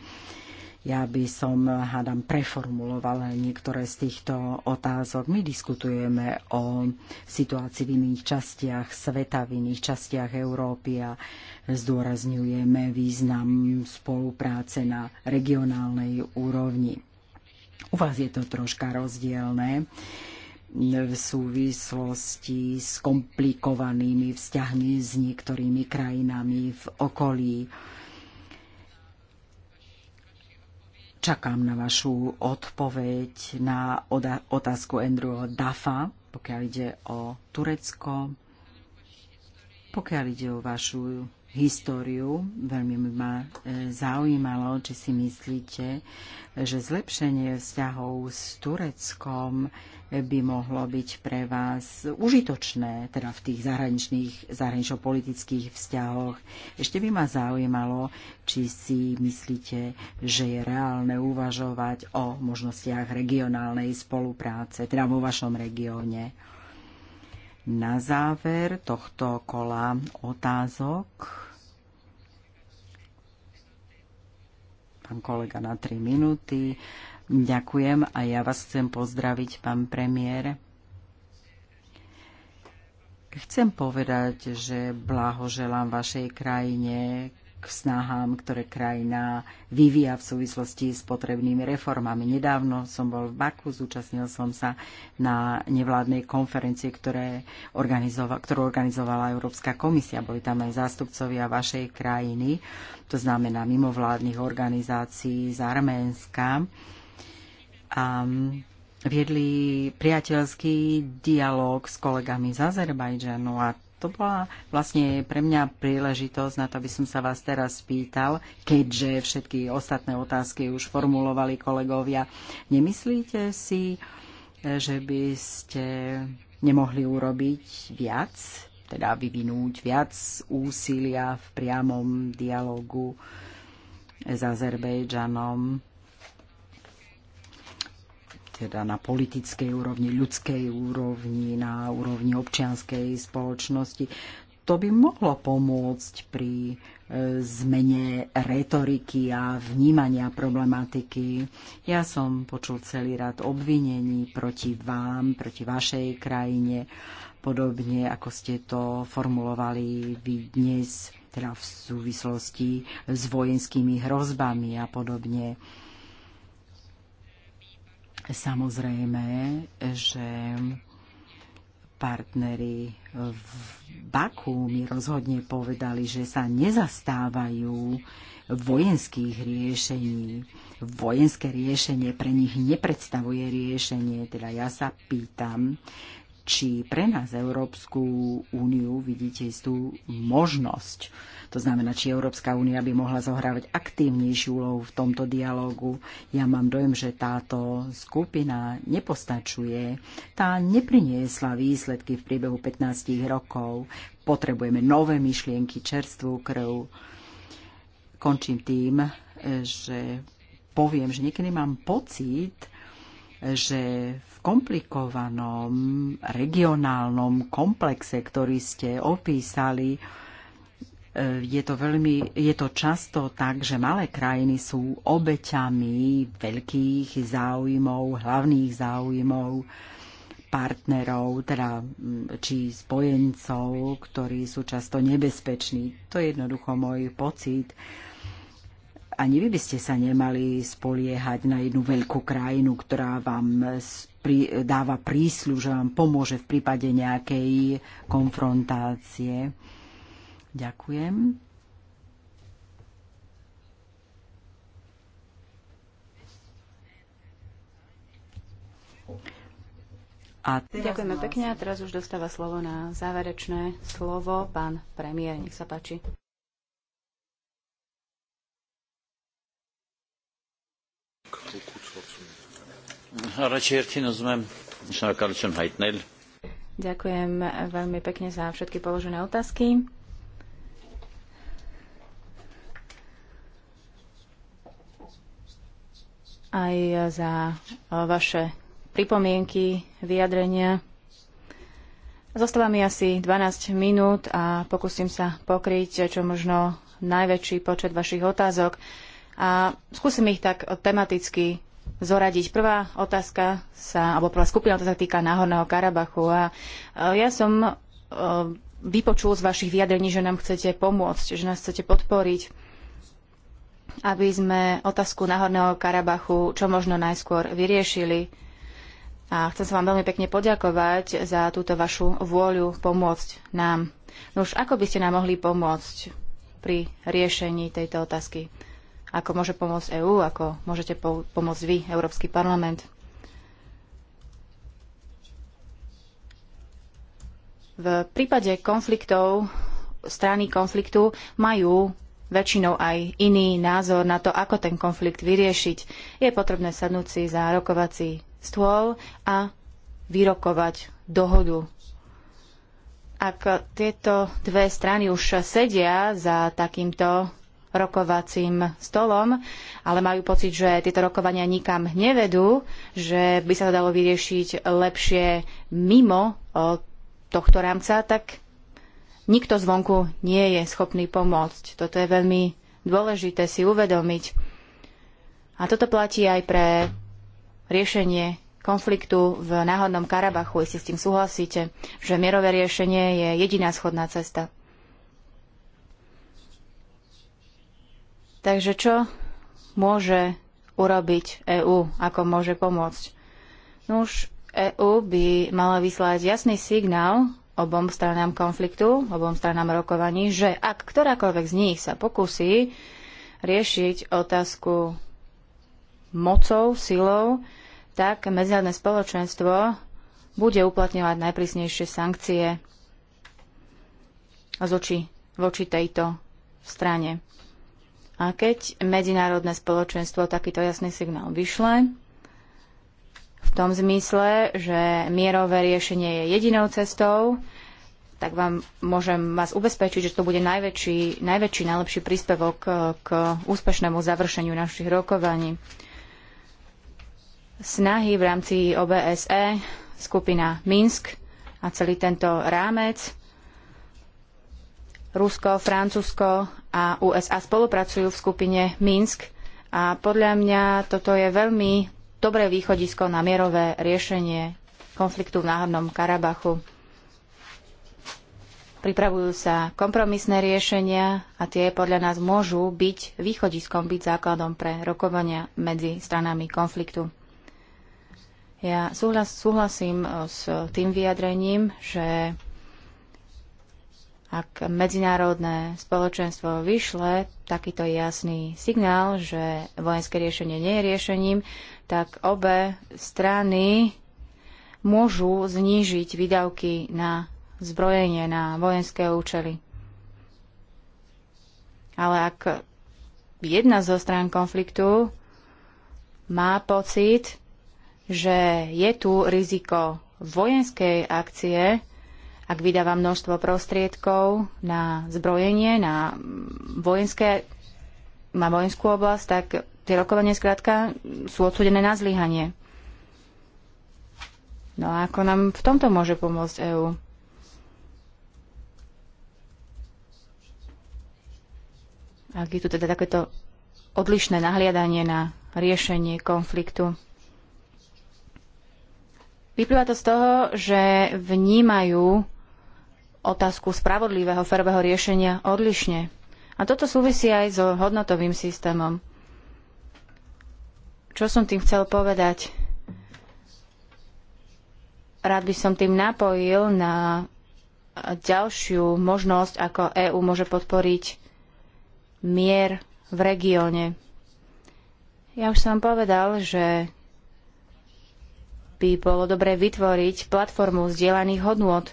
Ja by som, hádam, preformulovala niektoré z týchto otázok. My diskutujeme o situácii v iných častiach sveta, v iných častiach Európy a zdôrazňujeme význam spolupráce na regionálnej úrovni. U vás je to troška rozdielne v súvislosti s komplikovanými vzťahmi s niektorými krajinami v okolí Čakám na vašu odpoveď na otázku Andrewa Dafa, pokiaľ ide o Turecko, pokiaľ ide o vašu históriu. Veľmi ma e, zaujímalo, či si myslíte, že zlepšenie vzťahov s Tureckom e, by mohlo byť pre vás užitočné, teda v tých zahraničných, zahranično-politických vzťahoch. Ešte by ma zaujímalo, či si myslíte, že je reálne uvažovať o možnostiach regionálnej spolupráce, teda vo vašom regióne. Na záver tohto kola otázok pán kolega na 3 minúty. Ďakujem a ja vás chcem pozdraviť, pán premiér. Chcem povedať, že blahoželám vašej krajine k snahám, ktoré krajina vyvíja v súvislosti s potrebnými reformami. Nedávno som bol v Baku, zúčastnil som sa na nevládnej konferencie, ktoré organizova- ktorú organizovala Európska komisia. Boli tam aj zástupcovia vašej krajiny, to znamená mimovládnych organizácií z Arménska. A viedli priateľský dialog s kolegami z Azerbajdžanu a to bola vlastne pre mňa príležitosť na to, aby som sa vás teraz spýtal, keďže všetky ostatné otázky už formulovali kolegovia. Nemyslíte si, že by ste nemohli urobiť viac, teda vyvinúť viac úsilia v priamom dialogu s Azerbejdžanom teda na politickej úrovni, ľudskej úrovni, na úrovni občianskej spoločnosti. To by mohlo pomôcť pri e, zmene retoriky a vnímania problematiky. Ja som počul celý rad obvinení proti vám, proti vašej krajine, podobne ako ste to formulovali vy dnes, teda v súvislosti s vojenskými hrozbami a podobne. Samozrejme, že partnery v Baku mi rozhodne povedali, že sa nezastávajú vojenských riešení. Vojenské riešenie pre nich nepredstavuje riešenie. Teda ja sa pýtam, či pre nás Európsku úniu vidíte istú možnosť. To znamená, či Európska únia by mohla zohrávať aktívnejšiu úlohu v tomto dialogu. Ja mám dojem, že táto skupina nepostačuje. Tá nepriniesla výsledky v priebehu 15 rokov. Potrebujeme nové myšlienky, čerstvú krv. Končím tým, že poviem, že niekedy mám pocit, že v komplikovanom regionálnom komplexe, ktorý ste opísali, e, je to, veľmi, je to často tak, že malé krajiny sú obeťami veľkých záujmov, hlavných záujmov partnerov, teda či spojencov, ktorí sú často nebezpeční. To je jednoducho môj pocit ani vy by ste sa nemali spoliehať na jednu veľkú krajinu, ktorá vám dáva príslu, že vám pomôže v prípade nejakej konfrontácie. Ďakujem. A teraz Ďakujeme pekne a teraz už dostáva slovo na záverečné slovo pán premiér. Nech sa páči. Ďakujem veľmi pekne za všetky položené otázky. aj za vaše pripomienky, vyjadrenia. Zostáva mi asi 12 minút a pokúsim sa pokryť čo možno najväčší počet vašich otázok a skúsim ich tak tematicky zoradiť. Prvá otázka sa, alebo prvá skupina sa týka Náhorného Karabachu. A e, ja som e, vypočul z vašich vyjadrení, že nám chcete pomôcť, že nás chcete podporiť, aby sme otázku Náhorného Karabachu čo možno najskôr vyriešili. A chcem sa vám veľmi pekne poďakovať za túto vašu vôľu pomôcť nám. No už ako by ste nám mohli pomôcť pri riešení tejto otázky? ako môže pomôcť EÚ, ako môžete pomôcť vy, Európsky parlament. V prípade konfliktov, strany konfliktu majú väčšinou aj iný názor na to, ako ten konflikt vyriešiť. Je potrebné sadnúť si za rokovací stôl a vyrokovať dohodu. Ak tieto dve strany už sedia za takýmto rokovacím stolom, ale majú pocit, že tieto rokovania nikam nevedú, že by sa to dalo vyriešiť lepšie mimo tohto rámca, tak nikto zvonku nie je schopný pomôcť. Toto je veľmi dôležité si uvedomiť. A toto platí aj pre riešenie konfliktu v náhodnom Karabachu, jestli s tým súhlasíte, že mierové riešenie je jediná schodná cesta. Takže čo môže urobiť EÚ, ako môže pomôcť? No už EÚ by mala vyslať jasný signál obom stranám konfliktu, obom stranám rokovaní, že ak ktorákoľvek z nich sa pokusí riešiť otázku mocou, silou, tak medzinárodné spoločenstvo bude uplatňovať najprísnejšie sankcie voči tejto strane. A keď medzinárodné spoločenstvo takýto jasný signál vyšle, v tom zmysle, že mierové riešenie je jedinou cestou, tak vám môžem vás ubezpečiť, že to bude najväčší, najväčší najlepší príspevok eh, k úspešnému završeniu našich rokovaní. Snahy v rámci OBSE, skupina Minsk a celý tento rámec, Rusko, Francúzsko a USA spolupracujú v skupine Minsk a podľa mňa toto je veľmi dobré východisko na mierové riešenie konfliktu v Náhornom Karabachu. Pripravujú sa kompromisné riešenia a tie podľa nás môžu byť východiskom, byť základom pre rokovania medzi stranami konfliktu. Ja súhlas, súhlasím eh, s tým vyjadrením, že ak medzinárodné spoločenstvo vyšle takýto jasný signál, že vojenské riešenie nie je riešením, tak obe strany môžu znížiť výdavky na zbrojenie, na vojenské účely. Ale ak jedna zo strán konfliktu má pocit, že je tu riziko vojenskej akcie, ak vydáva množstvo prostriedkov na zbrojenie, na, vojenské, na vojenskú oblasť, tak tie rokovanie skrátka sú odsudené na zlyhanie. No a ako nám v tomto môže pomôcť EÚ? Ak je tu teda takéto odlišné nahliadanie na riešenie konfliktu. Vyplýva to z toho, že vnímajú otázku spravodlivého, ferového riešenia odlišne. A toto súvisí aj s so hodnotovým systémom. Čo som tým chcel povedať? Rád by som tým napojil na ďalšiu možnosť, ako EÚ môže podporiť mier v regióne. Ja už som povedal, že by bolo dobré vytvoriť platformu zdieľaných hodnôt,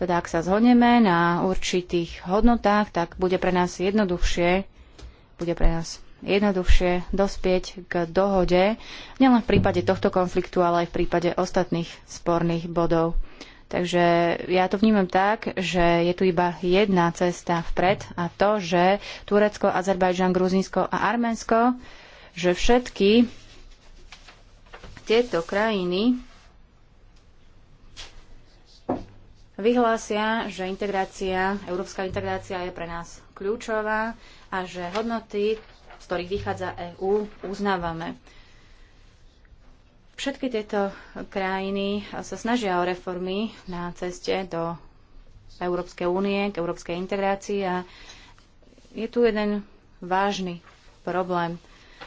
teda ak sa zhodneme na určitých hodnotách, tak bude pre nás jednoduchšie, bude pre nás jednoduchšie dospieť k dohode, nielen v prípade tohto konfliktu, ale aj v prípade ostatných sporných bodov. Takže ja to vnímam tak, že je tu iba jedna cesta vpred a to, že Turecko, Azerbajdžan, Gruzinsko a Arménsko, že všetky tieto krajiny vyhlásia, že integrácia, európska integrácia je pre nás kľúčová a že hodnoty, z ktorých vychádza EÚ, uznávame. Všetky tieto krajiny sa snažia o reformy na ceste do Európskej únie, k európskej integrácii a je tu jeden vážny problém.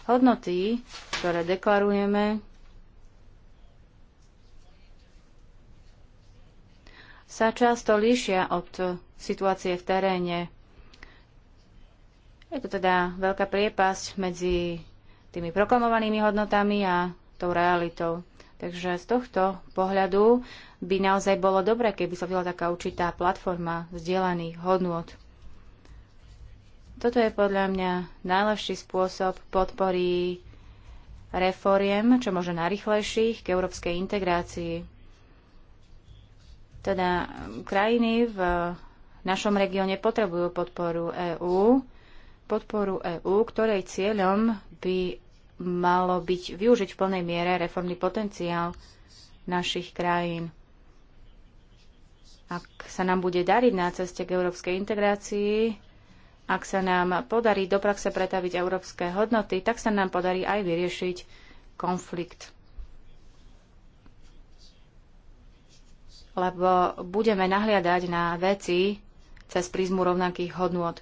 Hodnoty, ktoré deklarujeme, sa často líšia od situácie v teréne. Je to teda veľká priepasť medzi tými proklamovanými hodnotami a tou realitou. Takže z tohto pohľadu by naozaj bolo dobré, keby sa byla taká určitá platforma vzdielaných hodnot. Toto je podľa mňa najlepší spôsob podpory reforiem, čo možno najrychlejších, k európskej integrácii. Teda krajiny v našom regióne potrebujú podporu EÚ, podporu EÚ, ktorej cieľom by malo byť využiť v plnej miere reformný potenciál našich krajín. Ak sa nám bude dariť na ceste k európskej integrácii, ak sa nám podarí do praxe pretaviť európske hodnoty, tak sa nám podarí aj vyriešiť konflikt lebo budeme nahliadať na veci cez prízmu rovnakých hodnôt.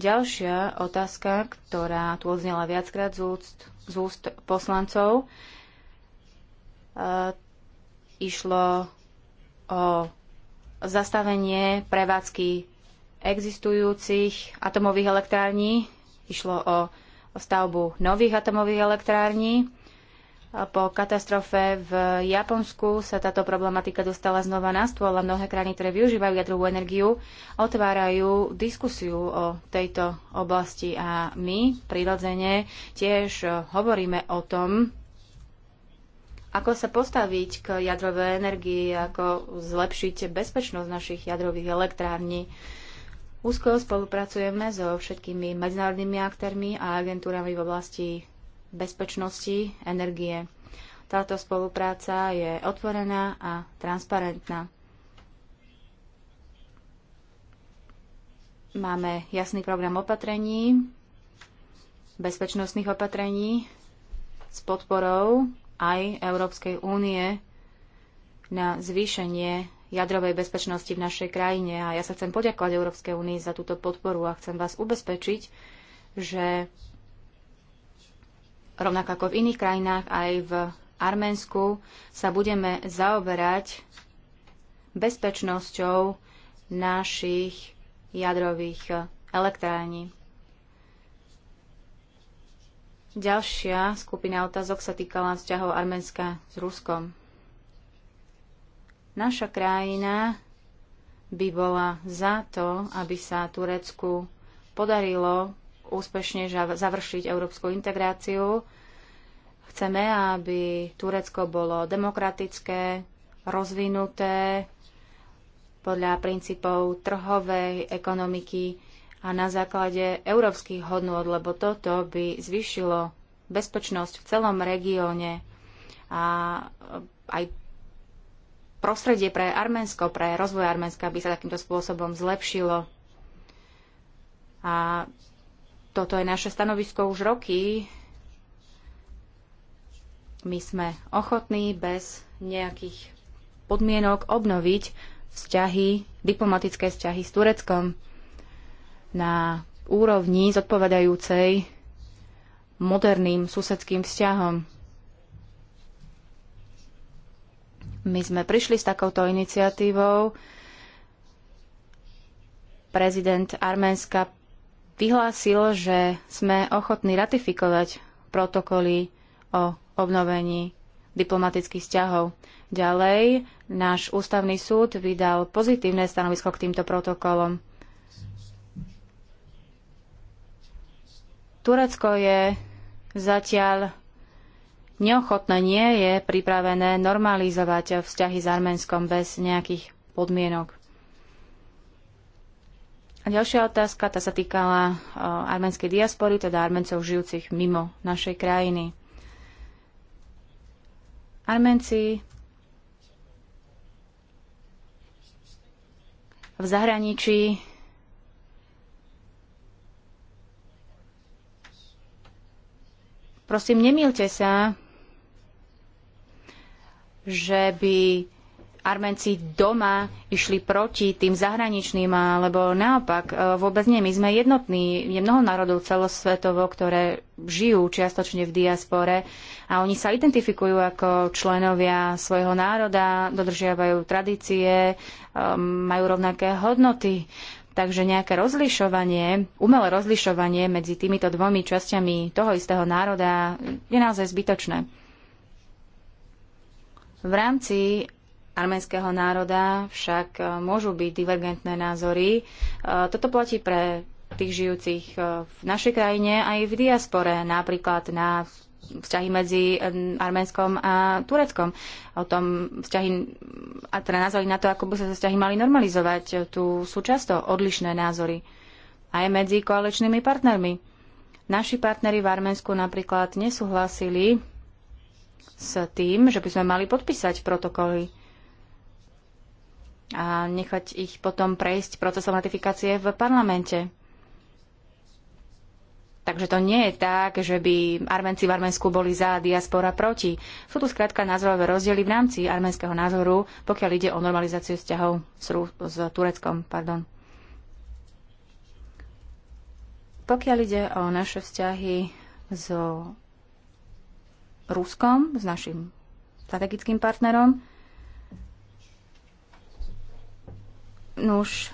Ďalšia otázka, ktorá tu odznela viackrát z úst, z úst poslancov, e, išlo o zastavenie prevádzky existujúcich atomových elektrární, išlo o stavbu nových atomových elektrární po katastrofe v Japonsku sa táto problematika dostala znova na stôl a mnohé krajiny, ktoré využívajú jadrovú energiu, otvárajú diskusiu o tejto oblasti a my prirodzene tiež hovoríme o tom, ako sa postaviť k jadrovej energii, ako zlepšiť bezpečnosť našich jadrových elektrární. Úzko spolupracujeme so všetkými medzinárodnými aktérmi a agentúrami v oblasti bezpečnosti energie. Táto spolupráca je otvorená a transparentná. Máme jasný program opatrení, bezpečnostných opatrení s podporou aj Európskej únie na zvýšenie jadrovej bezpečnosti v našej krajine. A ja sa chcem poďakovať Európskej únii za túto podporu a chcem vás ubezpečiť, že rovnako ako v iných krajinách, aj v Arménsku sa budeme zaoberať bezpečnosťou našich jadrových elektrární. Ďalšia skupina otázok sa týkala vzťahov Arménska s Ruskom. Naša krajina by bola za to, aby sa Turecku podarilo úspešne završiť európsku integráciu. Chceme, aby Turecko bolo demokratické, rozvinuté podľa princípov trhovej ekonomiky a na základe európskych hodnôt, lebo toto by zvyšilo bezpečnosť v celom regióne a aj prostredie pre Arménsko, pre rozvoj Arménska by sa takýmto spôsobom zlepšilo. A toto je naše stanovisko už roky. My sme ochotní bez nejakých podmienok obnoviť vzťahy, diplomatické vzťahy s Tureckom na úrovni zodpovedajúcej moderným susedským vzťahom. My sme prišli s takouto iniciatívou. Prezident Arménska vyhlásil, že sme ochotní ratifikovať protokoly o obnovení diplomatických vzťahov. Ďalej, náš ústavný súd vydal pozitívne stanovisko k týmto protokolom. Turecko je zatiaľ neochotné, nie je pripravené normalizovať vzťahy s Arménskom bez nejakých podmienok. A ďalšia otázka, tá sa týkala uh, arménskej diaspory, teda arméncov žijúcich mimo našej krajiny. Arménci v zahraničí prosím, nemýlte sa, že by Arménci doma išli proti tým zahraničným, alebo naopak, e, vôbec nie. My sme jednotní. Je mnoho národov celosvetovo, ktoré žijú čiastočne v diaspore a oni sa identifikujú ako členovia svojho národa, dodržiavajú tradície, um, majú rovnaké hodnoty. Takže nejaké rozlišovanie, umelé rozlišovanie medzi týmito dvomi časťami toho istého národa je naozaj zbytočné. V rámci arménskeho národa však e, môžu byť divergentné názory. E, toto platí pre tých žijúcich e, v našej krajine aj v diaspore, napríklad na vzťahy medzi Arménskom a Tureckom. O tom vzťahy, a teda názory na to, ako by sa vzťahy mali normalizovať. Tu sú často odlišné názory. Aj medzi koaličnými partnermi. Naši partnery v Arménsku napríklad nesúhlasili s tým, že by sme mali podpísať protokoly a nechať ich potom prejsť procesom ratifikácie v parlamente. Takže to nie je tak, že by Armenci v Arménsku boli za diaspora proti. Sú tu skrátka názorové rozdiely v rámci arménskeho názoru, pokiaľ ide o normalizáciu vzťahov s, s Tureckom. Pardon. Pokiaľ ide o naše vzťahy s Ruskom, s našim strategickým partnerom, Nuž,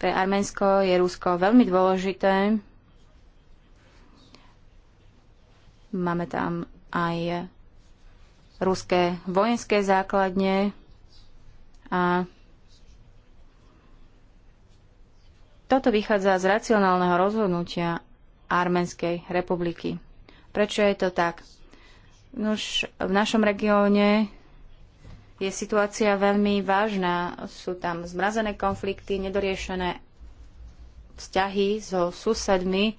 pre Arménsko je Rusko veľmi dôležité. Máme tam aj ruské vojenské základne a toto vychádza z racionálneho rozhodnutia Arménskej republiky. Prečo je to tak? Nož v našom regióne je situácia veľmi vážna. Sú tam zmrazené konflikty, nedoriešené vzťahy so susedmi.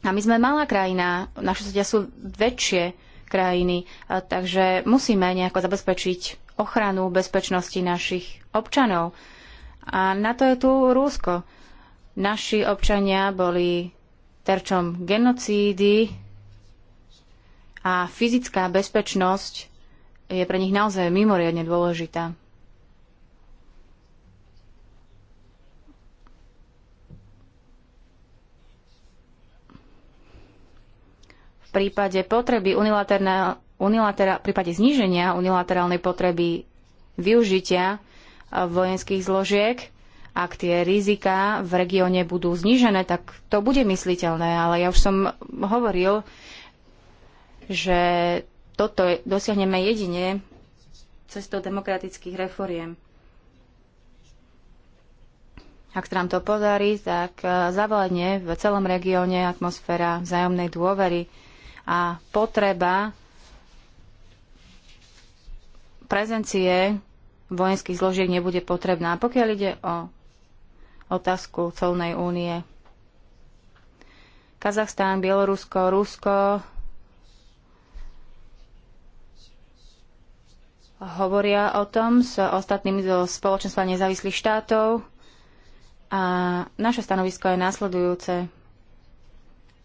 A my sme malá krajina, naše susedia sú väčšie krajiny, takže musíme nejako zabezpečiť ochranu bezpečnosti našich občanov. A na to je tu Rúsko. Naši občania boli terčom genocídy, a fyzická bezpečnosť je pre nich naozaj mimoriadne dôležitá. V prípade potreby v prípade zníženia unilaterálnej potreby využitia eh, vojenských zložiek, ak tie rizika v regióne budú znížené, tak to bude mysliteľné. Ale ja už som hovoril, že toto dosiahneme jedine cestou demokratických reforiem. Ak sa nám to podarí, tak e, zavolenie v celom regióne atmosféra vzájomnej dôvery a potreba prezencie vojenských zložiek nebude potrebná. Pokiaľ ide o otázku colnej únie, Kazachstán, Bielorusko, Rusko, hovoria o tom s ostatnými zo spoločenstva nezávislých štátov. A naše stanovisko je následujúce.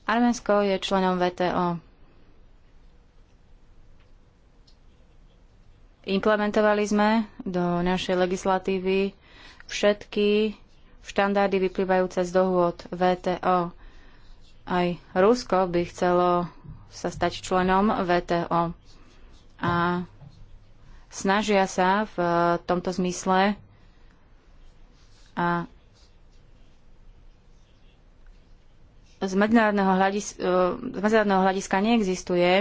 Arménsko je členom VTO. Implementovali sme do našej legislatívy všetky štandardy vyplývajúce z dohôd VTO. Aj Rusko by chcelo sa stať členom VTO. A snažia sa v e, tomto zmysle a z medzinárodného hľadiska, e, z medzinárodného hľadiska neexistuje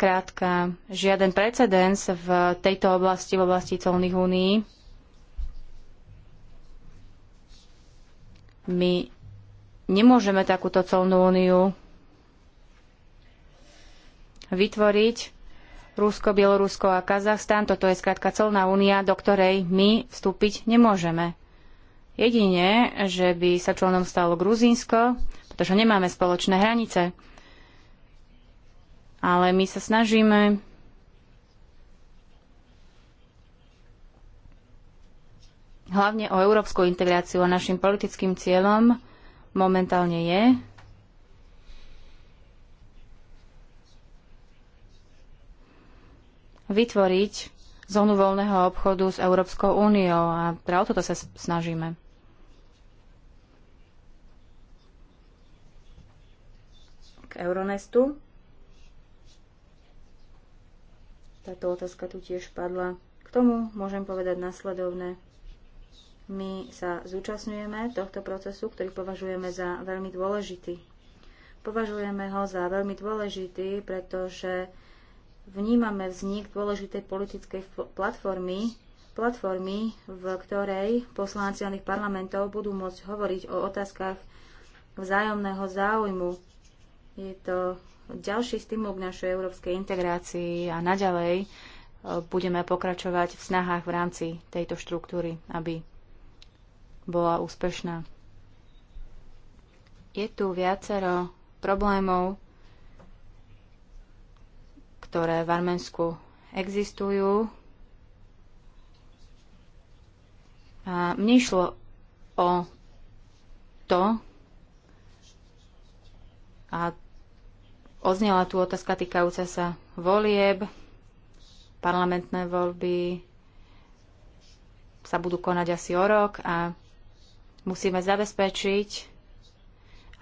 Krátka, žiaden precedens v tejto oblasti, v oblasti colných únií. My Nemôžeme takúto colnú úniu vytvoriť. Rusko, Bielorusko a Kazachstan, toto je skrátka colná únia, do ktorej my vstúpiť nemôžeme. Jedine, že by sa členom stalo Gruzínsko, pretože nemáme spoločné hranice. Ale my sa snažíme hlavne o európsku integráciu a našim politickým cieľom momentálne je. Vytvoriť zónu voľného obchodu s Európskou úniou a práve teda toto sa snažíme. K Euronestu. Táto otázka tu tiež padla. K tomu môžem povedať nasledovné. My sa zúčastňujeme tohto procesu, ktorý považujeme za veľmi dôležitý. Považujeme ho za veľmi dôležitý, pretože vnímame vznik dôležitej politickej platformy, platformy, v ktorej poslanci daných parlamentov budú môcť hovoriť o otázkach vzájomného záujmu. Je to ďalší stimul k našej európskej integrácii a naďalej e, budeme pokračovať v snahách v rámci tejto štruktúry, aby bola úspešná. Je tu viacero problémov, ktoré v Arménsku existujú. A mne išlo o to, a oznela tu otázka týkajúca sa volieb, parlamentné voľby, sa budú konať asi o rok a Musíme zabezpečiť,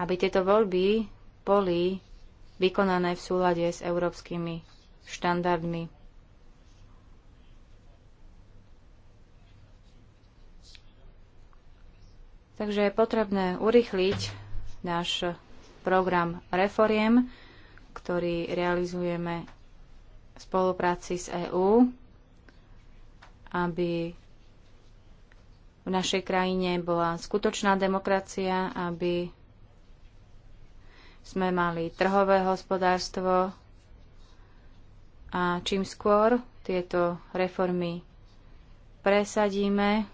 aby tieto voľby boli vykonané v súlade s európskymi štandardmi. Takže je potrebné urychliť náš program reforiem, ktorý realizujeme v spolupráci s EÚ, aby v našej krajine bola skutočná demokracia, aby sme mali trhové hospodárstvo a čím skôr tieto reformy presadíme,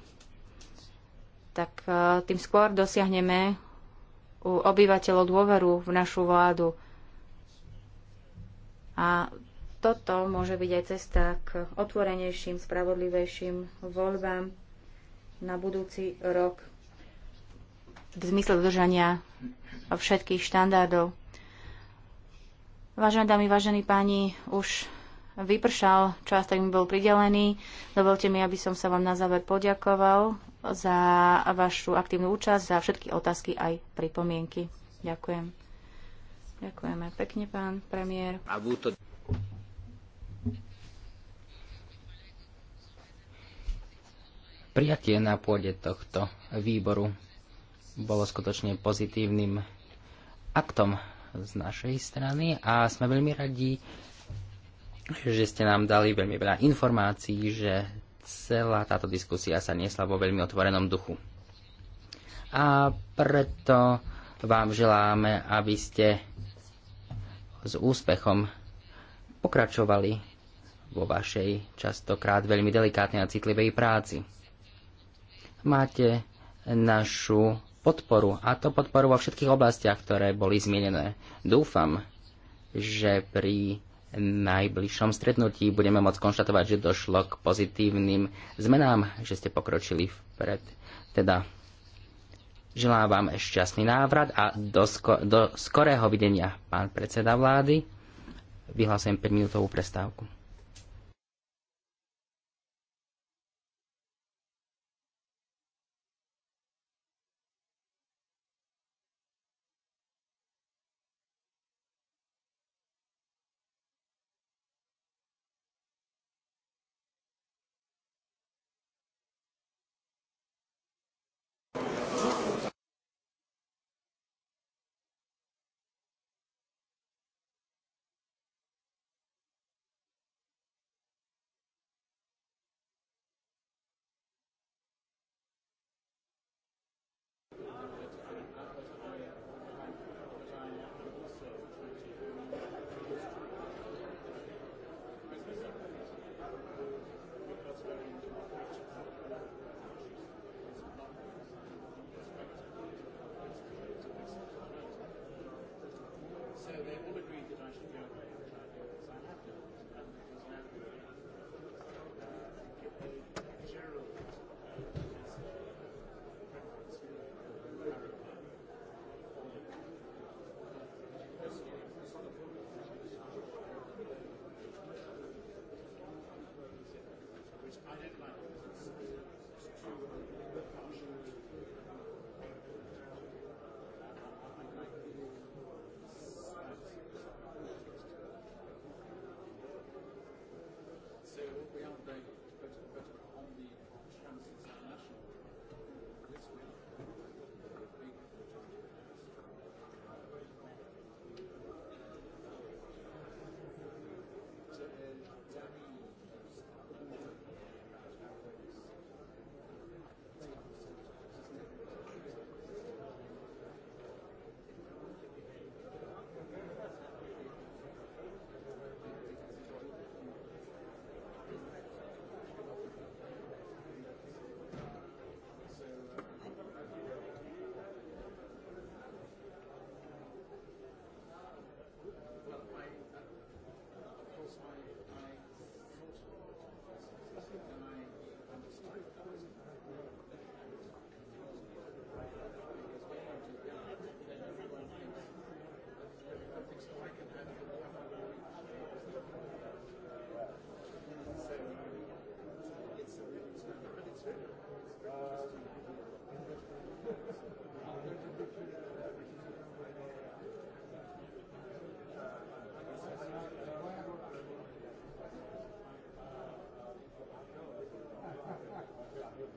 tak e, tým skôr dosiahneme u obyvateľov dôveru v našu vládu. A toto môže byť aj cesta k otvorenejším, spravodlivejším voľbám na budúci rok v zmysle dodržania všetkých štandardov. Vážené dámy, vážení páni, už vypršal čas, ktorý mi bol pridelený. Dovolte mi, aby som sa vám na záver poďakoval za vašu aktívnu účasť, za všetky otázky aj pripomienky. Ďakujem. Ďakujeme pekne, pán premiér. prijatie na pôde tohto výboru bolo skutočne pozitívnym aktom z našej strany a sme veľmi radi, že ste nám dali veľmi veľa informácií, že celá táto diskusia sa niesla vo veľmi otvorenom duchu. A preto vám želáme, aby ste s úspechom pokračovali vo vašej častokrát veľmi delikátnej a citlivej práci máte našu podporu, a to podporu vo všetkých oblastiach, ktoré boli zmienené. Dúfam, že pri najbližšom stretnutí budeme môcť konštatovať, že došlo k pozitívnym zmenám, že ste pokročili vpred. Teda želám vám šťastný návrat a do, sko- do skorého videnia, pán predseda vlády. Vyhlasujem 5-minútovú prestávku.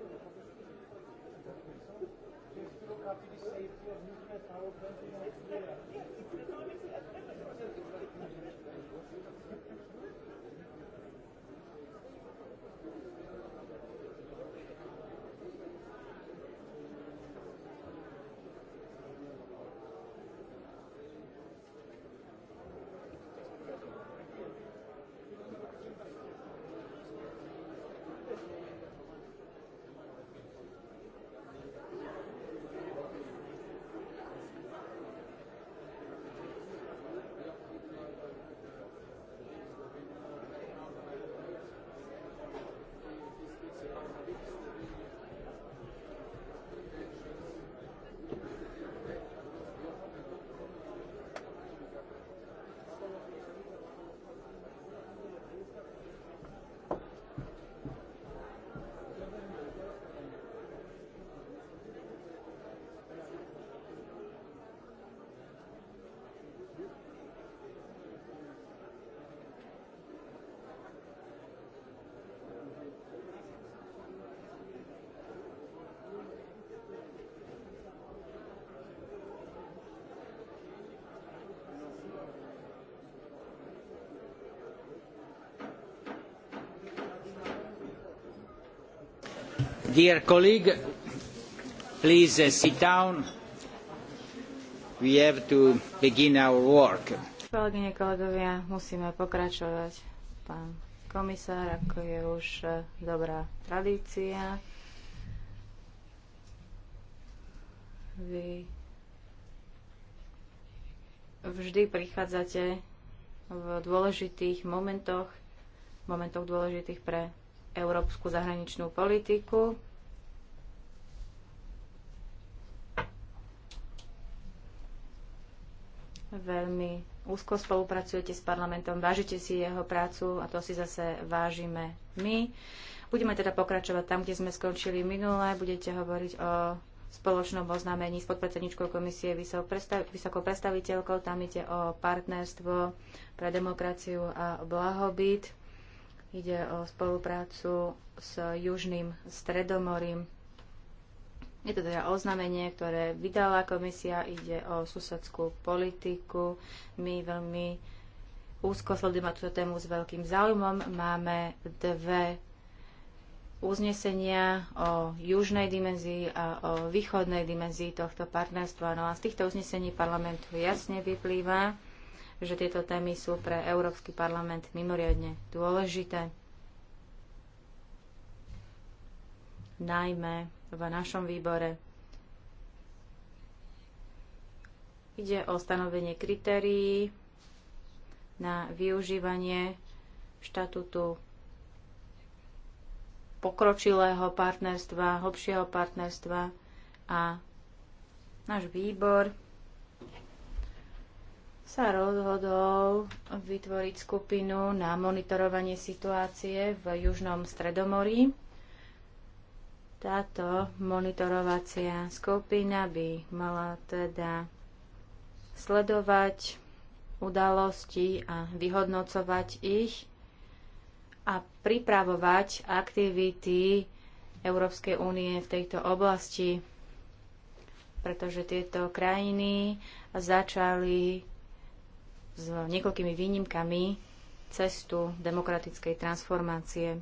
Just look after the safety of nuclear power plants in Dear colleague, please uh, sit down. We have to begin our work. Kolegyne, kolegovia, musíme pokračovať. Pán komisár, ako je už eh, dobrá tradícia, vy vždy prichádzate v dôležitých momentoch, momentoch dôležitých pre európsku zahraničnú politiku. Veľmi úzko spolupracujete s parlamentom, vážite si jeho prácu a to si zase vážime my. Budeme teda pokračovať tam, kde sme skončili minule. Budete hovoriť o spoločnom oznámení s podpredsedničkou komisie vysokou predstaviteľkou. Tam ide o partnerstvo pre demokraciu a blahobyt. Ide o spoluprácu s Južným stredomorím. Je to teda oznámenie, ktoré vydala komisia, ide o susedskú politiku. My veľmi úzko sledujeme túto tému s veľkým záujmom. Máme dve uznesenia o južnej dimenzii a o východnej dimenzii tohto partnerstva. No a z týchto uznesení parlamentu jasne vyplýva, že tieto témy sú pre Európsky parlament mimoriadne dôležité. Najmä v našom výbore ide o stanovenie kritérií na využívanie štatútu pokročilého partnerstva, hlbšieho partnerstva a náš výbor sa rozhodol vytvoriť skupinu na monitorovanie situácie v Južnom Stredomorí. Táto monitorovacia skupina by mala teda sledovať udalosti a vyhodnocovať ich a pripravovať aktivity Európskej únie v tejto oblasti, pretože tieto krajiny začali s niekoľkými výnimkami cestu demokratickej transformácie.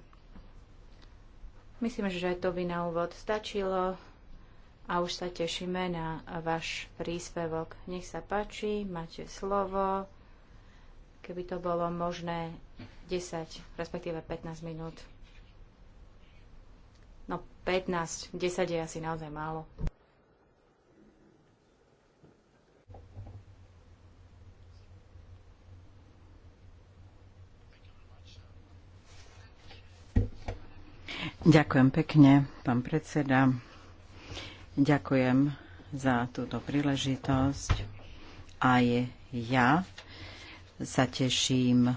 Myslím, že to by na úvod stačilo a už sa tešíme na váš príspevok. Nech sa páči, máte slovo. Keby to bolo možné 10, respektíve 15 minút. No 15, 10 je asi naozaj málo. Ďakujem pekne, pán predseda. Ďakujem za túto príležitosť. Aj ja sa teším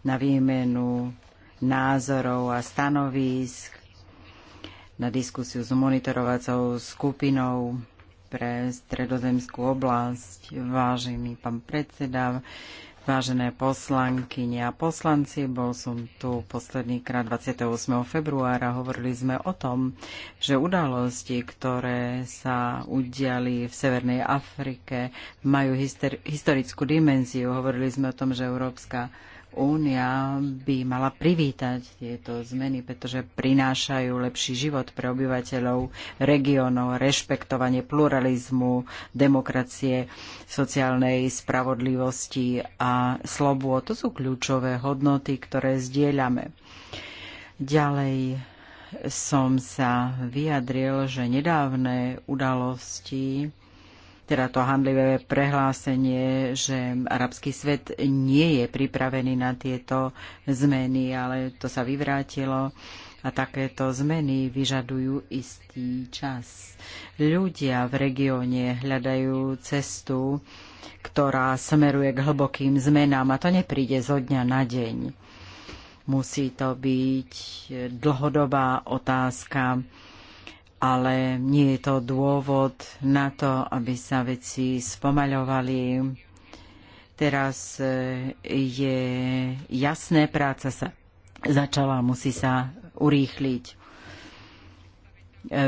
na výmenu názorov a stanovísk, na diskusiu s monitorovacou skupinou pre stredozemskú oblasť. Vážený pán predseda, Vážené poslankyne a poslanci, bol som tu posledný krát 28. februára. Hovorili sme o tom, že udalosti, ktoré sa udiali v Severnej Afrike, majú historickú dimenziu. Hovorili sme o tom, že Európska Únia by mala privítať tieto zmeny, pretože prinášajú lepší život pre obyvateľov regiónov, rešpektovanie pluralizmu, demokracie, sociálnej spravodlivosti a slobôd. To sú kľúčové hodnoty, ktoré zdieľame. Ďalej som sa vyjadril, že nedávne udalosti teda to handlivé prehlásenie, že arabský svet nie je pripravený na tieto zmeny, ale to sa vyvrátilo a takéto zmeny vyžadujú istý čas. Ľudia v regióne hľadajú cestu, ktorá smeruje k hlbokým zmenám a to nepríde zo dňa na deň. Musí to byť dlhodobá otázka ale nie je to dôvod na to, aby sa veci spomaľovali. Teraz e, je jasné, práca sa začala, musí sa urýchliť. E,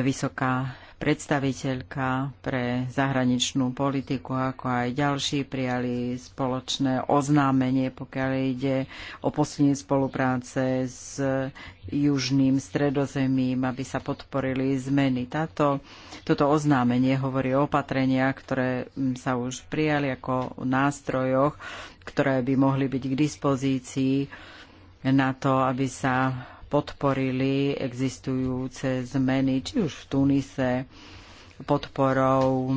vysoká predstaviteľka pre zahraničnú politiku, ako aj ďalší prijali spoločné oznámenie, pokiaľ ide o posilnenie spolupráce s južným stredozemím, aby sa podporili zmeny. Táto, toto oznámenie hovorí o opatreniach, ktoré mm, sa už prijali ako nástrojoch, ktoré by mohli byť k dispozícii na to, aby sa podporili existujúce zmeny, či už v Tunise podporou,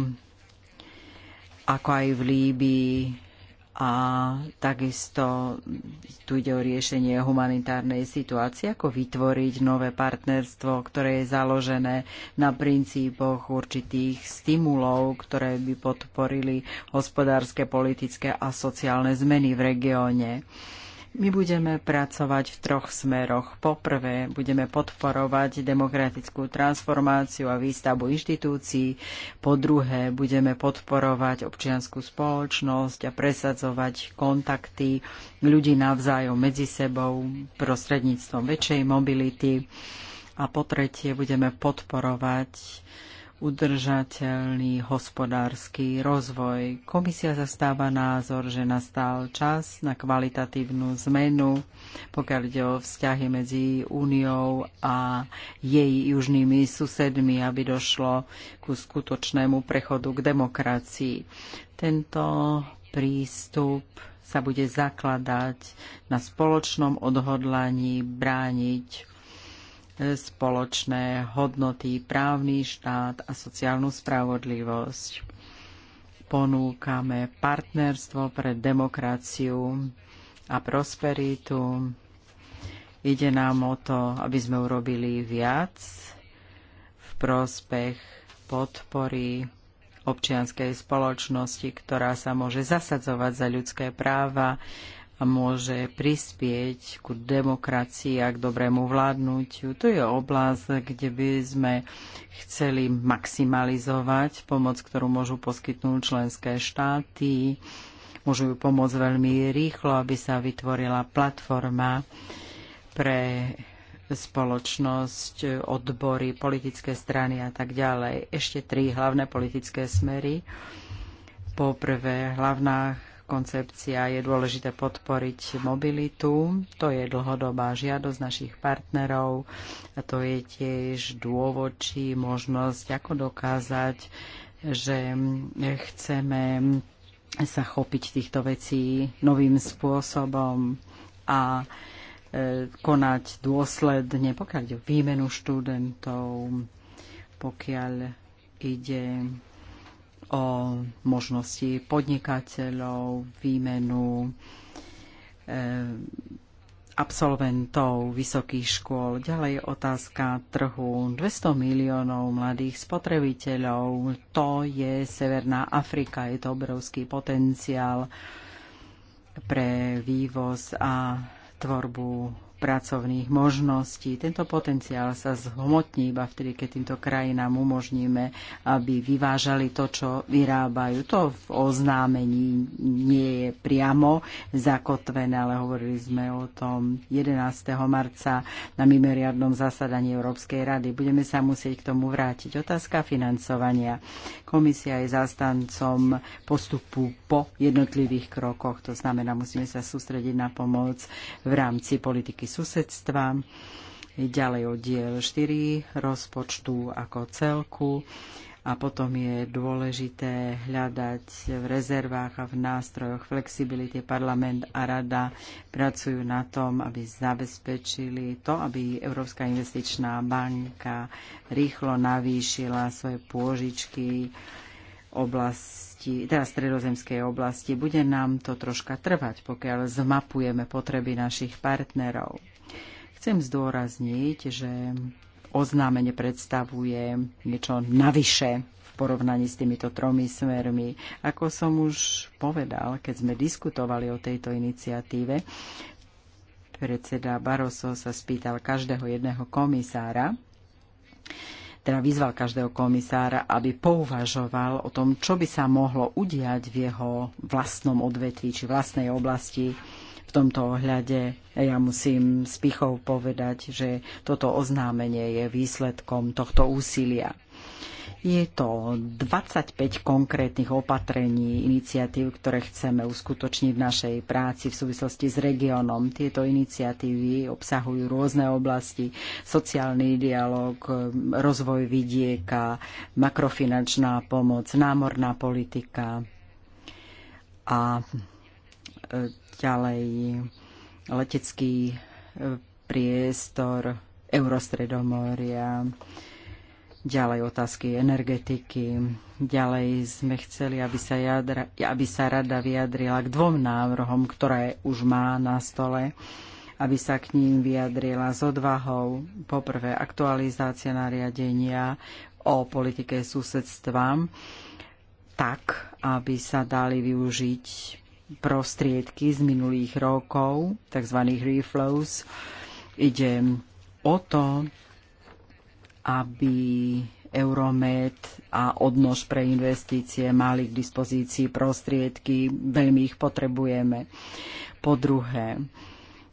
ako aj v Líbii a takisto tu ide o riešenie humanitárnej situácie, ako vytvoriť nové partnerstvo, ktoré je založené na princípoch určitých stimulov, ktoré by podporili hospodárske, politické a sociálne zmeny v regióne. My budeme pracovať v troch smeroch. Poprvé, budeme podporovať demokratickú transformáciu a výstavbu inštitúcií. Po druhé, budeme podporovať občianskú spoločnosť a presadzovať kontakty ľudí navzájom medzi sebou prostredníctvom väčšej mobility. A po tretie, budeme podporovať udržateľný hospodársky rozvoj. Komisia zastáva názor, že nastal čas na kvalitatívnu zmenu, pokiaľ ide o vzťahy medzi úniou a jej južnými susedmi, aby došlo ku skutočnému prechodu k demokracii. Tento prístup sa bude zakladať na spoločnom odhodlaní brániť spoločné hodnoty, právny štát a sociálnu spravodlivosť. Ponúkame partnerstvo pre demokraciu a prosperitu. Ide nám o to, aby sme urobili viac v prospech podpory občianskej spoločnosti, ktorá sa môže zasadzovať za ľudské práva môže prispieť ku demokracii a k dobrému vládnutiu. To je oblasť, kde by sme chceli maximalizovať pomoc, ktorú môžu poskytnúť členské štáty. Môžu ju pomôcť veľmi rýchlo, aby sa vytvorila platforma pre spoločnosť, odbory, politické strany a tak ďalej. Ešte tri hlavné politické smery. Poprvé, hlavná koncepcia. Je dôležité podporiť mobilitu, to je dlhodobá žiadosť našich partnerov a to je tiež dôvod či možnosť, ako dokázať, že chceme sa chopiť týchto vecí novým spôsobom a e, konať dôsledne, pokiaľ ide o výmenu študentov, pokiaľ ide o možnosti podnikateľov, výmenu eh, absolventov vysokých škôl. Ďalej otázka trhu. 200 miliónov mladých spotrebiteľov, to je Severná Afrika, je to obrovský potenciál pre vývoz a tvorbu pracovných možností. Tento potenciál sa zhmotní iba vtedy, keď týmto krajinám umožníme, aby vyvážali to, čo vyrábajú. To v oznámení nie je priamo zakotvené, ale hovorili sme o tom 11. marca na mimeriadnom zasadaní Európskej rady. Budeme sa musieť k tomu vrátiť. Otázka financovania. Komisia je zastancom postupu po jednotlivých krokoch. To znamená, musíme sa sústrediť na pomoc v rámci politiky politiky susedstva, ďalej o diel 4 rozpočtu ako celku a potom je dôležité hľadať v rezervách a v nástrojoch flexibility. Parlament a rada pracujú na tom, aby zabezpečili to, aby Európska investičná banka rýchlo navýšila svoje pôžičky oblasti oblasti, teda stredozemskej oblasti. Bude nám to troška trvať, pokiaľ zmapujeme potreby našich partnerov. Chcem zdôrazniť, že oznámenie predstavuje niečo navyše v porovnaní s týmito tromi smermi. Ako som už povedal, keď sme diskutovali o tejto iniciatíve, predseda Barroso sa spýtal každého jedného komisára, teda vyzval každého komisára, aby pouvažoval o tom, čo by sa mohlo udiať v jeho vlastnom odvetví či vlastnej oblasti v tomto ohľade. Ja musím s pichou povedať, že toto oznámenie je výsledkom tohto úsilia. Je to 25 konkrétnych opatrení, iniciatív, ktoré chceme uskutočniť v našej práci v súvislosti s regiónom. Tieto iniciatívy obsahujú rôzne oblasti, sociálny dialog, rozvoj vidieka, makrofinančná pomoc, námorná politika a e, ďalej letecký e, priestor Eurostredomoria, Ďalej otázky energetiky. Ďalej sme chceli, aby sa, jadra, aby sa rada vyjadrila k dvom návrhom, ktoré už má na stole aby sa k ním vyjadrila s odvahou. Poprvé, aktualizácia nariadenia o politike susedstva tak, aby sa dali využiť prostriedky z minulých rokov, tzv. reflows. Ide o to, aby Euromed a odnož pre investície mali k dispozícii prostriedky, veľmi ich potrebujeme. Po druhé,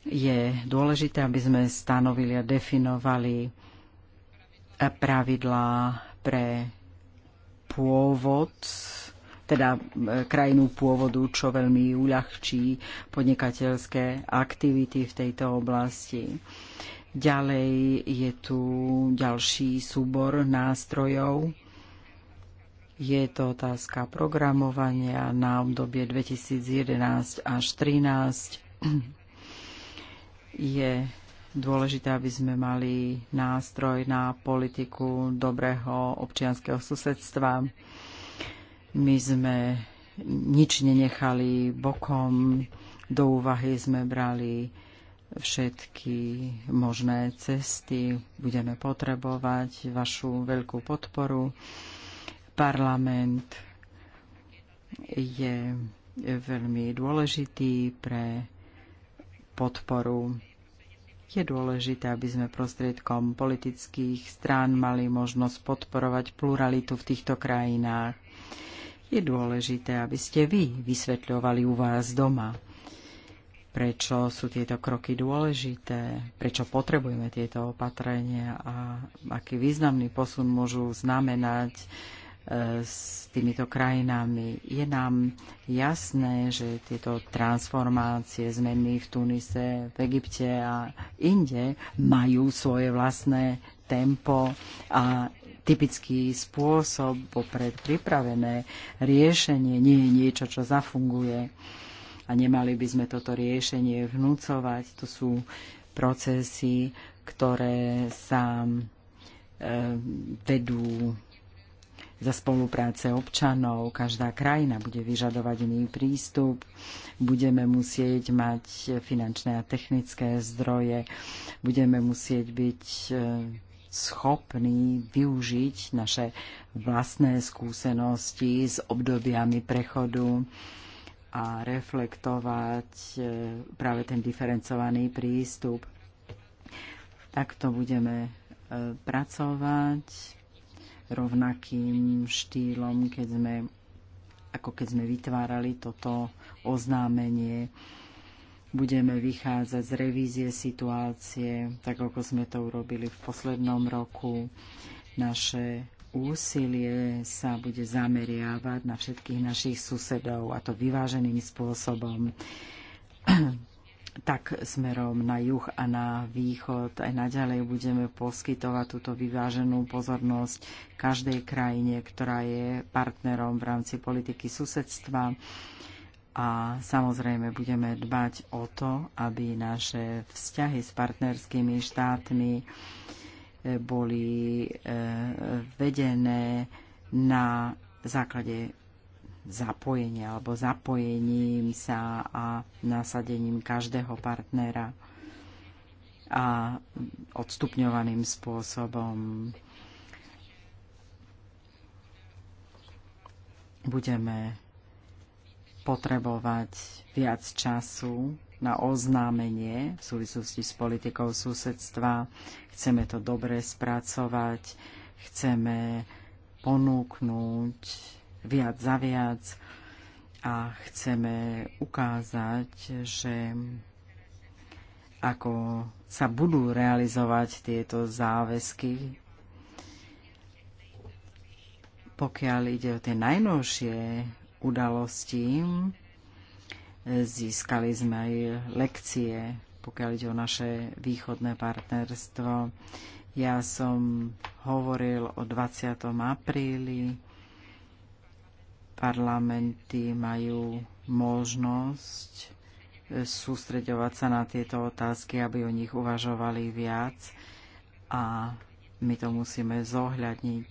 je dôležité, aby sme stanovili a definovali pravidlá pre pôvod, teda e, krajinu pôvodu, čo veľmi uľahčí podnikateľské aktivity v tejto oblasti. Ďalej je tu ďalší súbor nástrojov. Je to otázka programovania na obdobie 2011 až 2013. Je dôležité, aby sme mali nástroj na politiku dobrého občianského susedstva. My sme nič nenechali bokom, do úvahy sme brali všetky možné cesty. Budeme potrebovať vašu veľkú podporu. Parlament je veľmi dôležitý pre podporu. Je dôležité, aby sme prostriedkom politických strán mali možnosť podporovať pluralitu v týchto krajinách. Je dôležité, aby ste vy vysvetľovali u vás doma prečo sú tieto kroky dôležité, prečo potrebujeme tieto opatrenia a aký významný posun môžu znamenať e, s týmito krajinami. Je nám jasné, že tieto transformácie, zmeny v Tunise, v Egypte a inde majú svoje vlastné tempo a typický spôsob, popred pripravené riešenie nie je niečo, čo zafunguje a nemali by sme toto riešenie vnúcovať. To sú procesy, ktoré sa e, vedú za spolupráce občanov. Každá krajina bude vyžadovať iný prístup. Budeme musieť mať finančné a technické zdroje. Budeme musieť byť e, schopní využiť naše vlastné skúsenosti s obdobiami prechodu a reflektovať e, práve ten diferencovaný prístup. Takto budeme e, pracovať rovnakým štýlom, keď sme, ako keď sme vytvárali toto oznámenie. Budeme vychádzať z revízie situácie, tak ako sme to urobili v poslednom roku. Naše úsilie sa bude zameriavať na všetkých našich susedov a to vyváženým spôsobom tak smerom na juh a na východ. Aj naďalej budeme poskytovať túto vyváženú pozornosť každej krajine, ktorá je partnerom v rámci politiky susedstva. A samozrejme budeme dbať o to, aby naše vzťahy s partnerskými štátmi boli e, vedené na základe zapojenia alebo zapojením sa a nasadením každého partnera a odstupňovaným spôsobom budeme potrebovať viac času na oznámenie v súvislosti s politikou susedstva. Chceme to dobre spracovať, chceme ponúknuť viac za viac a chceme ukázať, že ako sa budú realizovať tieto záväzky pokiaľ ide o tie najnovšie udalosti, Získali sme aj lekcie, pokiaľ ide o naše východné partnerstvo. Ja som hovoril o 20. apríli. Parlamenty majú možnosť e, sústreďovať sa na tieto otázky, aby o nich uvažovali viac a my to musíme zohľadniť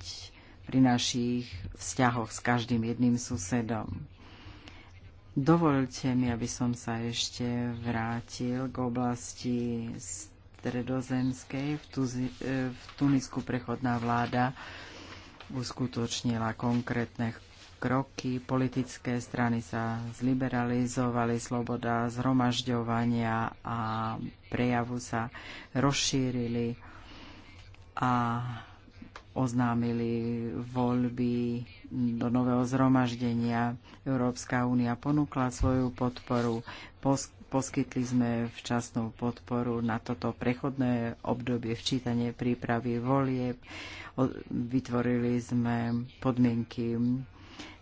pri našich vzťahoch s každým jedným susedom. Dovolte mi, aby som sa ešte vrátil k oblasti stredozemskej. V, Tuzi, v Tunisku prechodná vláda uskutočnila konkrétne kroky. Politické strany sa zliberalizovali, sloboda zhromažďovania a prejavu sa rozšírili a oznámili voľby do nového zhromaždenia. Európska únia ponúkla svoju podporu. Poskytli sme včasnú podporu na toto prechodné obdobie včítanie prípravy volieb. Vytvorili sme podmienky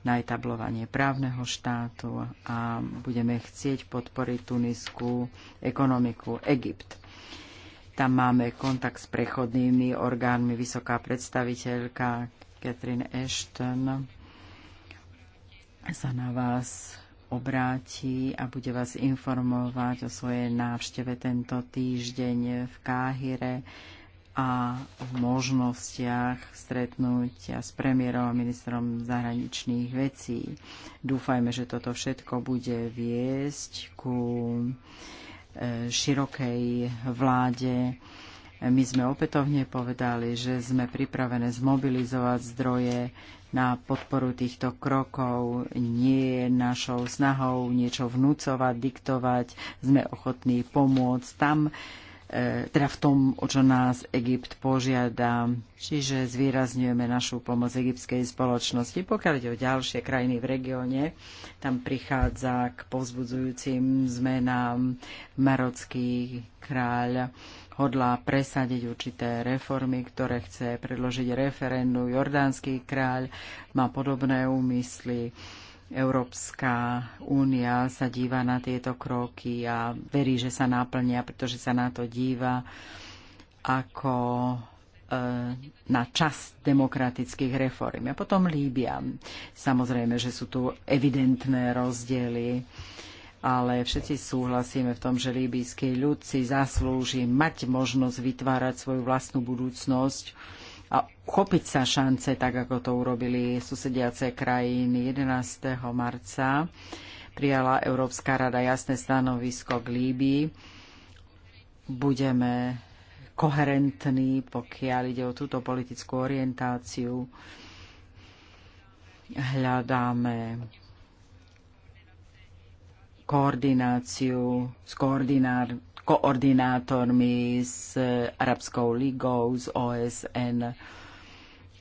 na etablovanie právneho štátu a budeme chcieť podporiť tunisku ekonomiku Egypt. Tam máme kontakt s prechodnými orgánmi. Vysoká predstaviteľka Catherine Ashton sa na vás obráti a bude vás informovať o svojej návšteve tento týždeň v Káhire a v možnostiach stretnúť s premiérom a ministrom zahraničných vecí. Dúfajme, že toto všetko bude viesť ku E, širokej vláde. My sme opätovne povedali, že sme pripravené zmobilizovať zdroje na podporu týchto krokov. Nie je našou snahou niečo vnúcovať, diktovať. Sme ochotní pomôcť tam, E, teda v tom, o čo nás Egypt požiada. Čiže zvýrazňujeme našu pomoc egyptskej spoločnosti. Pokiaľ ide o ďalšie krajiny v regióne, tam prichádza k povzbudzujúcim zmenám. Marocký kráľ hodlá presadiť určité reformy, ktoré chce predložiť referendu. Jordánsky kráľ má podobné úmysly. Európska únia sa díva na tieto kroky a verí, že sa náplnia, pretože sa na to díva ako e, na čas demokratických reform. A potom Líbia. Samozrejme, že sú tu evidentné rozdiely, ale všetci súhlasíme v tom, že líbijský ľud si zaslúži mať možnosť vytvárať svoju vlastnú budúcnosť a chopiť sa šance, tak ako to urobili susediace krajiny 11. marca prijala Európska rada jasné stanovisko k Líbii. Budeme koherentní, pokiaľ ide o túto politickú orientáciu. Hľadáme koordináciu s, koordinár, koordinátormi, s Arabskou ligou, z OSN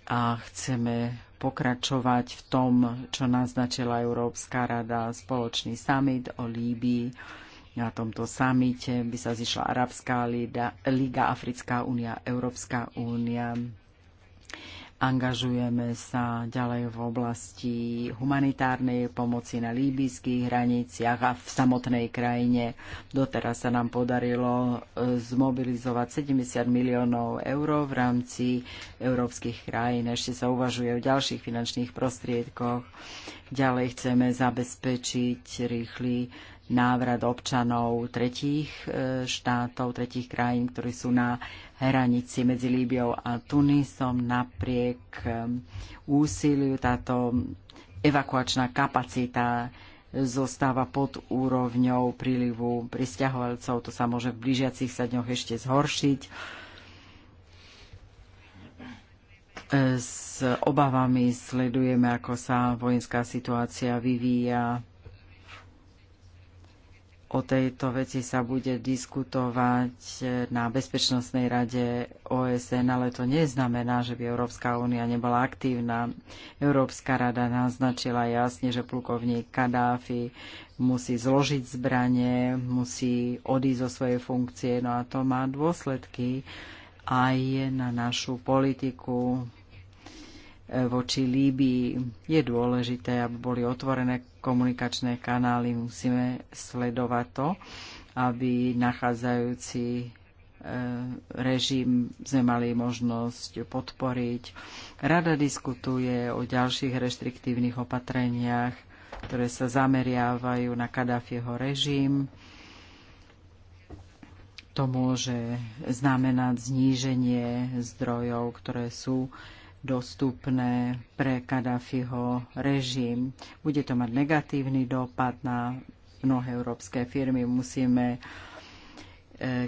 a chceme pokračovať v tom, čo naznačila Európska rada, spoločný summit o Líbii. Na tomto samite by sa zišla Arabská liga, Africká únia, Európska únia. Angažujeme sa ďalej v oblasti humanitárnej pomoci na líbyských hraniciach a v samotnej krajine. Doteraz sa nám podarilo e, zmobilizovať 70 miliónov eur v rámci európskych krajín. Ešte sa uvažuje o ďalších finančných prostriedkoch. Ďalej chceme zabezpečiť rýchly návrat občanov tretích e, štátov, tretích krajín, ktorí sú na hranici medzi Líbiou a Tunisom. Napriek e, úsiliu táto evakuačná kapacita zostáva pod úrovňou prílivu pristahovalcov. To sa môže v blížiacich sa dňoch ešte zhoršiť. E, s obavami sledujeme, ako sa vojenská situácia vyvíja O tejto veci sa bude diskutovať na Bezpečnostnej rade OSN, ale to neznamená, že by Európska únia nebola aktívna. Európska rada naznačila jasne, že plukovník Kadáfi musí zložiť zbranie, musí odísť zo svojej funkcie, no a to má dôsledky aj na našu politiku, voči Líbii. Je dôležité, aby boli otvorené komunikačné kanály. Musíme sledovať to, aby nachádzajúci e, režim sme mali možnosť podporiť. Rada diskutuje o ďalších reštriktívnych opatreniach, ktoré sa zameriavajú na Kadáfieho režim. To môže znamenať zníženie zdrojov, ktoré sú dostupné pre Kadafiho režim. Bude to mať negatívny dopad na mnohé európske firmy. Musíme e,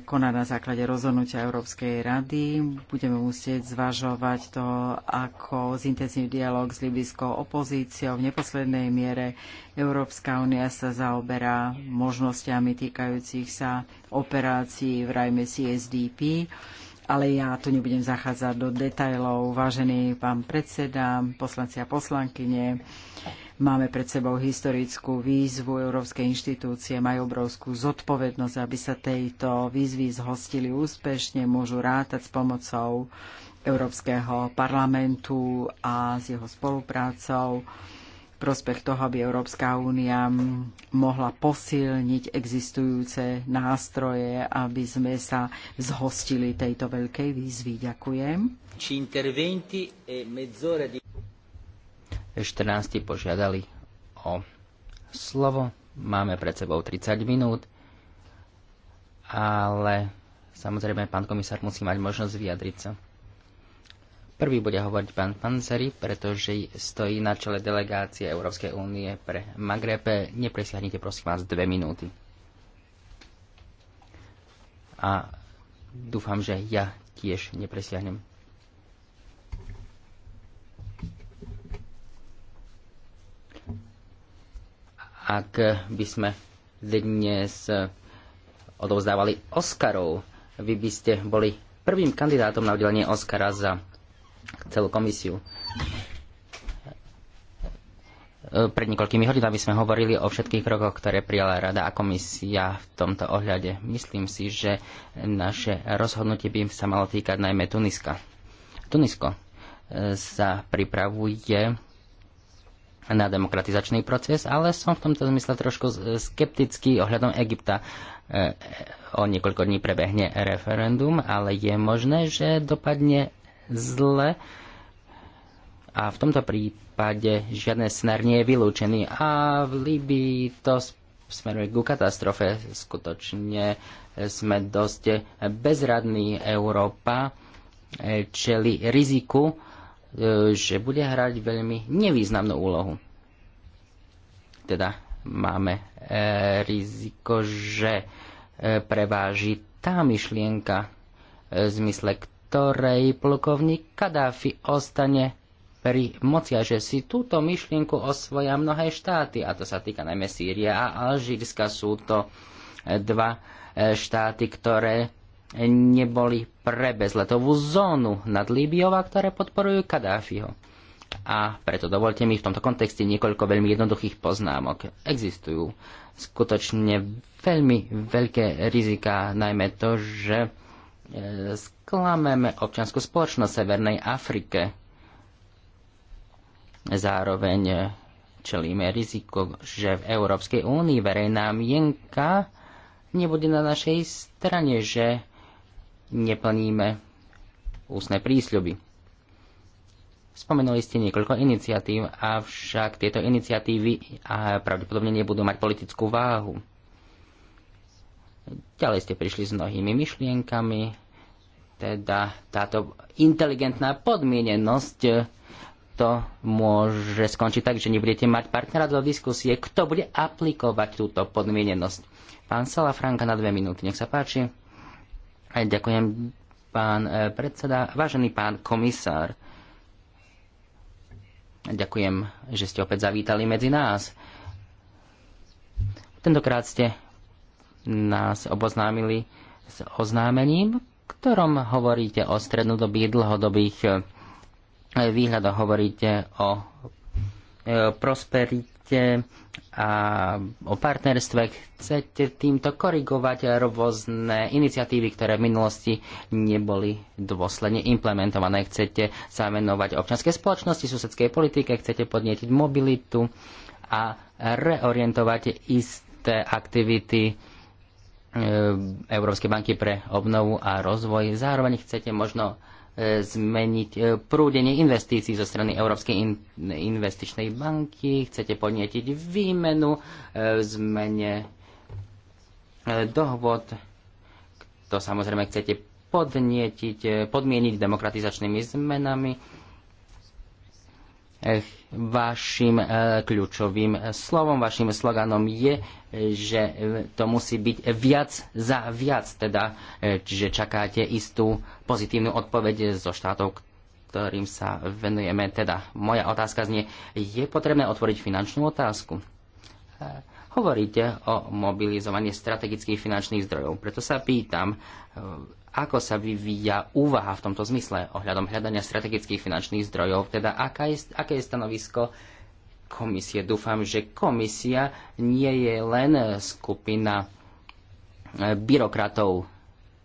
konať na základe rozhodnutia Európskej rady. Budeme musieť zvažovať to, ako zintenzívny dialog s libyskou opozíciou. V neposlednej miere Európska únia sa zaoberá možnosťami týkajúcich sa operácií v rajme CSDP ale ja tu nebudem zachádzať do detajlov. Vážený pán predseda, poslanci a poslankyne, Máme pred sebou historickú výzvu. Európske inštitúcie majú obrovskú zodpovednosť, aby sa tejto výzvy zhostili úspešne, môžu rátať s pomocou Európskeho parlamentu a s jeho spoluprácou prospech toho, aby Európska únia mohla posilniť existujúce nástroje, aby sme sa zhostili tejto veľkej výzvy. Ďakujem. Ešte e požiadali o slovo. Máme pred sebou 30 minút, ale samozrejme pán komisár musí mať možnosť vyjadriť sa. Prvý bude hovoriť pán Panzeri, pretože stojí na čele delegácie Európskej únie pre Magrepe. Nepresiahnite prosím vás dve minúty. A dúfam, že ja tiež nepresiahnem. Ak by sme dnes odovzdávali Oscarov, vy by ste boli prvým kandidátom na udelenie Oscara za celú komisiu. E, pred niekoľkými hodinami sme hovorili o všetkých krokoch, ktoré prijala Rada a komisia v tomto ohľade. Myslím si, že naše rozhodnutie by sa malo týkať najmä Tuniska. Tunisko e, sa pripravuje na demokratizačný proces, ale som v tomto zmysle trošku skeptický ohľadom Egypta. E, o niekoľko dní prebehne referendum, ale je možné, že dopadne zle a v tomto prípade žiadne smer nie je vylúčený. A v Libii to smeruje ku katastrofe. Skutočne sme dosť bezradní. Európa e, čeli riziku, e, že bude hrať veľmi nevýznamnú úlohu. Teda máme e, riziko, že preváži tá myšlienka, v zmysle ktorej plukovník Kadáfi ostane pri moci a že si túto myšlienku osvoja mnohé štáty, a to sa týka najmä Sýria a Alžírska, sú to e, dva e, štáty, ktoré neboli pre bezletovú zónu nad Líbiou a ktoré podporujú Kadáfiho. A preto dovolte mi v tomto kontexte niekoľko veľmi jednoduchých poznámok. Existujú skutočne veľmi veľké rizika, najmä to, že sklameme občianskú spoločnosť Severnej Afrike. Zároveň čelíme riziko, že v Európskej únii verejná mienka nebude na našej strane, že neplníme ústne prísľuby. Spomenuli ste niekoľko iniciatív, avšak tieto iniciatívy pravdepodobne nebudú mať politickú váhu. Ďalej ste prišli s mnohými myšlienkami, teda táto inteligentná podmienenosť e, to môže skončiť tak, že nebudete mať partnera do diskusie, kto bude aplikovať túto podmienenosť. Pán Sala Franka na dve minúty, nech sa páči. A e, ďakujem, pán e, predseda. Vážený pán komisár, ďakujem, že ste opäť zavítali medzi nás. Tentokrát ste nás oboznámili s oznámením, ktorom hovoríte o strednodobých dlhodobých e, výhľadoch, hovoríte o e, prosperite a o partnerstve. Chcete týmto korigovať rôzne iniciatívy, ktoré v minulosti neboli dôsledne implementované. Chcete sa venovať občanskej spoločnosti, susedskej politike, chcete podnietiť mobilitu a reorientovať isté aktivity E, Európskej banky pre obnovu a rozvoj. Zároveň chcete možno e, zmeniť e, prúdenie investícií zo strany Európskej investičnej banky, chcete podnietiť výmenu, zmene dohod. To samozrejme chcete podnietiť, podmieniť demokratizačnými zmenami Eh, vašim eh, kľúčovým slovom, vašim sloganom je, eh, že to musí byť viac za viac, teda, čiže čakáte istú pozitívnu odpoveď zo štátov, ktorým sa venujeme. Teda moja otázka znie, je potrebné otvoriť finančnú otázku? Hovoríte o mobilizovaní strategických finančných zdrojov, preto sa pýtam, ako sa vyvíja úvaha v tomto zmysle ohľadom hľadania strategických finančných zdrojov, teda aká je, aké je stanovisko komisie? Dúfam, že komisia nie je len skupina e, byrokratov,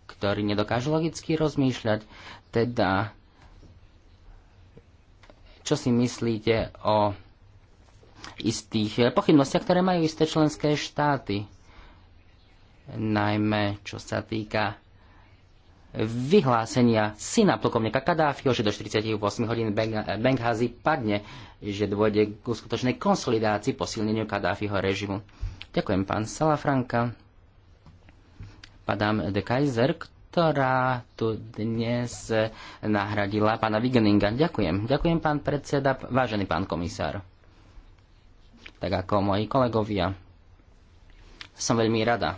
ktorí nedokážu logicky rozmýšľať. Teda, čo si myslíte o istých pochybnostiach, ktoré majú isté členské štáty? Najmä čo sa týka vyhlásenia syna plukovníka Kadáfiho, že do 48 hodín Benghazi padne, že dôjde k skutočnej konsolidácii posilneniu Kadáfiho režimu. Ďakujem pán Salafranka, padám de Kaiser, ktorá tu dnes nahradila pána Wigeninga. Ďakujem. Ďakujem pán predseda, vážený pán komisár. Tak ako moji kolegovia, som veľmi rada,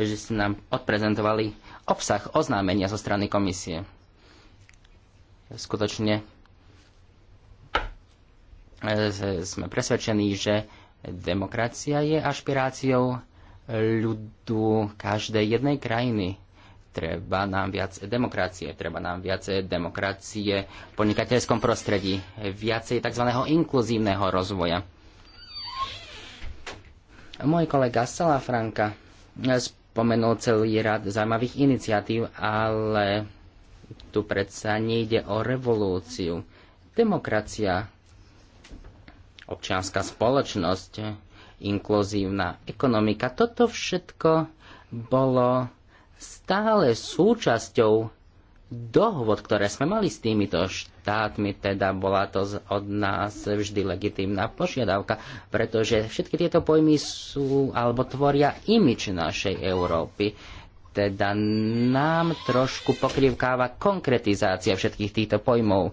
že ste nám odprezentovali obsah oznámenia zo strany komisie. Skutočne e, sme presvedčení, že demokracia je ašpiráciou ľudu každej jednej krajiny. Treba nám viac demokracie, treba nám viac demokracie v podnikateľskom prostredí, viacej tzv. inkluzívneho rozvoja. Môj kolega Sala Franka spomenul celý rad zaujímavých iniciatív, ale tu predsa nejde o revolúciu. Demokracia, občianská spoločnosť, inkluzívna ekonomika, toto všetko bolo stále súčasťou dohôd, ktoré sme mali s týmito štátmi, teda bola to od nás vždy legitímna požiadavka, pretože všetky tieto pojmy sú alebo tvoria imič našej Európy. Teda nám trošku pokrivkáva konkretizácia všetkých týchto pojmov.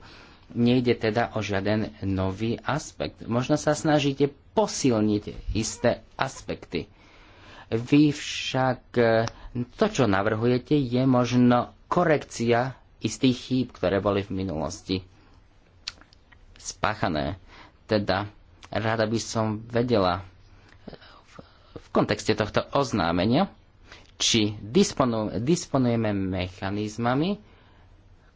Nejde teda o žiaden nový aspekt. Možno sa snažíte posilniť isté aspekty. Vy však eh, to, čo navrhujete, je možno korekcia istých chýb, ktoré boli v minulosti spáchané. Teda rada by som vedela v kontexte tohto oznámenia, či disponujeme mechanizmami,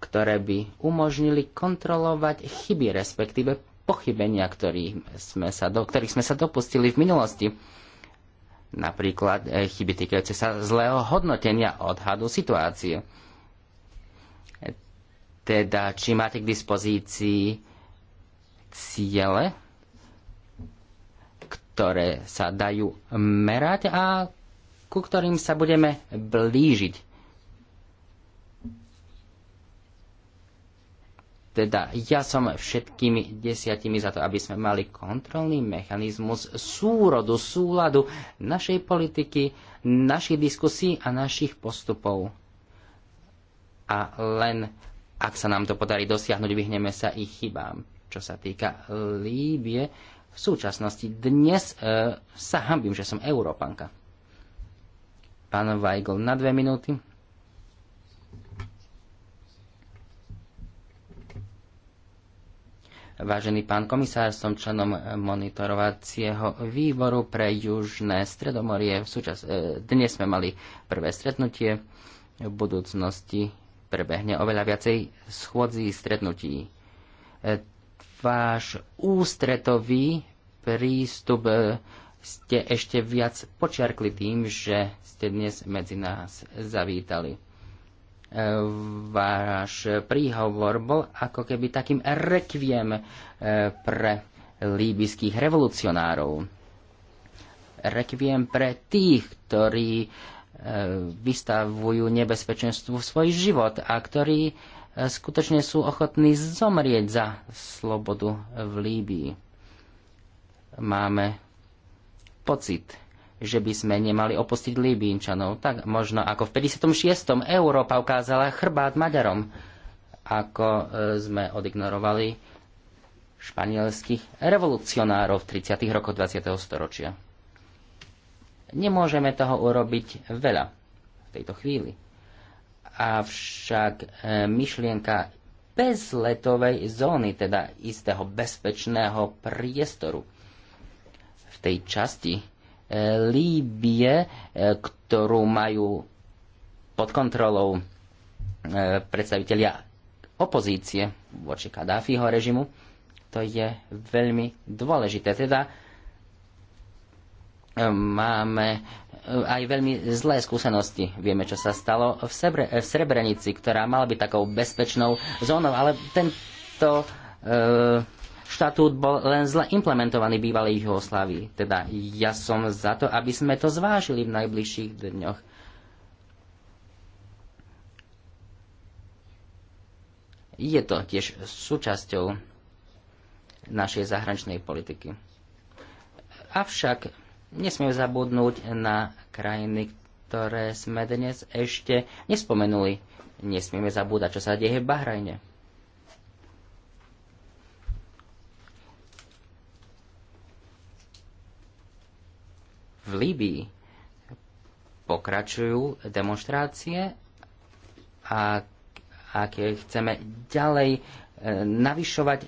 ktoré by umožnili kontrolovať chyby, respektíve pochybenia, ktorých sme sa, do, ktorých sme sa dopustili v minulosti. Napríklad eh, chyby týkajúce sa zlého hodnotenia odhadu situácie teda, či máte k dispozícii ciele, ktoré sa dajú merať a ku ktorým sa budeme blížiť. Teda ja som všetkými desiatimi za to, aby sme mali kontrolný mechanizmus súrodu, súladu našej politiky, našich diskusí a našich postupov. A len ak sa nám to podarí dosiahnuť, vyhneme sa ich chybám. Čo sa týka Líbie, v súčasnosti dnes e, sa hambím, že som Európanka. Pán Weigl, na dve minúty. Vážený pán komisár, som členom monitorovacieho výboru pre Južné Stredomorie. V súčas... E, dnes sme mali prvé stretnutie. V budúcnosti prebehne oveľa viacej schôdzí, stretnutí. E, váš ústretový prístup e, ste ešte viac počiarkli tým, že ste dnes medzi nás zavítali. E, váš príhovor bol ako keby takým rekviem pre líbyských revolucionárov. Rekviem pre tých, ktorí E, vystavujú nebezpečenstvu svoj život a ktorí e, skutočne sú ochotní zomrieť za slobodu v Líbii. Máme pocit, že by sme nemali opustiť Líbínčanov. Tak možno ako v 56. Európa ukázala chrbát Maďarom, ako e, sme odignorovali španielských revolucionárov v 30. rokoch 20. storočia. Nemôžeme toho urobiť veľa v tejto chvíli. Avšak e, myšlienka bez letovej zóny, teda istého bezpečného priestoru v tej časti e, Líbie, e, ktorú majú pod kontrolou predstavitelia opozície voči Kadáfiho režimu, to je veľmi dôležité. Teda máme eh, aj veľmi zlé skúsenosti. Vieme, čo sa stalo v, Sebre, v Srebrenici, ktorá mala byť takou bezpečnou zónou, ale tento e, štatút bol len zle implementovaný bývalej Juhoslávii. Teda ja som za to, aby sme to zvážili v najbližších dňoch. Je to tiež súčasťou našej zahraničnej politiky. Avšak nesmieme zabudnúť na krajiny, ktoré sme dnes ešte nespomenuli. Nesmieme zabúdať, čo sa deje v Bahrajne. V Líbii pokračujú demonstrácie a ak chceme ďalej eh, navyšovať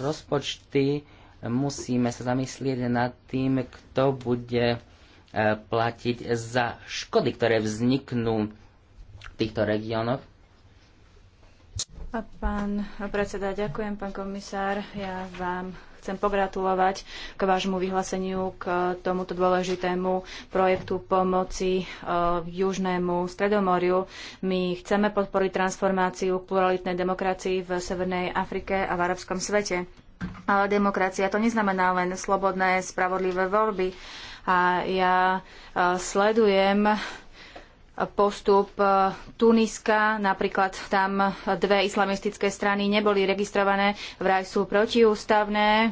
rozpočty musíme sa zamyslieť nad tým, kto bude e, platiť za škody, ktoré vzniknú v týchto regiónoch. A pán predseda, ďakujem, pán komisár. Ja vám chcem pogratulovať k vášmu vyhláseniu k tomuto dôležitému projektu pomoci e, Južnému Stredomoriu. My chceme podporiť transformáciu pluralitnej demokracii v Severnej Afrike a v arabskom svete. Ale demokracia to neznamená len slobodné, spravodlivé voľby. A ja sledujem postup Tuniska. Napríklad tam dve islamistické strany neboli registrované, vraj sú protiústavné.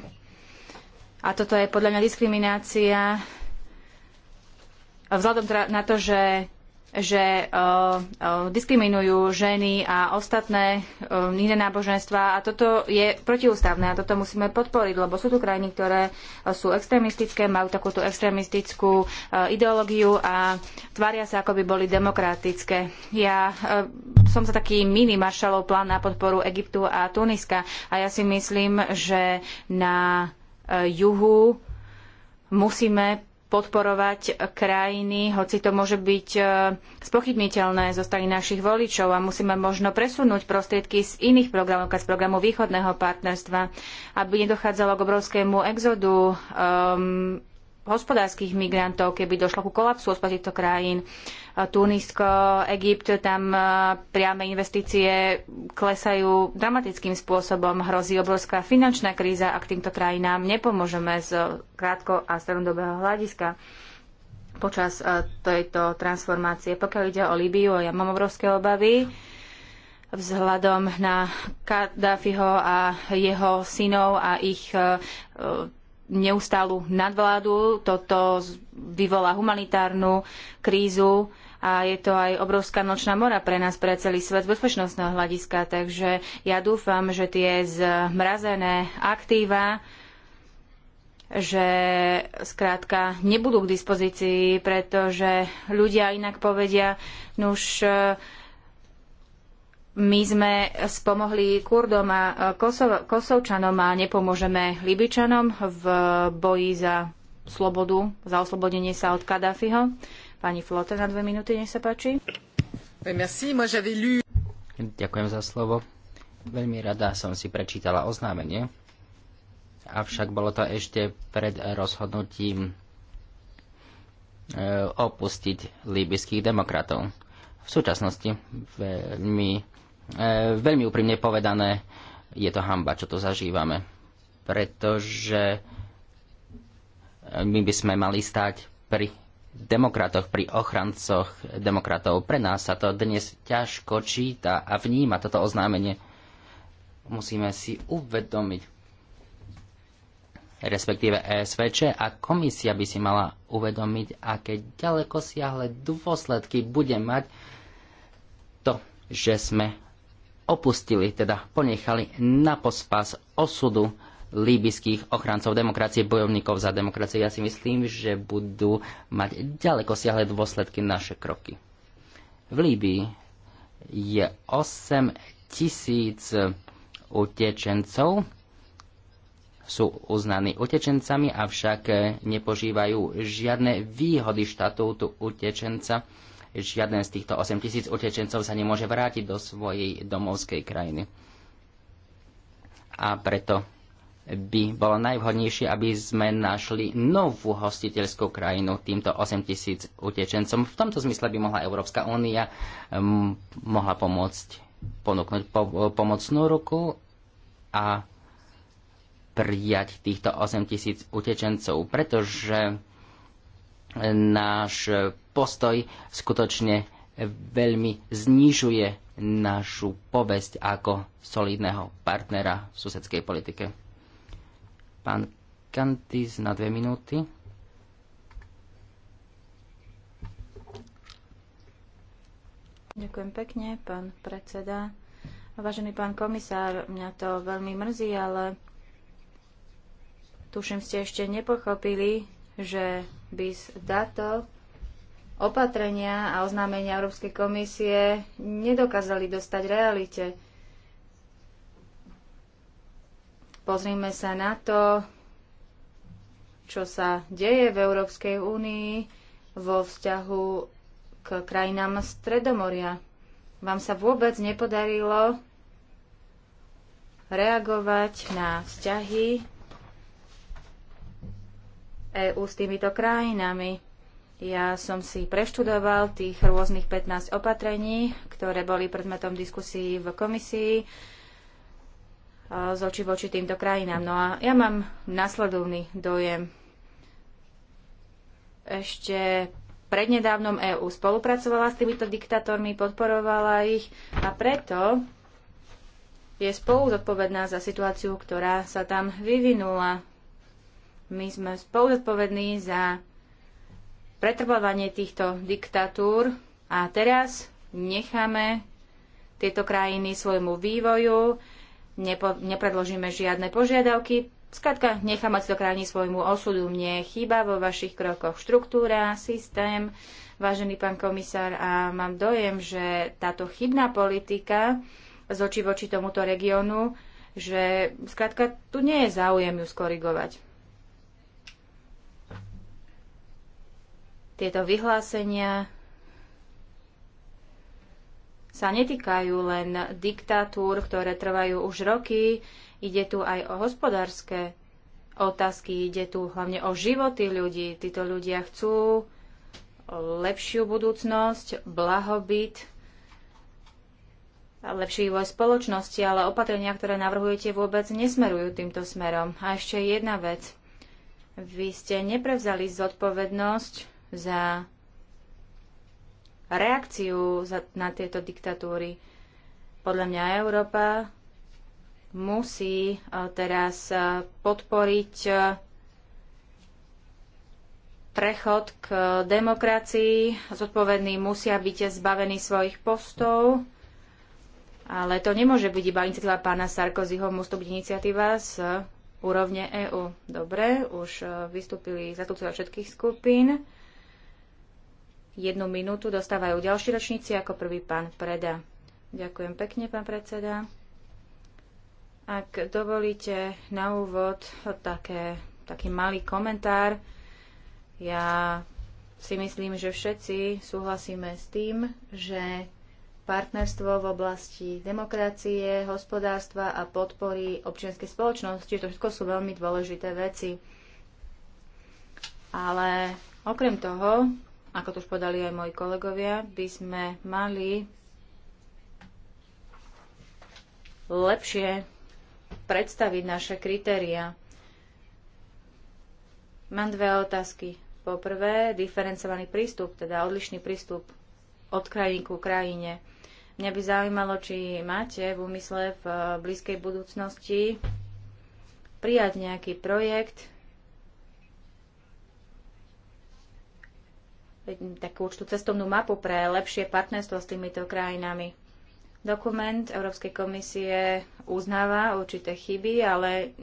A toto je podľa mňa diskriminácia vzhľadom teda na to, že že e, e, diskriminujú ženy a ostatné e, iné náboženstva a toto je protiústavné a toto musíme podporiť, lebo sú tu krajiny, ktoré sú extrémistické, majú takúto extrémistickú ideológiu a tvária sa, ako by boli demokratické. Ja som sa taký mini maršalov plán na podporu Egyptu a Tuniska a ja si myslím, že na juhu musíme podporovať krajiny, hoci to môže byť e, spochybniteľné zo strany našich voličov a musíme možno presunúť prostriedky z iných programov, z programu východného partnerstva, aby nedochádzalo k obrovskému exodu um, hospodárskych migrantov, keby došlo ku kolapsu z týchto krajín. Tunisko, Egypt, tam priame investície klesajú dramatickým spôsobom, hrozí obrovská finančná kríza, ak týmto krajinám nepomôžeme z krátko a strednodobého hľadiska počas tejto transformácie. Pokiaľ ide o Líbiu, ja mám obrovské obavy vzhľadom na Kadáfiho a jeho synov a ich neustálu nadvládu, toto vyvolá humanitárnu krízu a je to aj obrovská nočná mora pre nás, pre celý svet z bezpečnostného hľadiska. Takže ja dúfam, že tie zmrazené aktíva že skrátka nebudú k dispozícii, pretože ľudia inak povedia, no už my sme spomohli Kurdom a e, Kosov, Kosovčanom a nepomôžeme Libičanom v boji za slobodu, za oslobodenie sa od Kadáfiho. Pani Flote na dve minúty, nech sa páči. Eh, Ďakujem za slovo. Veľmi rada som si prečítala oznámenie, avšak bolo to ešte pred rozhodnutím eh, opustiť líbyských demokratov. V súčasnosti veľmi E, veľmi úprimne povedané, je to hamba, čo to zažívame. Pretože my by sme mali stať pri demokratoch, pri ochrancoch demokratov. Pre nás sa to dnes ťažko číta a vníma toto oznámenie. Musíme si uvedomiť, respektíve ESVČ a komisia by si mala uvedomiť, aké ďaleko siahle dôsledky bude mať to, že sme opustili, teda ponechali na pospas osudu líbyských ochrancov demokracie, bojovníkov za demokracie. Ja si myslím, že budú mať ďaleko siahle dôsledky naše kroky. V Líbii je 8 tisíc utečencov, sú uznaní utečencami, avšak nepožívajú žiadne výhody štatútu utečenca žiaden z týchto 8 tisíc utečencov sa nemôže vrátiť do svojej domovskej krajiny. A preto by bolo najvhodnejšie, aby sme našli novú hostiteľskú krajinu týmto 8 tisíc utečencom. V tomto zmysle by mohla Európska únia mohla pomôcť ponúknuť po- pomocnú ruku a prijať týchto 8 tisíc utečencov, pretože náš postoj skutočne veľmi znižuje našu povesť ako solidného partnera v susedskej politike. Pán Kantis na dve minúty. Ďakujem pekne, pán predseda. Vážený pán komisár, mňa to veľmi mrzí, ale tuším ste ešte nepochopili, že bis dato opatrenia a oznámenia Európskej komisie nedokázali dostať realite. Pozrime sa na to, čo sa deje v Európskej únii vo vzťahu k krajinám Stredomoria. Vám sa vôbec nepodarilo reagovať na vzťahy EÚ s týmito krajinami. Ja som si preštudoval tých rôznych 15 opatrení, ktoré boli predmetom diskusí v komisii e, z oči voči týmto krajinám. No a ja mám nasledovný dojem. Ešte prednedávnom EÚ spolupracovala s týmito diktátormi, podporovala ich a preto je spolu zodpovedná za situáciu, ktorá sa tam vyvinula. My sme zodpovední za pretrvávanie týchto diktatúr a teraz necháme tieto krajiny svojmu vývoju, nepo, nepredložíme žiadne požiadavky, Skladka, necháme tieto to krajiny svojmu osudu. Mne chýba vo vašich krokoch štruktúra, systém, vážený pán komisár, a mám dojem, že táto chybná politika z oči voči tomuto regiónu, že skrátka tu nie je záujem ju skorigovať. Tieto vyhlásenia sa netýkajú len diktatúr, ktoré trvajú už roky. Ide tu aj o hospodárske otázky, ide tu hlavne o životy ľudí. Títo ľudia chcú lepšiu budúcnosť, blahobyt, lepší vývoj spoločnosti, ale opatrenia, ktoré navrhujete, vôbec nesmerujú týmto smerom. A ešte jedna vec. Vy ste neprevzali zodpovednosť za reakciu za, na tieto diktatúry. Podľa mňa Európa musí e, teraz e, podporiť e, prechod k demokracii. Zodpovední musia byť zbavení svojich postov, ale to nemôže byť iba iniciatíva pána Sarkozyho, musí to byť iniciatíva z úrovne EÚ. Dobre, už vystúpili zastupcovia všetkých skupín. Jednu minútu dostávajú ďalší ročníci, ako prvý pán Preda. Ďakujem pekne, pán predseda. Ak dovolíte na úvod také, taký malý komentár, ja si myslím, že všetci súhlasíme s tým, že partnerstvo v oblasti demokracie, hospodárstva a podpory občianskej spoločnosti. to všetko sú veľmi dôležité veci. Ale okrem toho ako to už podali aj moji kolegovia, by sme mali lepšie predstaviť naše kritéria. Mám dve otázky. Po prvé, diferencovaný prístup, teda odlišný prístup od krajiny ku krajine. Mňa by zaujímalo, či máte v úmysle v blízkej budúcnosti prijať nejaký projekt, takú určitú cestovnú mapu pre lepšie partnerstvo s týmito krajinami. Dokument Európskej komisie uznáva určité chyby, ale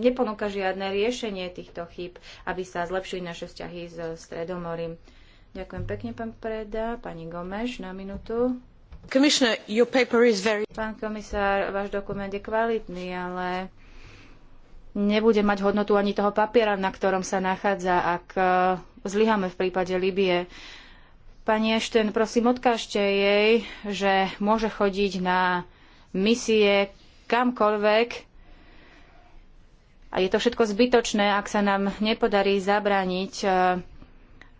neponúka žiadne riešenie týchto chyb, aby sa zlepšili naše vzťahy so Stredomorím. Ďakujem pekne, pán Preda. Pani Gomeš, na minútu. Very... Pán komisár, váš dokument je kvalitný, ale nebude mať hodnotu ani toho papiera, na ktorom sa nachádza, ak e, zlyhame v prípade Libie. Pani Ešten, prosím, odkážte jej, že môže chodiť na misie kamkoľvek. A je to všetko zbytočné, ak sa nám nepodarí zabrániť e,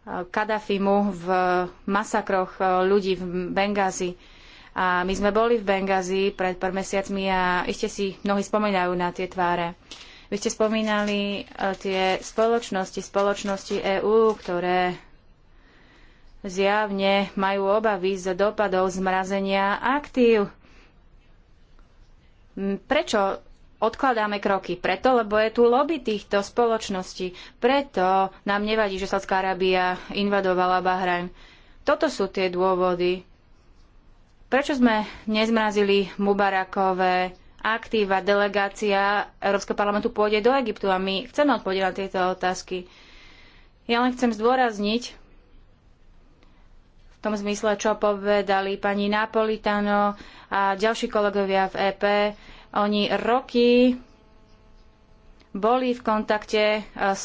Kadafimu v masakroch e, ľudí v Bengázi. A my sme boli v Bengázi pred pár mesiacmi a ešte si mnohí spomínajú na tie tváre. Vy ste spomínali e, tie spoločnosti, spoločnosti EÚ, ktoré zjavne majú obavy z dopadov zmrazenia aktív. Prečo odkladáme kroky? Preto, lebo je tu lobby týchto spoločností. Preto nám nevadí, že Saudská Arábia invadovala Bahrajn. Toto sú tie dôvody. Prečo sme nezmrazili Mubarakové aktíva delegácia Európskeho parlamentu pôjde do Egyptu a my chceme odpovedať na tieto otázky. Ja len chcem zdôrazniť v tom zmysle, čo povedali pani Napolitano a ďalší kolegovia v EP. Oni roky boli v kontakte s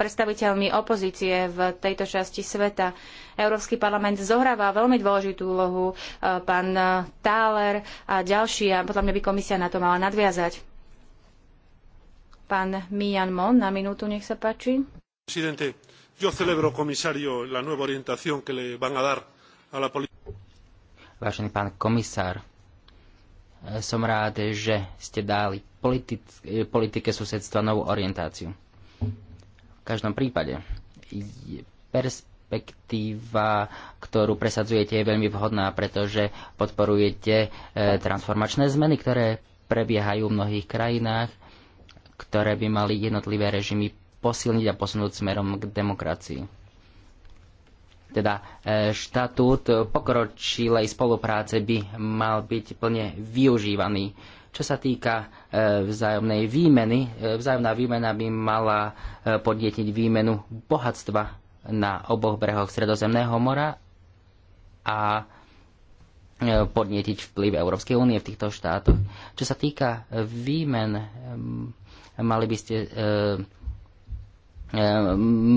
predstaviteľmi opozície v tejto časti sveta. Európsky parlament zohráva veľmi dôležitú úlohu, e, pán Táler a ďalší, a podľa mňa by komisia na to mala nadviazať. Pán Mian Mon, na minútu, nech sa páči. Presidente, yo celebro, komisario, la nueva orientación que le van a dar a la Vážený pán komisár, e, som rád, že ste dali politik, e, politike susedstva novú orientáciu každom prípade perspektíva, ktorú presadzujete, je veľmi vhodná, pretože podporujete e, transformačné zmeny, ktoré prebiehajú v mnohých krajinách, ktoré by mali jednotlivé režimy posilniť a posunúť smerom k demokracii. Teda e, štatút pokročilej spolupráce by mal byť plne využívaný čo sa týka e, vzájomnej výmeny, e, vzájomná výmena by mala e, podnietiť výmenu bohatstva na oboch brehoch Stredozemného mora a podnietiť vplyv Európskej únie v týchto štátoch. Čo sa týka výmen, mali by ste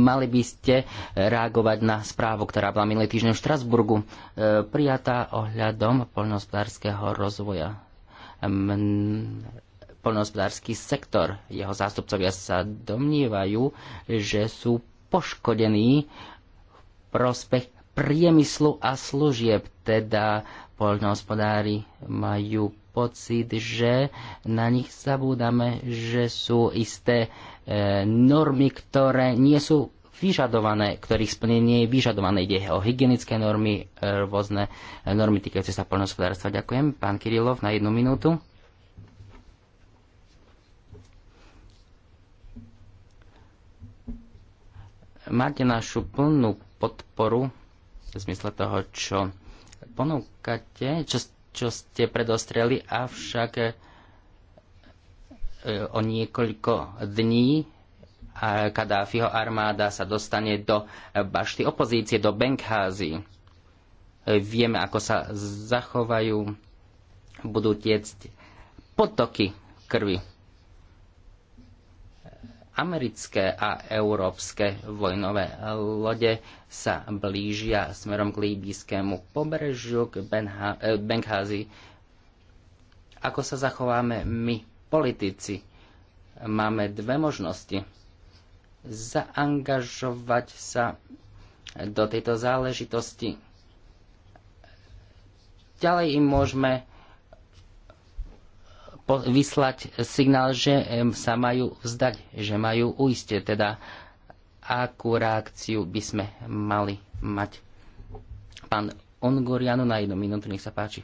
mali by ste reagovať na správu, ktorá bola minulý týždeň v Štrasburgu prijatá ohľadom poľnohospodárskeho rozvoja poľnohospodársky sektor. Jeho zástupcovia sa domnívajú, že sú poškodení v prospech priemyslu a služieb, teda poľnohospodári majú pocit, že na nich zabúdame, že sú isté e, normy, ktoré nie sú vyžadované, ktorých splnenie je vyžadované. Ide o hygienické normy, e, rôzne e, normy týkajúce sa poľnohospodárstva. Ďakujem. Pán Kirilov, na jednu minútu. Máte našu plnú podporu v zmysle toho, čo ponúkate, čo, čo ste predostreli, avšak e, o niekoľko dní Kadáfiho armáda sa dostane do bašty opozície, do Bengházy. Vieme, ako sa zachovajú, budú tiecť potoky krvi. Americké a európske vojnové lode sa blížia smerom k líbijskému pobrežiu, k e, Bengházi. Ako sa zachováme my, politici? Máme dve možnosti zaangažovať sa do tejto záležitosti. Ďalej im môžeme vyslať signál, že sa majú vzdať, že majú uiste, teda akú reakciu by sme mali mať. Pán Ongoriano na jednu minútu, nech sa páči.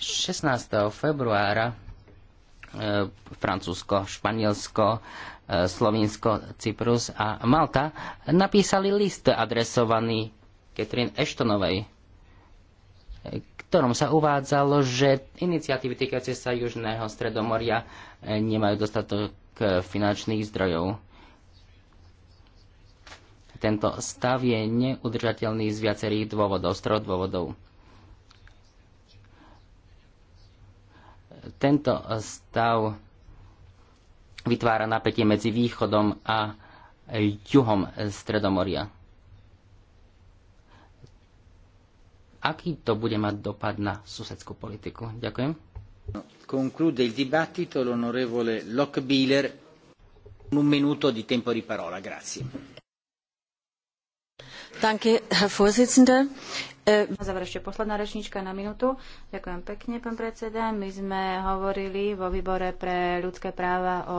16. februára E, Francúzsko, Španielsko, e, Slovinsko, Cyprus a Malta napísali list adresovaný Katrin Eštonovej, e, ktorom sa uvádzalo, že iniciatívy týkajúce sa Južného stredomoria nemajú dostatok finančných zdrojov. Tento stav je neudržateľný z viacerých dôvodov, z troch dôvodov. Tento stav vytvára napätie medzi východom a juhom Stredomoria. Aký to bude mať dopad na susedskú politiku? Ďakujem. Conclude il dibattito l'onorevole Lockbiller. Un minuto di tempo di parola, grazie. Danke, Herr Vorsitzender. Äh, záver ešte posledná rečnička na minútu. Ďakujem pekne, pán predseda. My sme hovorili vo výbore pre ľudské práva o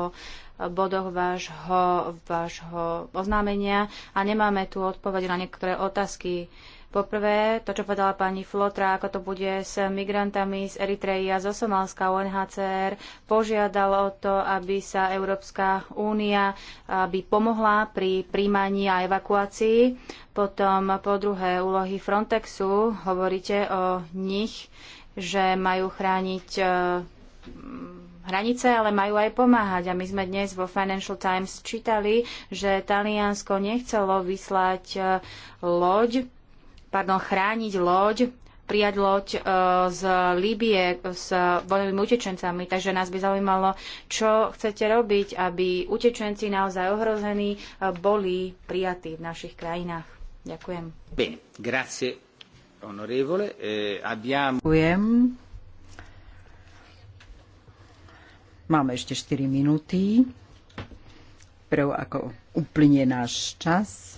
bodoch vášho, vášho oznámenia a nemáme tu odpovede na niektoré otázky. Uh, Poprvé, to, čo povedala pani Flotra, ako to bude s migrantami z Eritreji a zo Somálska, UNHCR požiadalo o to, aby sa Európska únia by pomohla pri príjmaní a evakuácii. Potom po druhé úlohy Frontexu, hovoríte o nich, že majú chrániť e, hranice, ale majú aj pomáhať. A my sme dnes vo Financial Times čítali, že Taliansko nechcelo vyslať e, loď pardon, chrániť loď, prijať loď e, z Líbie s vojnovými utečencami. Takže nás by zaujímalo, čo chcete robiť, aby utečenci naozaj ohrození e, boli prijatí v našich krajinách. Ďakujem. Bene, grazie, onorevole. Eh, abbiamo... Ďakujem. Máme ešte 4 minúty. Prv ako uplynie náš čas,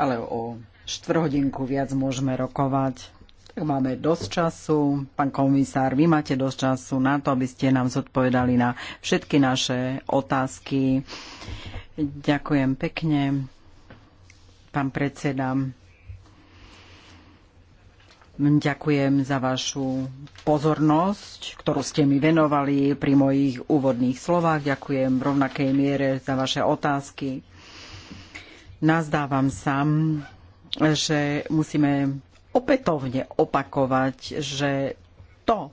ale o štvrhodinku viac môžeme rokovať. Máme dosť času. Pán komisár, vy máte dosť času na to, aby ste nám zodpovedali na všetky naše otázky. Ďakujem pekne, pán predseda. Ďakujem za vašu pozornosť, ktorú ste mi venovali pri mojich úvodných slovách. Ďakujem v rovnakej miere za vaše otázky. Nazdávam sa, že musíme opätovne opakovať, že to,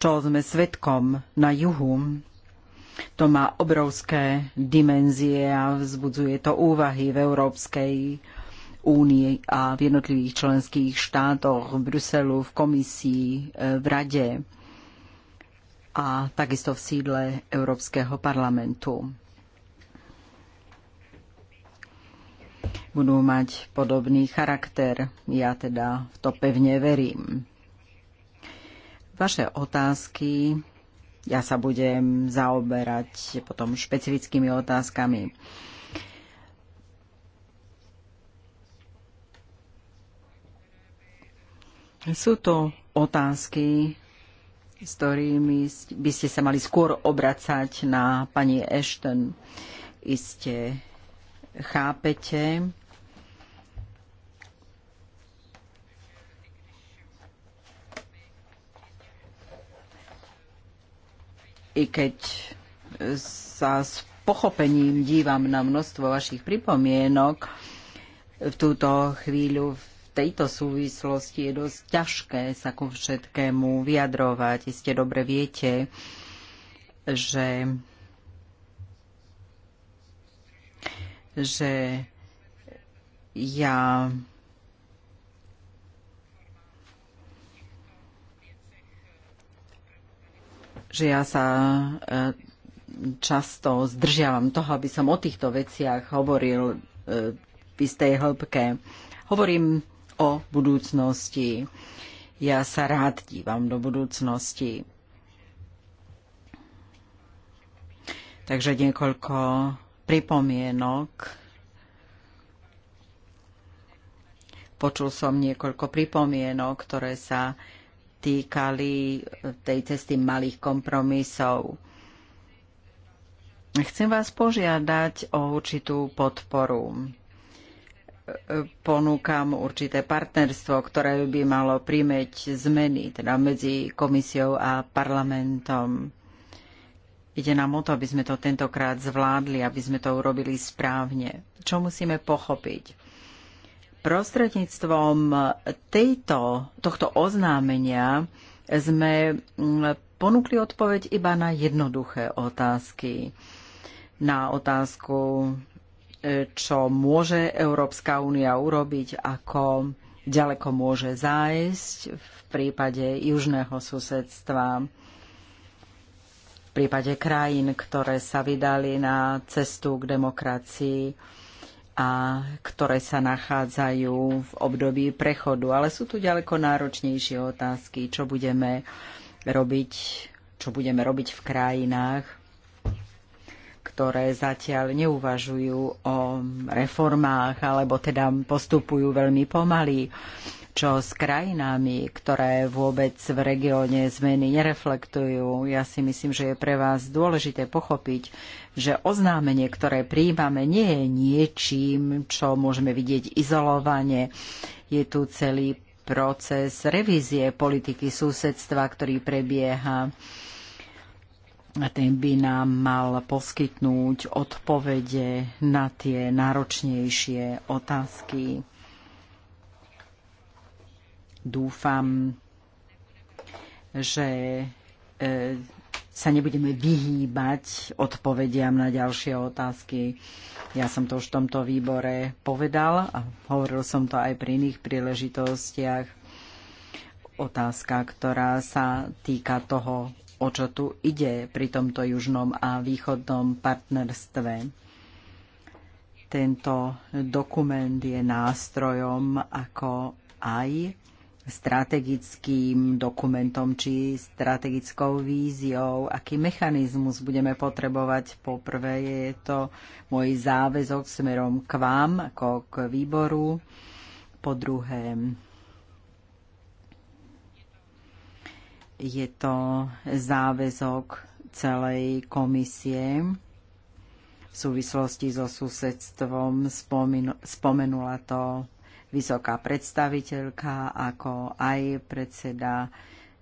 čo sme svetkom na juhu, to má obrovské dimenzie a vzbudzuje to úvahy v Európskej únii a v jednotlivých členských štátoch, v Bruselu, v komisii, v rade a takisto v sídle Európskeho parlamentu. budú mať podobný charakter. Ja teda v to pevne verím. Vaše otázky, ja sa budem zaoberať potom špecifickými otázkami. Sú to otázky, s ktorými by ste sa mali skôr obracať na pani Ashton. Iste chápete. I keď sa s pochopením dívam na množstvo vašich pripomienok, v túto chvíľu v tejto súvislosti je dosť ťažké sa ku všetkému vyjadrovať. Iste dobre viete, že že ja že ja sa e, často zdržiavam toho, aby som o týchto veciach hovoril e, v istej hĺbke. Hovorím o budúcnosti. Ja sa rád dívam do budúcnosti. Takže niekoľko pripomienok. Počul som niekoľko pripomienok, ktoré sa týkali tej cesty malých kompromisov. Chcem vás požiadať o určitú podporu ponúkam určité partnerstvo, ktoré by malo prímeť zmeny teda medzi komisiou a parlamentom. Ide nám o to, aby sme to tentokrát zvládli, aby sme to urobili správne. Čo musíme pochopiť? Prostredníctvom tejto, tohto oznámenia sme mm, ponúkli odpoveď iba na jednoduché otázky. Na otázku, e, čo môže Európska únia urobiť, ako ďaleko môže zájsť v prípade južného susedstva v prípade krajín, ktoré sa vydali na cestu k demokracii a ktoré sa nachádzajú v období prechodu. Ale sú tu ďaleko náročnejšie otázky, čo budeme robiť, čo budeme robiť v krajinách, ktoré zatiaľ neuvažujú o reformách alebo teda postupujú veľmi pomaly čo s krajinami, ktoré vôbec v regióne zmeny nereflektujú. Ja si myslím, že je pre vás dôležité pochopiť, že oznámenie, ktoré príjmame, nie je niečím, čo môžeme vidieť izolovane. Je tu celý proces revízie politiky susedstva, ktorý prebieha a ten by nám mal poskytnúť odpovede na tie náročnejšie otázky. Dúfam, že e, sa nebudeme vyhýbať odpovediam na ďalšie otázky. Ja som to už v tomto výbore povedal a hovoril som to aj pri iných príležitostiach. Otázka, ktorá sa týka toho, o čo tu ide pri tomto južnom a východnom partnerstve. Tento dokument je nástrojom, ako aj strategickým dokumentom či strategickou víziou, aký mechanizmus budeme potrebovať. Poprvé je to môj záväzok smerom k vám, ako k výboru. Po druhé, je to záväzok celej komisie v súvislosti so susedstvom. Spomenula to vysoká predstaviteľka, ako aj predseda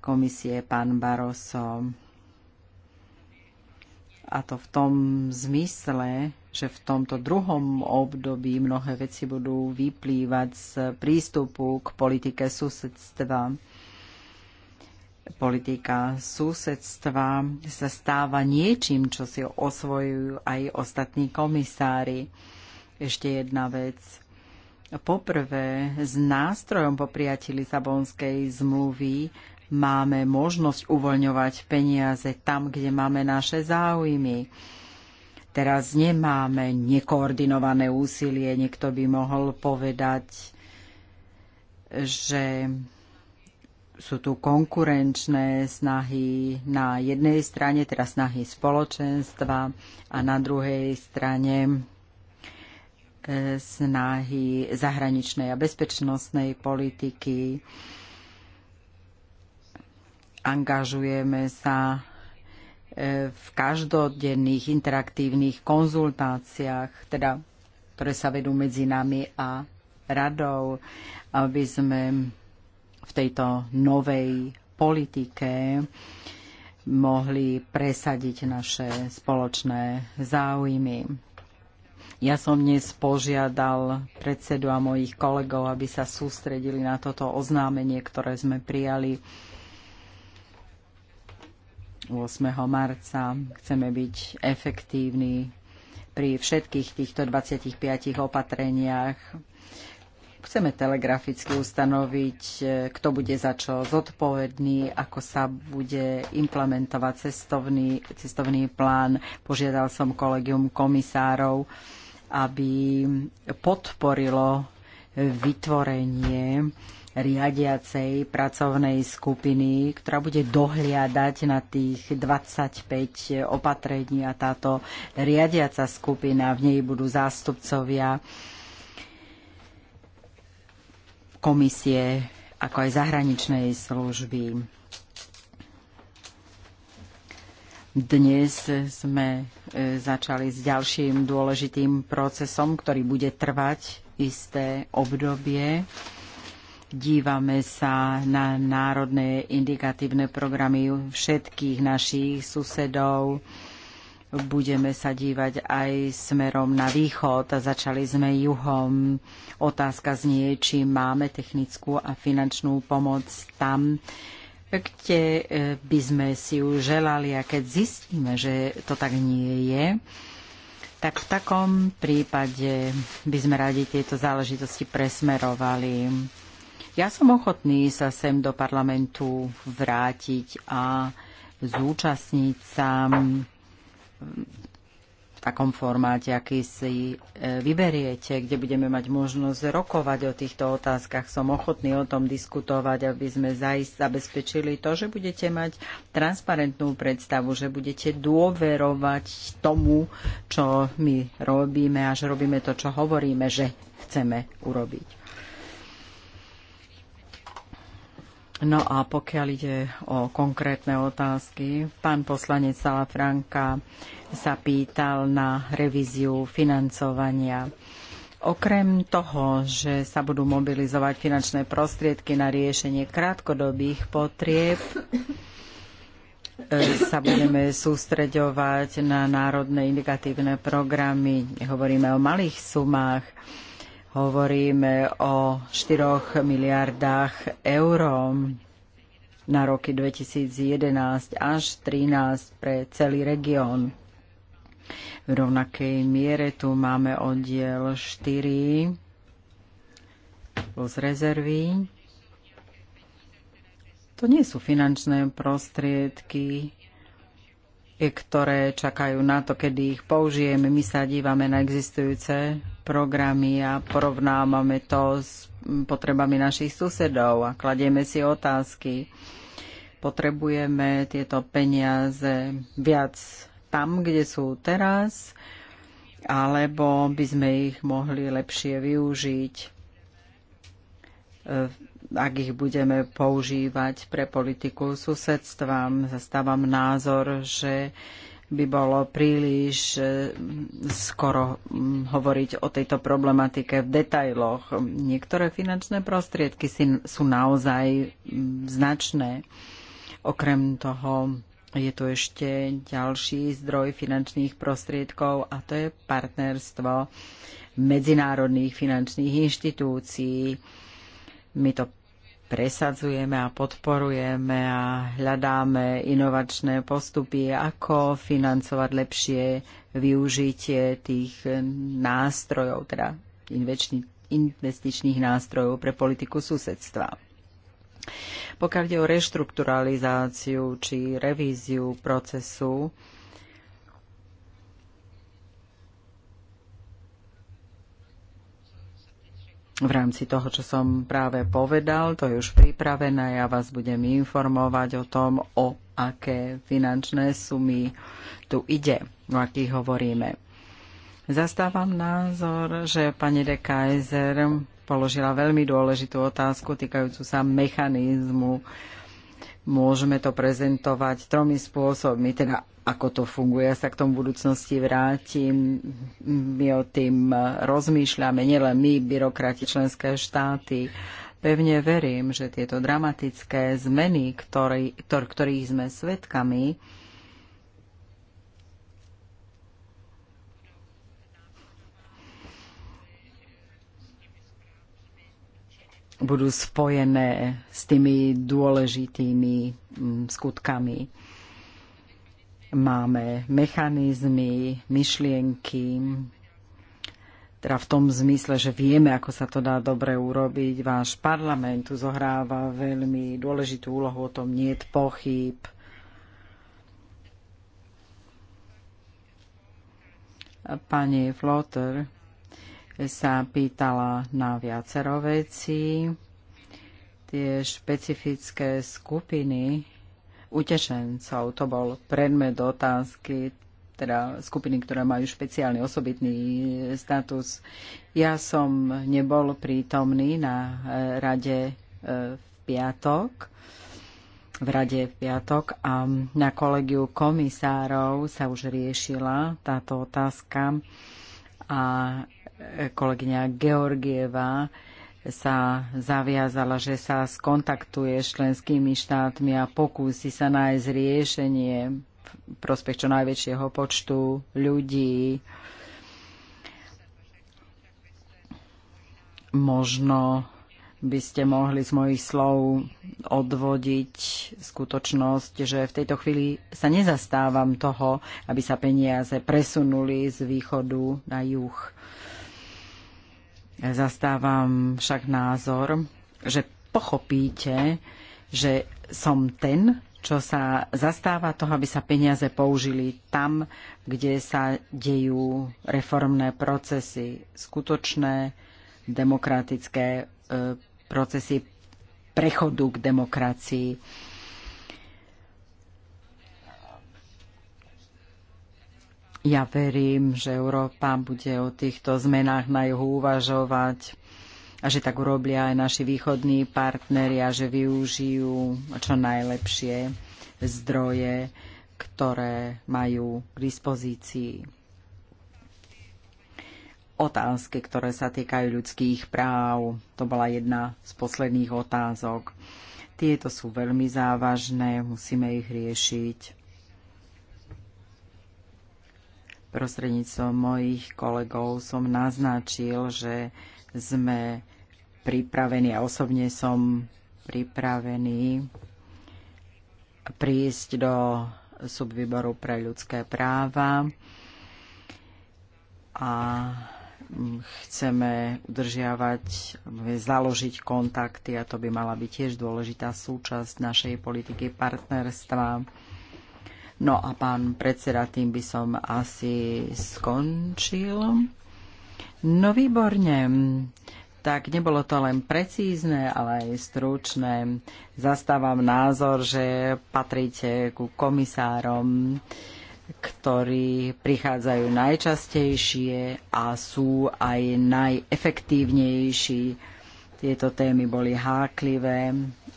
komisie pán Barroso. A to v tom zmysle, že v tomto druhom období mnohé veci budú vyplývať z prístupu k politike susedstva. Politika susedstva sa stáva niečím, čo si osvojujú aj ostatní komisári. Ešte jedna vec Poprvé, s nástrojom po prijatí Lisabonskej zmluvy máme možnosť uvoľňovať peniaze tam, kde máme naše záujmy. Teraz nemáme nekoordinované úsilie. Niekto by mohol povedať, že sú tu konkurenčné snahy na jednej strane, teda snahy spoločenstva a na druhej strane snahy zahraničnej a bezpečnostnej politiky. Angažujeme sa e, v každodenných interaktívnych konzultáciách, teda, ktoré sa vedú medzi nami a radou, aby sme v tejto novej politike mohli presadiť naše spoločné záujmy ja som dnes požiadal predsedu a mojich kolegov, aby sa sústredili na toto oznámenie, ktoré sme prijali 8. marca. Chceme byť efektívni pri všetkých týchto 25 opatreniach. Chceme telegraficky ustanoviť, e, kto bude za čo zodpovedný, ako sa bude implementovať cestovný, cestovný plán. Požiadal som kolegium komisárov, aby podporilo vytvorenie riadiacej pracovnej skupiny, ktorá bude dohliadať na tých 25 opatrení a táto riadiaca skupina, v nej budú zástupcovia komisie ako aj zahraničnej služby. Dnes sme e, začali s ďalším dôležitým procesom, ktorý bude trvať isté obdobie. Dívame sa na národné indikatívne programy všetkých našich susedov. Budeme sa dívať aj smerom na východ. Začali sme juhom. Otázka znie, či máme technickú a finančnú pomoc tam, efekte e, by sme si ju želali a keď zistíme, že to tak nie je, tak v takom prípade by sme radi tieto záležitosti presmerovali. Ja som ochotný sa sem do parlamentu vrátiť a zúčastniť sa v takom formáte, aký si e, vyberiete, kde budeme mať možnosť rokovať o týchto otázkach. Som ochotný o tom diskutovať, aby sme zaist zabezpečili to, že budete mať transparentnú predstavu, že budete dôverovať tomu, čo my robíme a že robíme to, čo hovoríme, že chceme urobiť. No a pokiaľ ide o konkrétne otázky, pán poslanec Salafranka sa pýtal na revíziu financovania. Okrem toho, že sa budú mobilizovať finančné prostriedky na riešenie krátkodobých potrieb, e, sa budeme sústreďovať na národné indikatívne programy. Hovoríme o malých sumách Hovoríme o 4 miliardách eur na roky 2011 až 2013 pre celý región. V rovnakej miere tu máme oddiel 4 plus rezervy. To nie sú finančné prostriedky, ktoré čakajú na to, kedy ich použijeme. My sa dívame na existujúce programy a porovnávame to s potrebami našich susedov a kladieme si otázky. Potrebujeme tieto peniaze viac tam, kde sú teraz, alebo by sme ich mohli lepšie využiť ak ich budeme používať pre politiku susedstva. Zastávam názor, že by bolo príliš e, skoro hovoriť o tejto problematike v detailoch. Niektoré finančné prostriedky sú naozaj značné. Okrem toho je tu ešte ďalší zdroj finančných prostriedkov a to je partnerstvo medzinárodných finančných inštitúcií. My to presadzujeme a podporujeme a hľadáme inovačné postupy, ako financovať lepšie využitie tých nástrojov, teda investičných nástrojov pre politiku susedstva. Pokiaľ ide o reštrukturalizáciu či revíziu procesu, v rámci toho, čo som práve povedal, to je už pripravené, ja vás budem informovať o tom, o aké finančné sumy tu ide, o akých hovoríme. Zastávam názor, že pani de Kaiser položila veľmi dôležitú otázku týkajúcu sa mechanizmu Môžeme to prezentovať tromi spôsobmi, teda ako to funguje, ja sa k tomu budúcnosti vrátim. My o tým rozmýšľame, nielen my, byrokrati, členské štáty. Pevne verím, že tieto dramatické zmeny, ktorý, ktor, ktorých sme svedkami, budú spojené s tými dôležitými mm, skutkami. Máme mechanizmy, myšlienky, teda v tom zmysle, že vieme, ako sa to dá dobre urobiť. Váš parlament tu zohráva veľmi dôležitú úlohu, o tom nie je pochyb. Pani Flotter, sa pýtala na viacero vecí. Tie špecifické skupiny utešencov, to bol predmet otázky, teda skupiny, ktoré majú špeciálny osobitný status. Ja som nebol prítomný na e, rade e, v piatok, v rade v piatok a na kolegiu komisárov sa už riešila táto otázka a kolegyňa Georgieva sa zaviazala, že sa skontaktuje s členskými štátmi a pokúsi sa nájsť riešenie v prospech čo najväčšieho počtu ľudí. Možno by ste mohli z mojich slov odvodiť skutočnosť, že v tejto chvíli sa nezastávam toho, aby sa peniaze presunuli z východu na juh. Zastávam však názor, že pochopíte, že som ten, čo sa zastáva toho, aby sa peniaze použili tam, kde sa dejú reformné procesy, skutočné demokratické e, procesy prechodu k demokracii. Ja verím, že Európa bude o týchto zmenách na juhu uvažovať a že tak urobia aj naši východní partneri a že využijú čo najlepšie zdroje, ktoré majú k dispozícii. Otázky, ktoré sa týkajú ľudských práv, to bola jedna z posledných otázok. Tieto sú veľmi závažné, musíme ich riešiť prostredníctvom mojich kolegov som naznačil, že sme pripravení a osobne som pripravený prísť do subvýboru pre ľudské práva a mm, chceme udržiavať, založiť kontakty a to by mala byť tiež dôležitá súčasť našej politiky partnerstva No a pán predseda, tým by som asi skončil. No výborne. Tak nebolo to len precízne, ale aj stručné. Zastávam názor, že patríte ku komisárom, ktorí prichádzajú najčastejšie a sú aj najefektívnejší. Tieto témy boli háklivé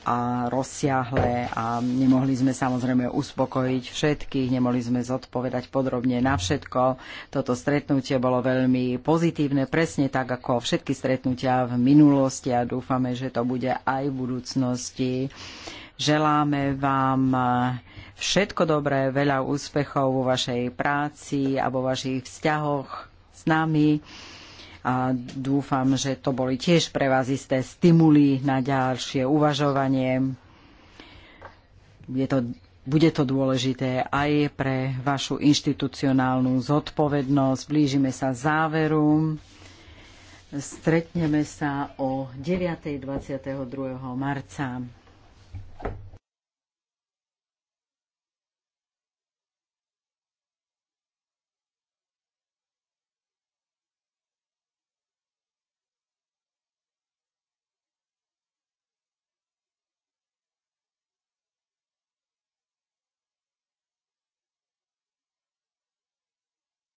a rozsiahle a nemohli sme samozrejme uspokojiť všetkých, nemohli sme zodpovedať podrobne na všetko. Toto stretnutie bolo veľmi pozitívne, presne tak ako všetky stretnutia v minulosti a dúfame, že to bude aj v budúcnosti. Želáme vám všetko dobré, veľa úspechov vo vašej práci a vo vašich vzťahoch s nami a dúfam, že to boli tiež pre vás isté stimuly na ďalšie uvažovanie. Je to, bude to dôležité aj pre vašu inštitucionálnu zodpovednosť. Blížime sa záveru. Stretneme sa o 9.22. marca.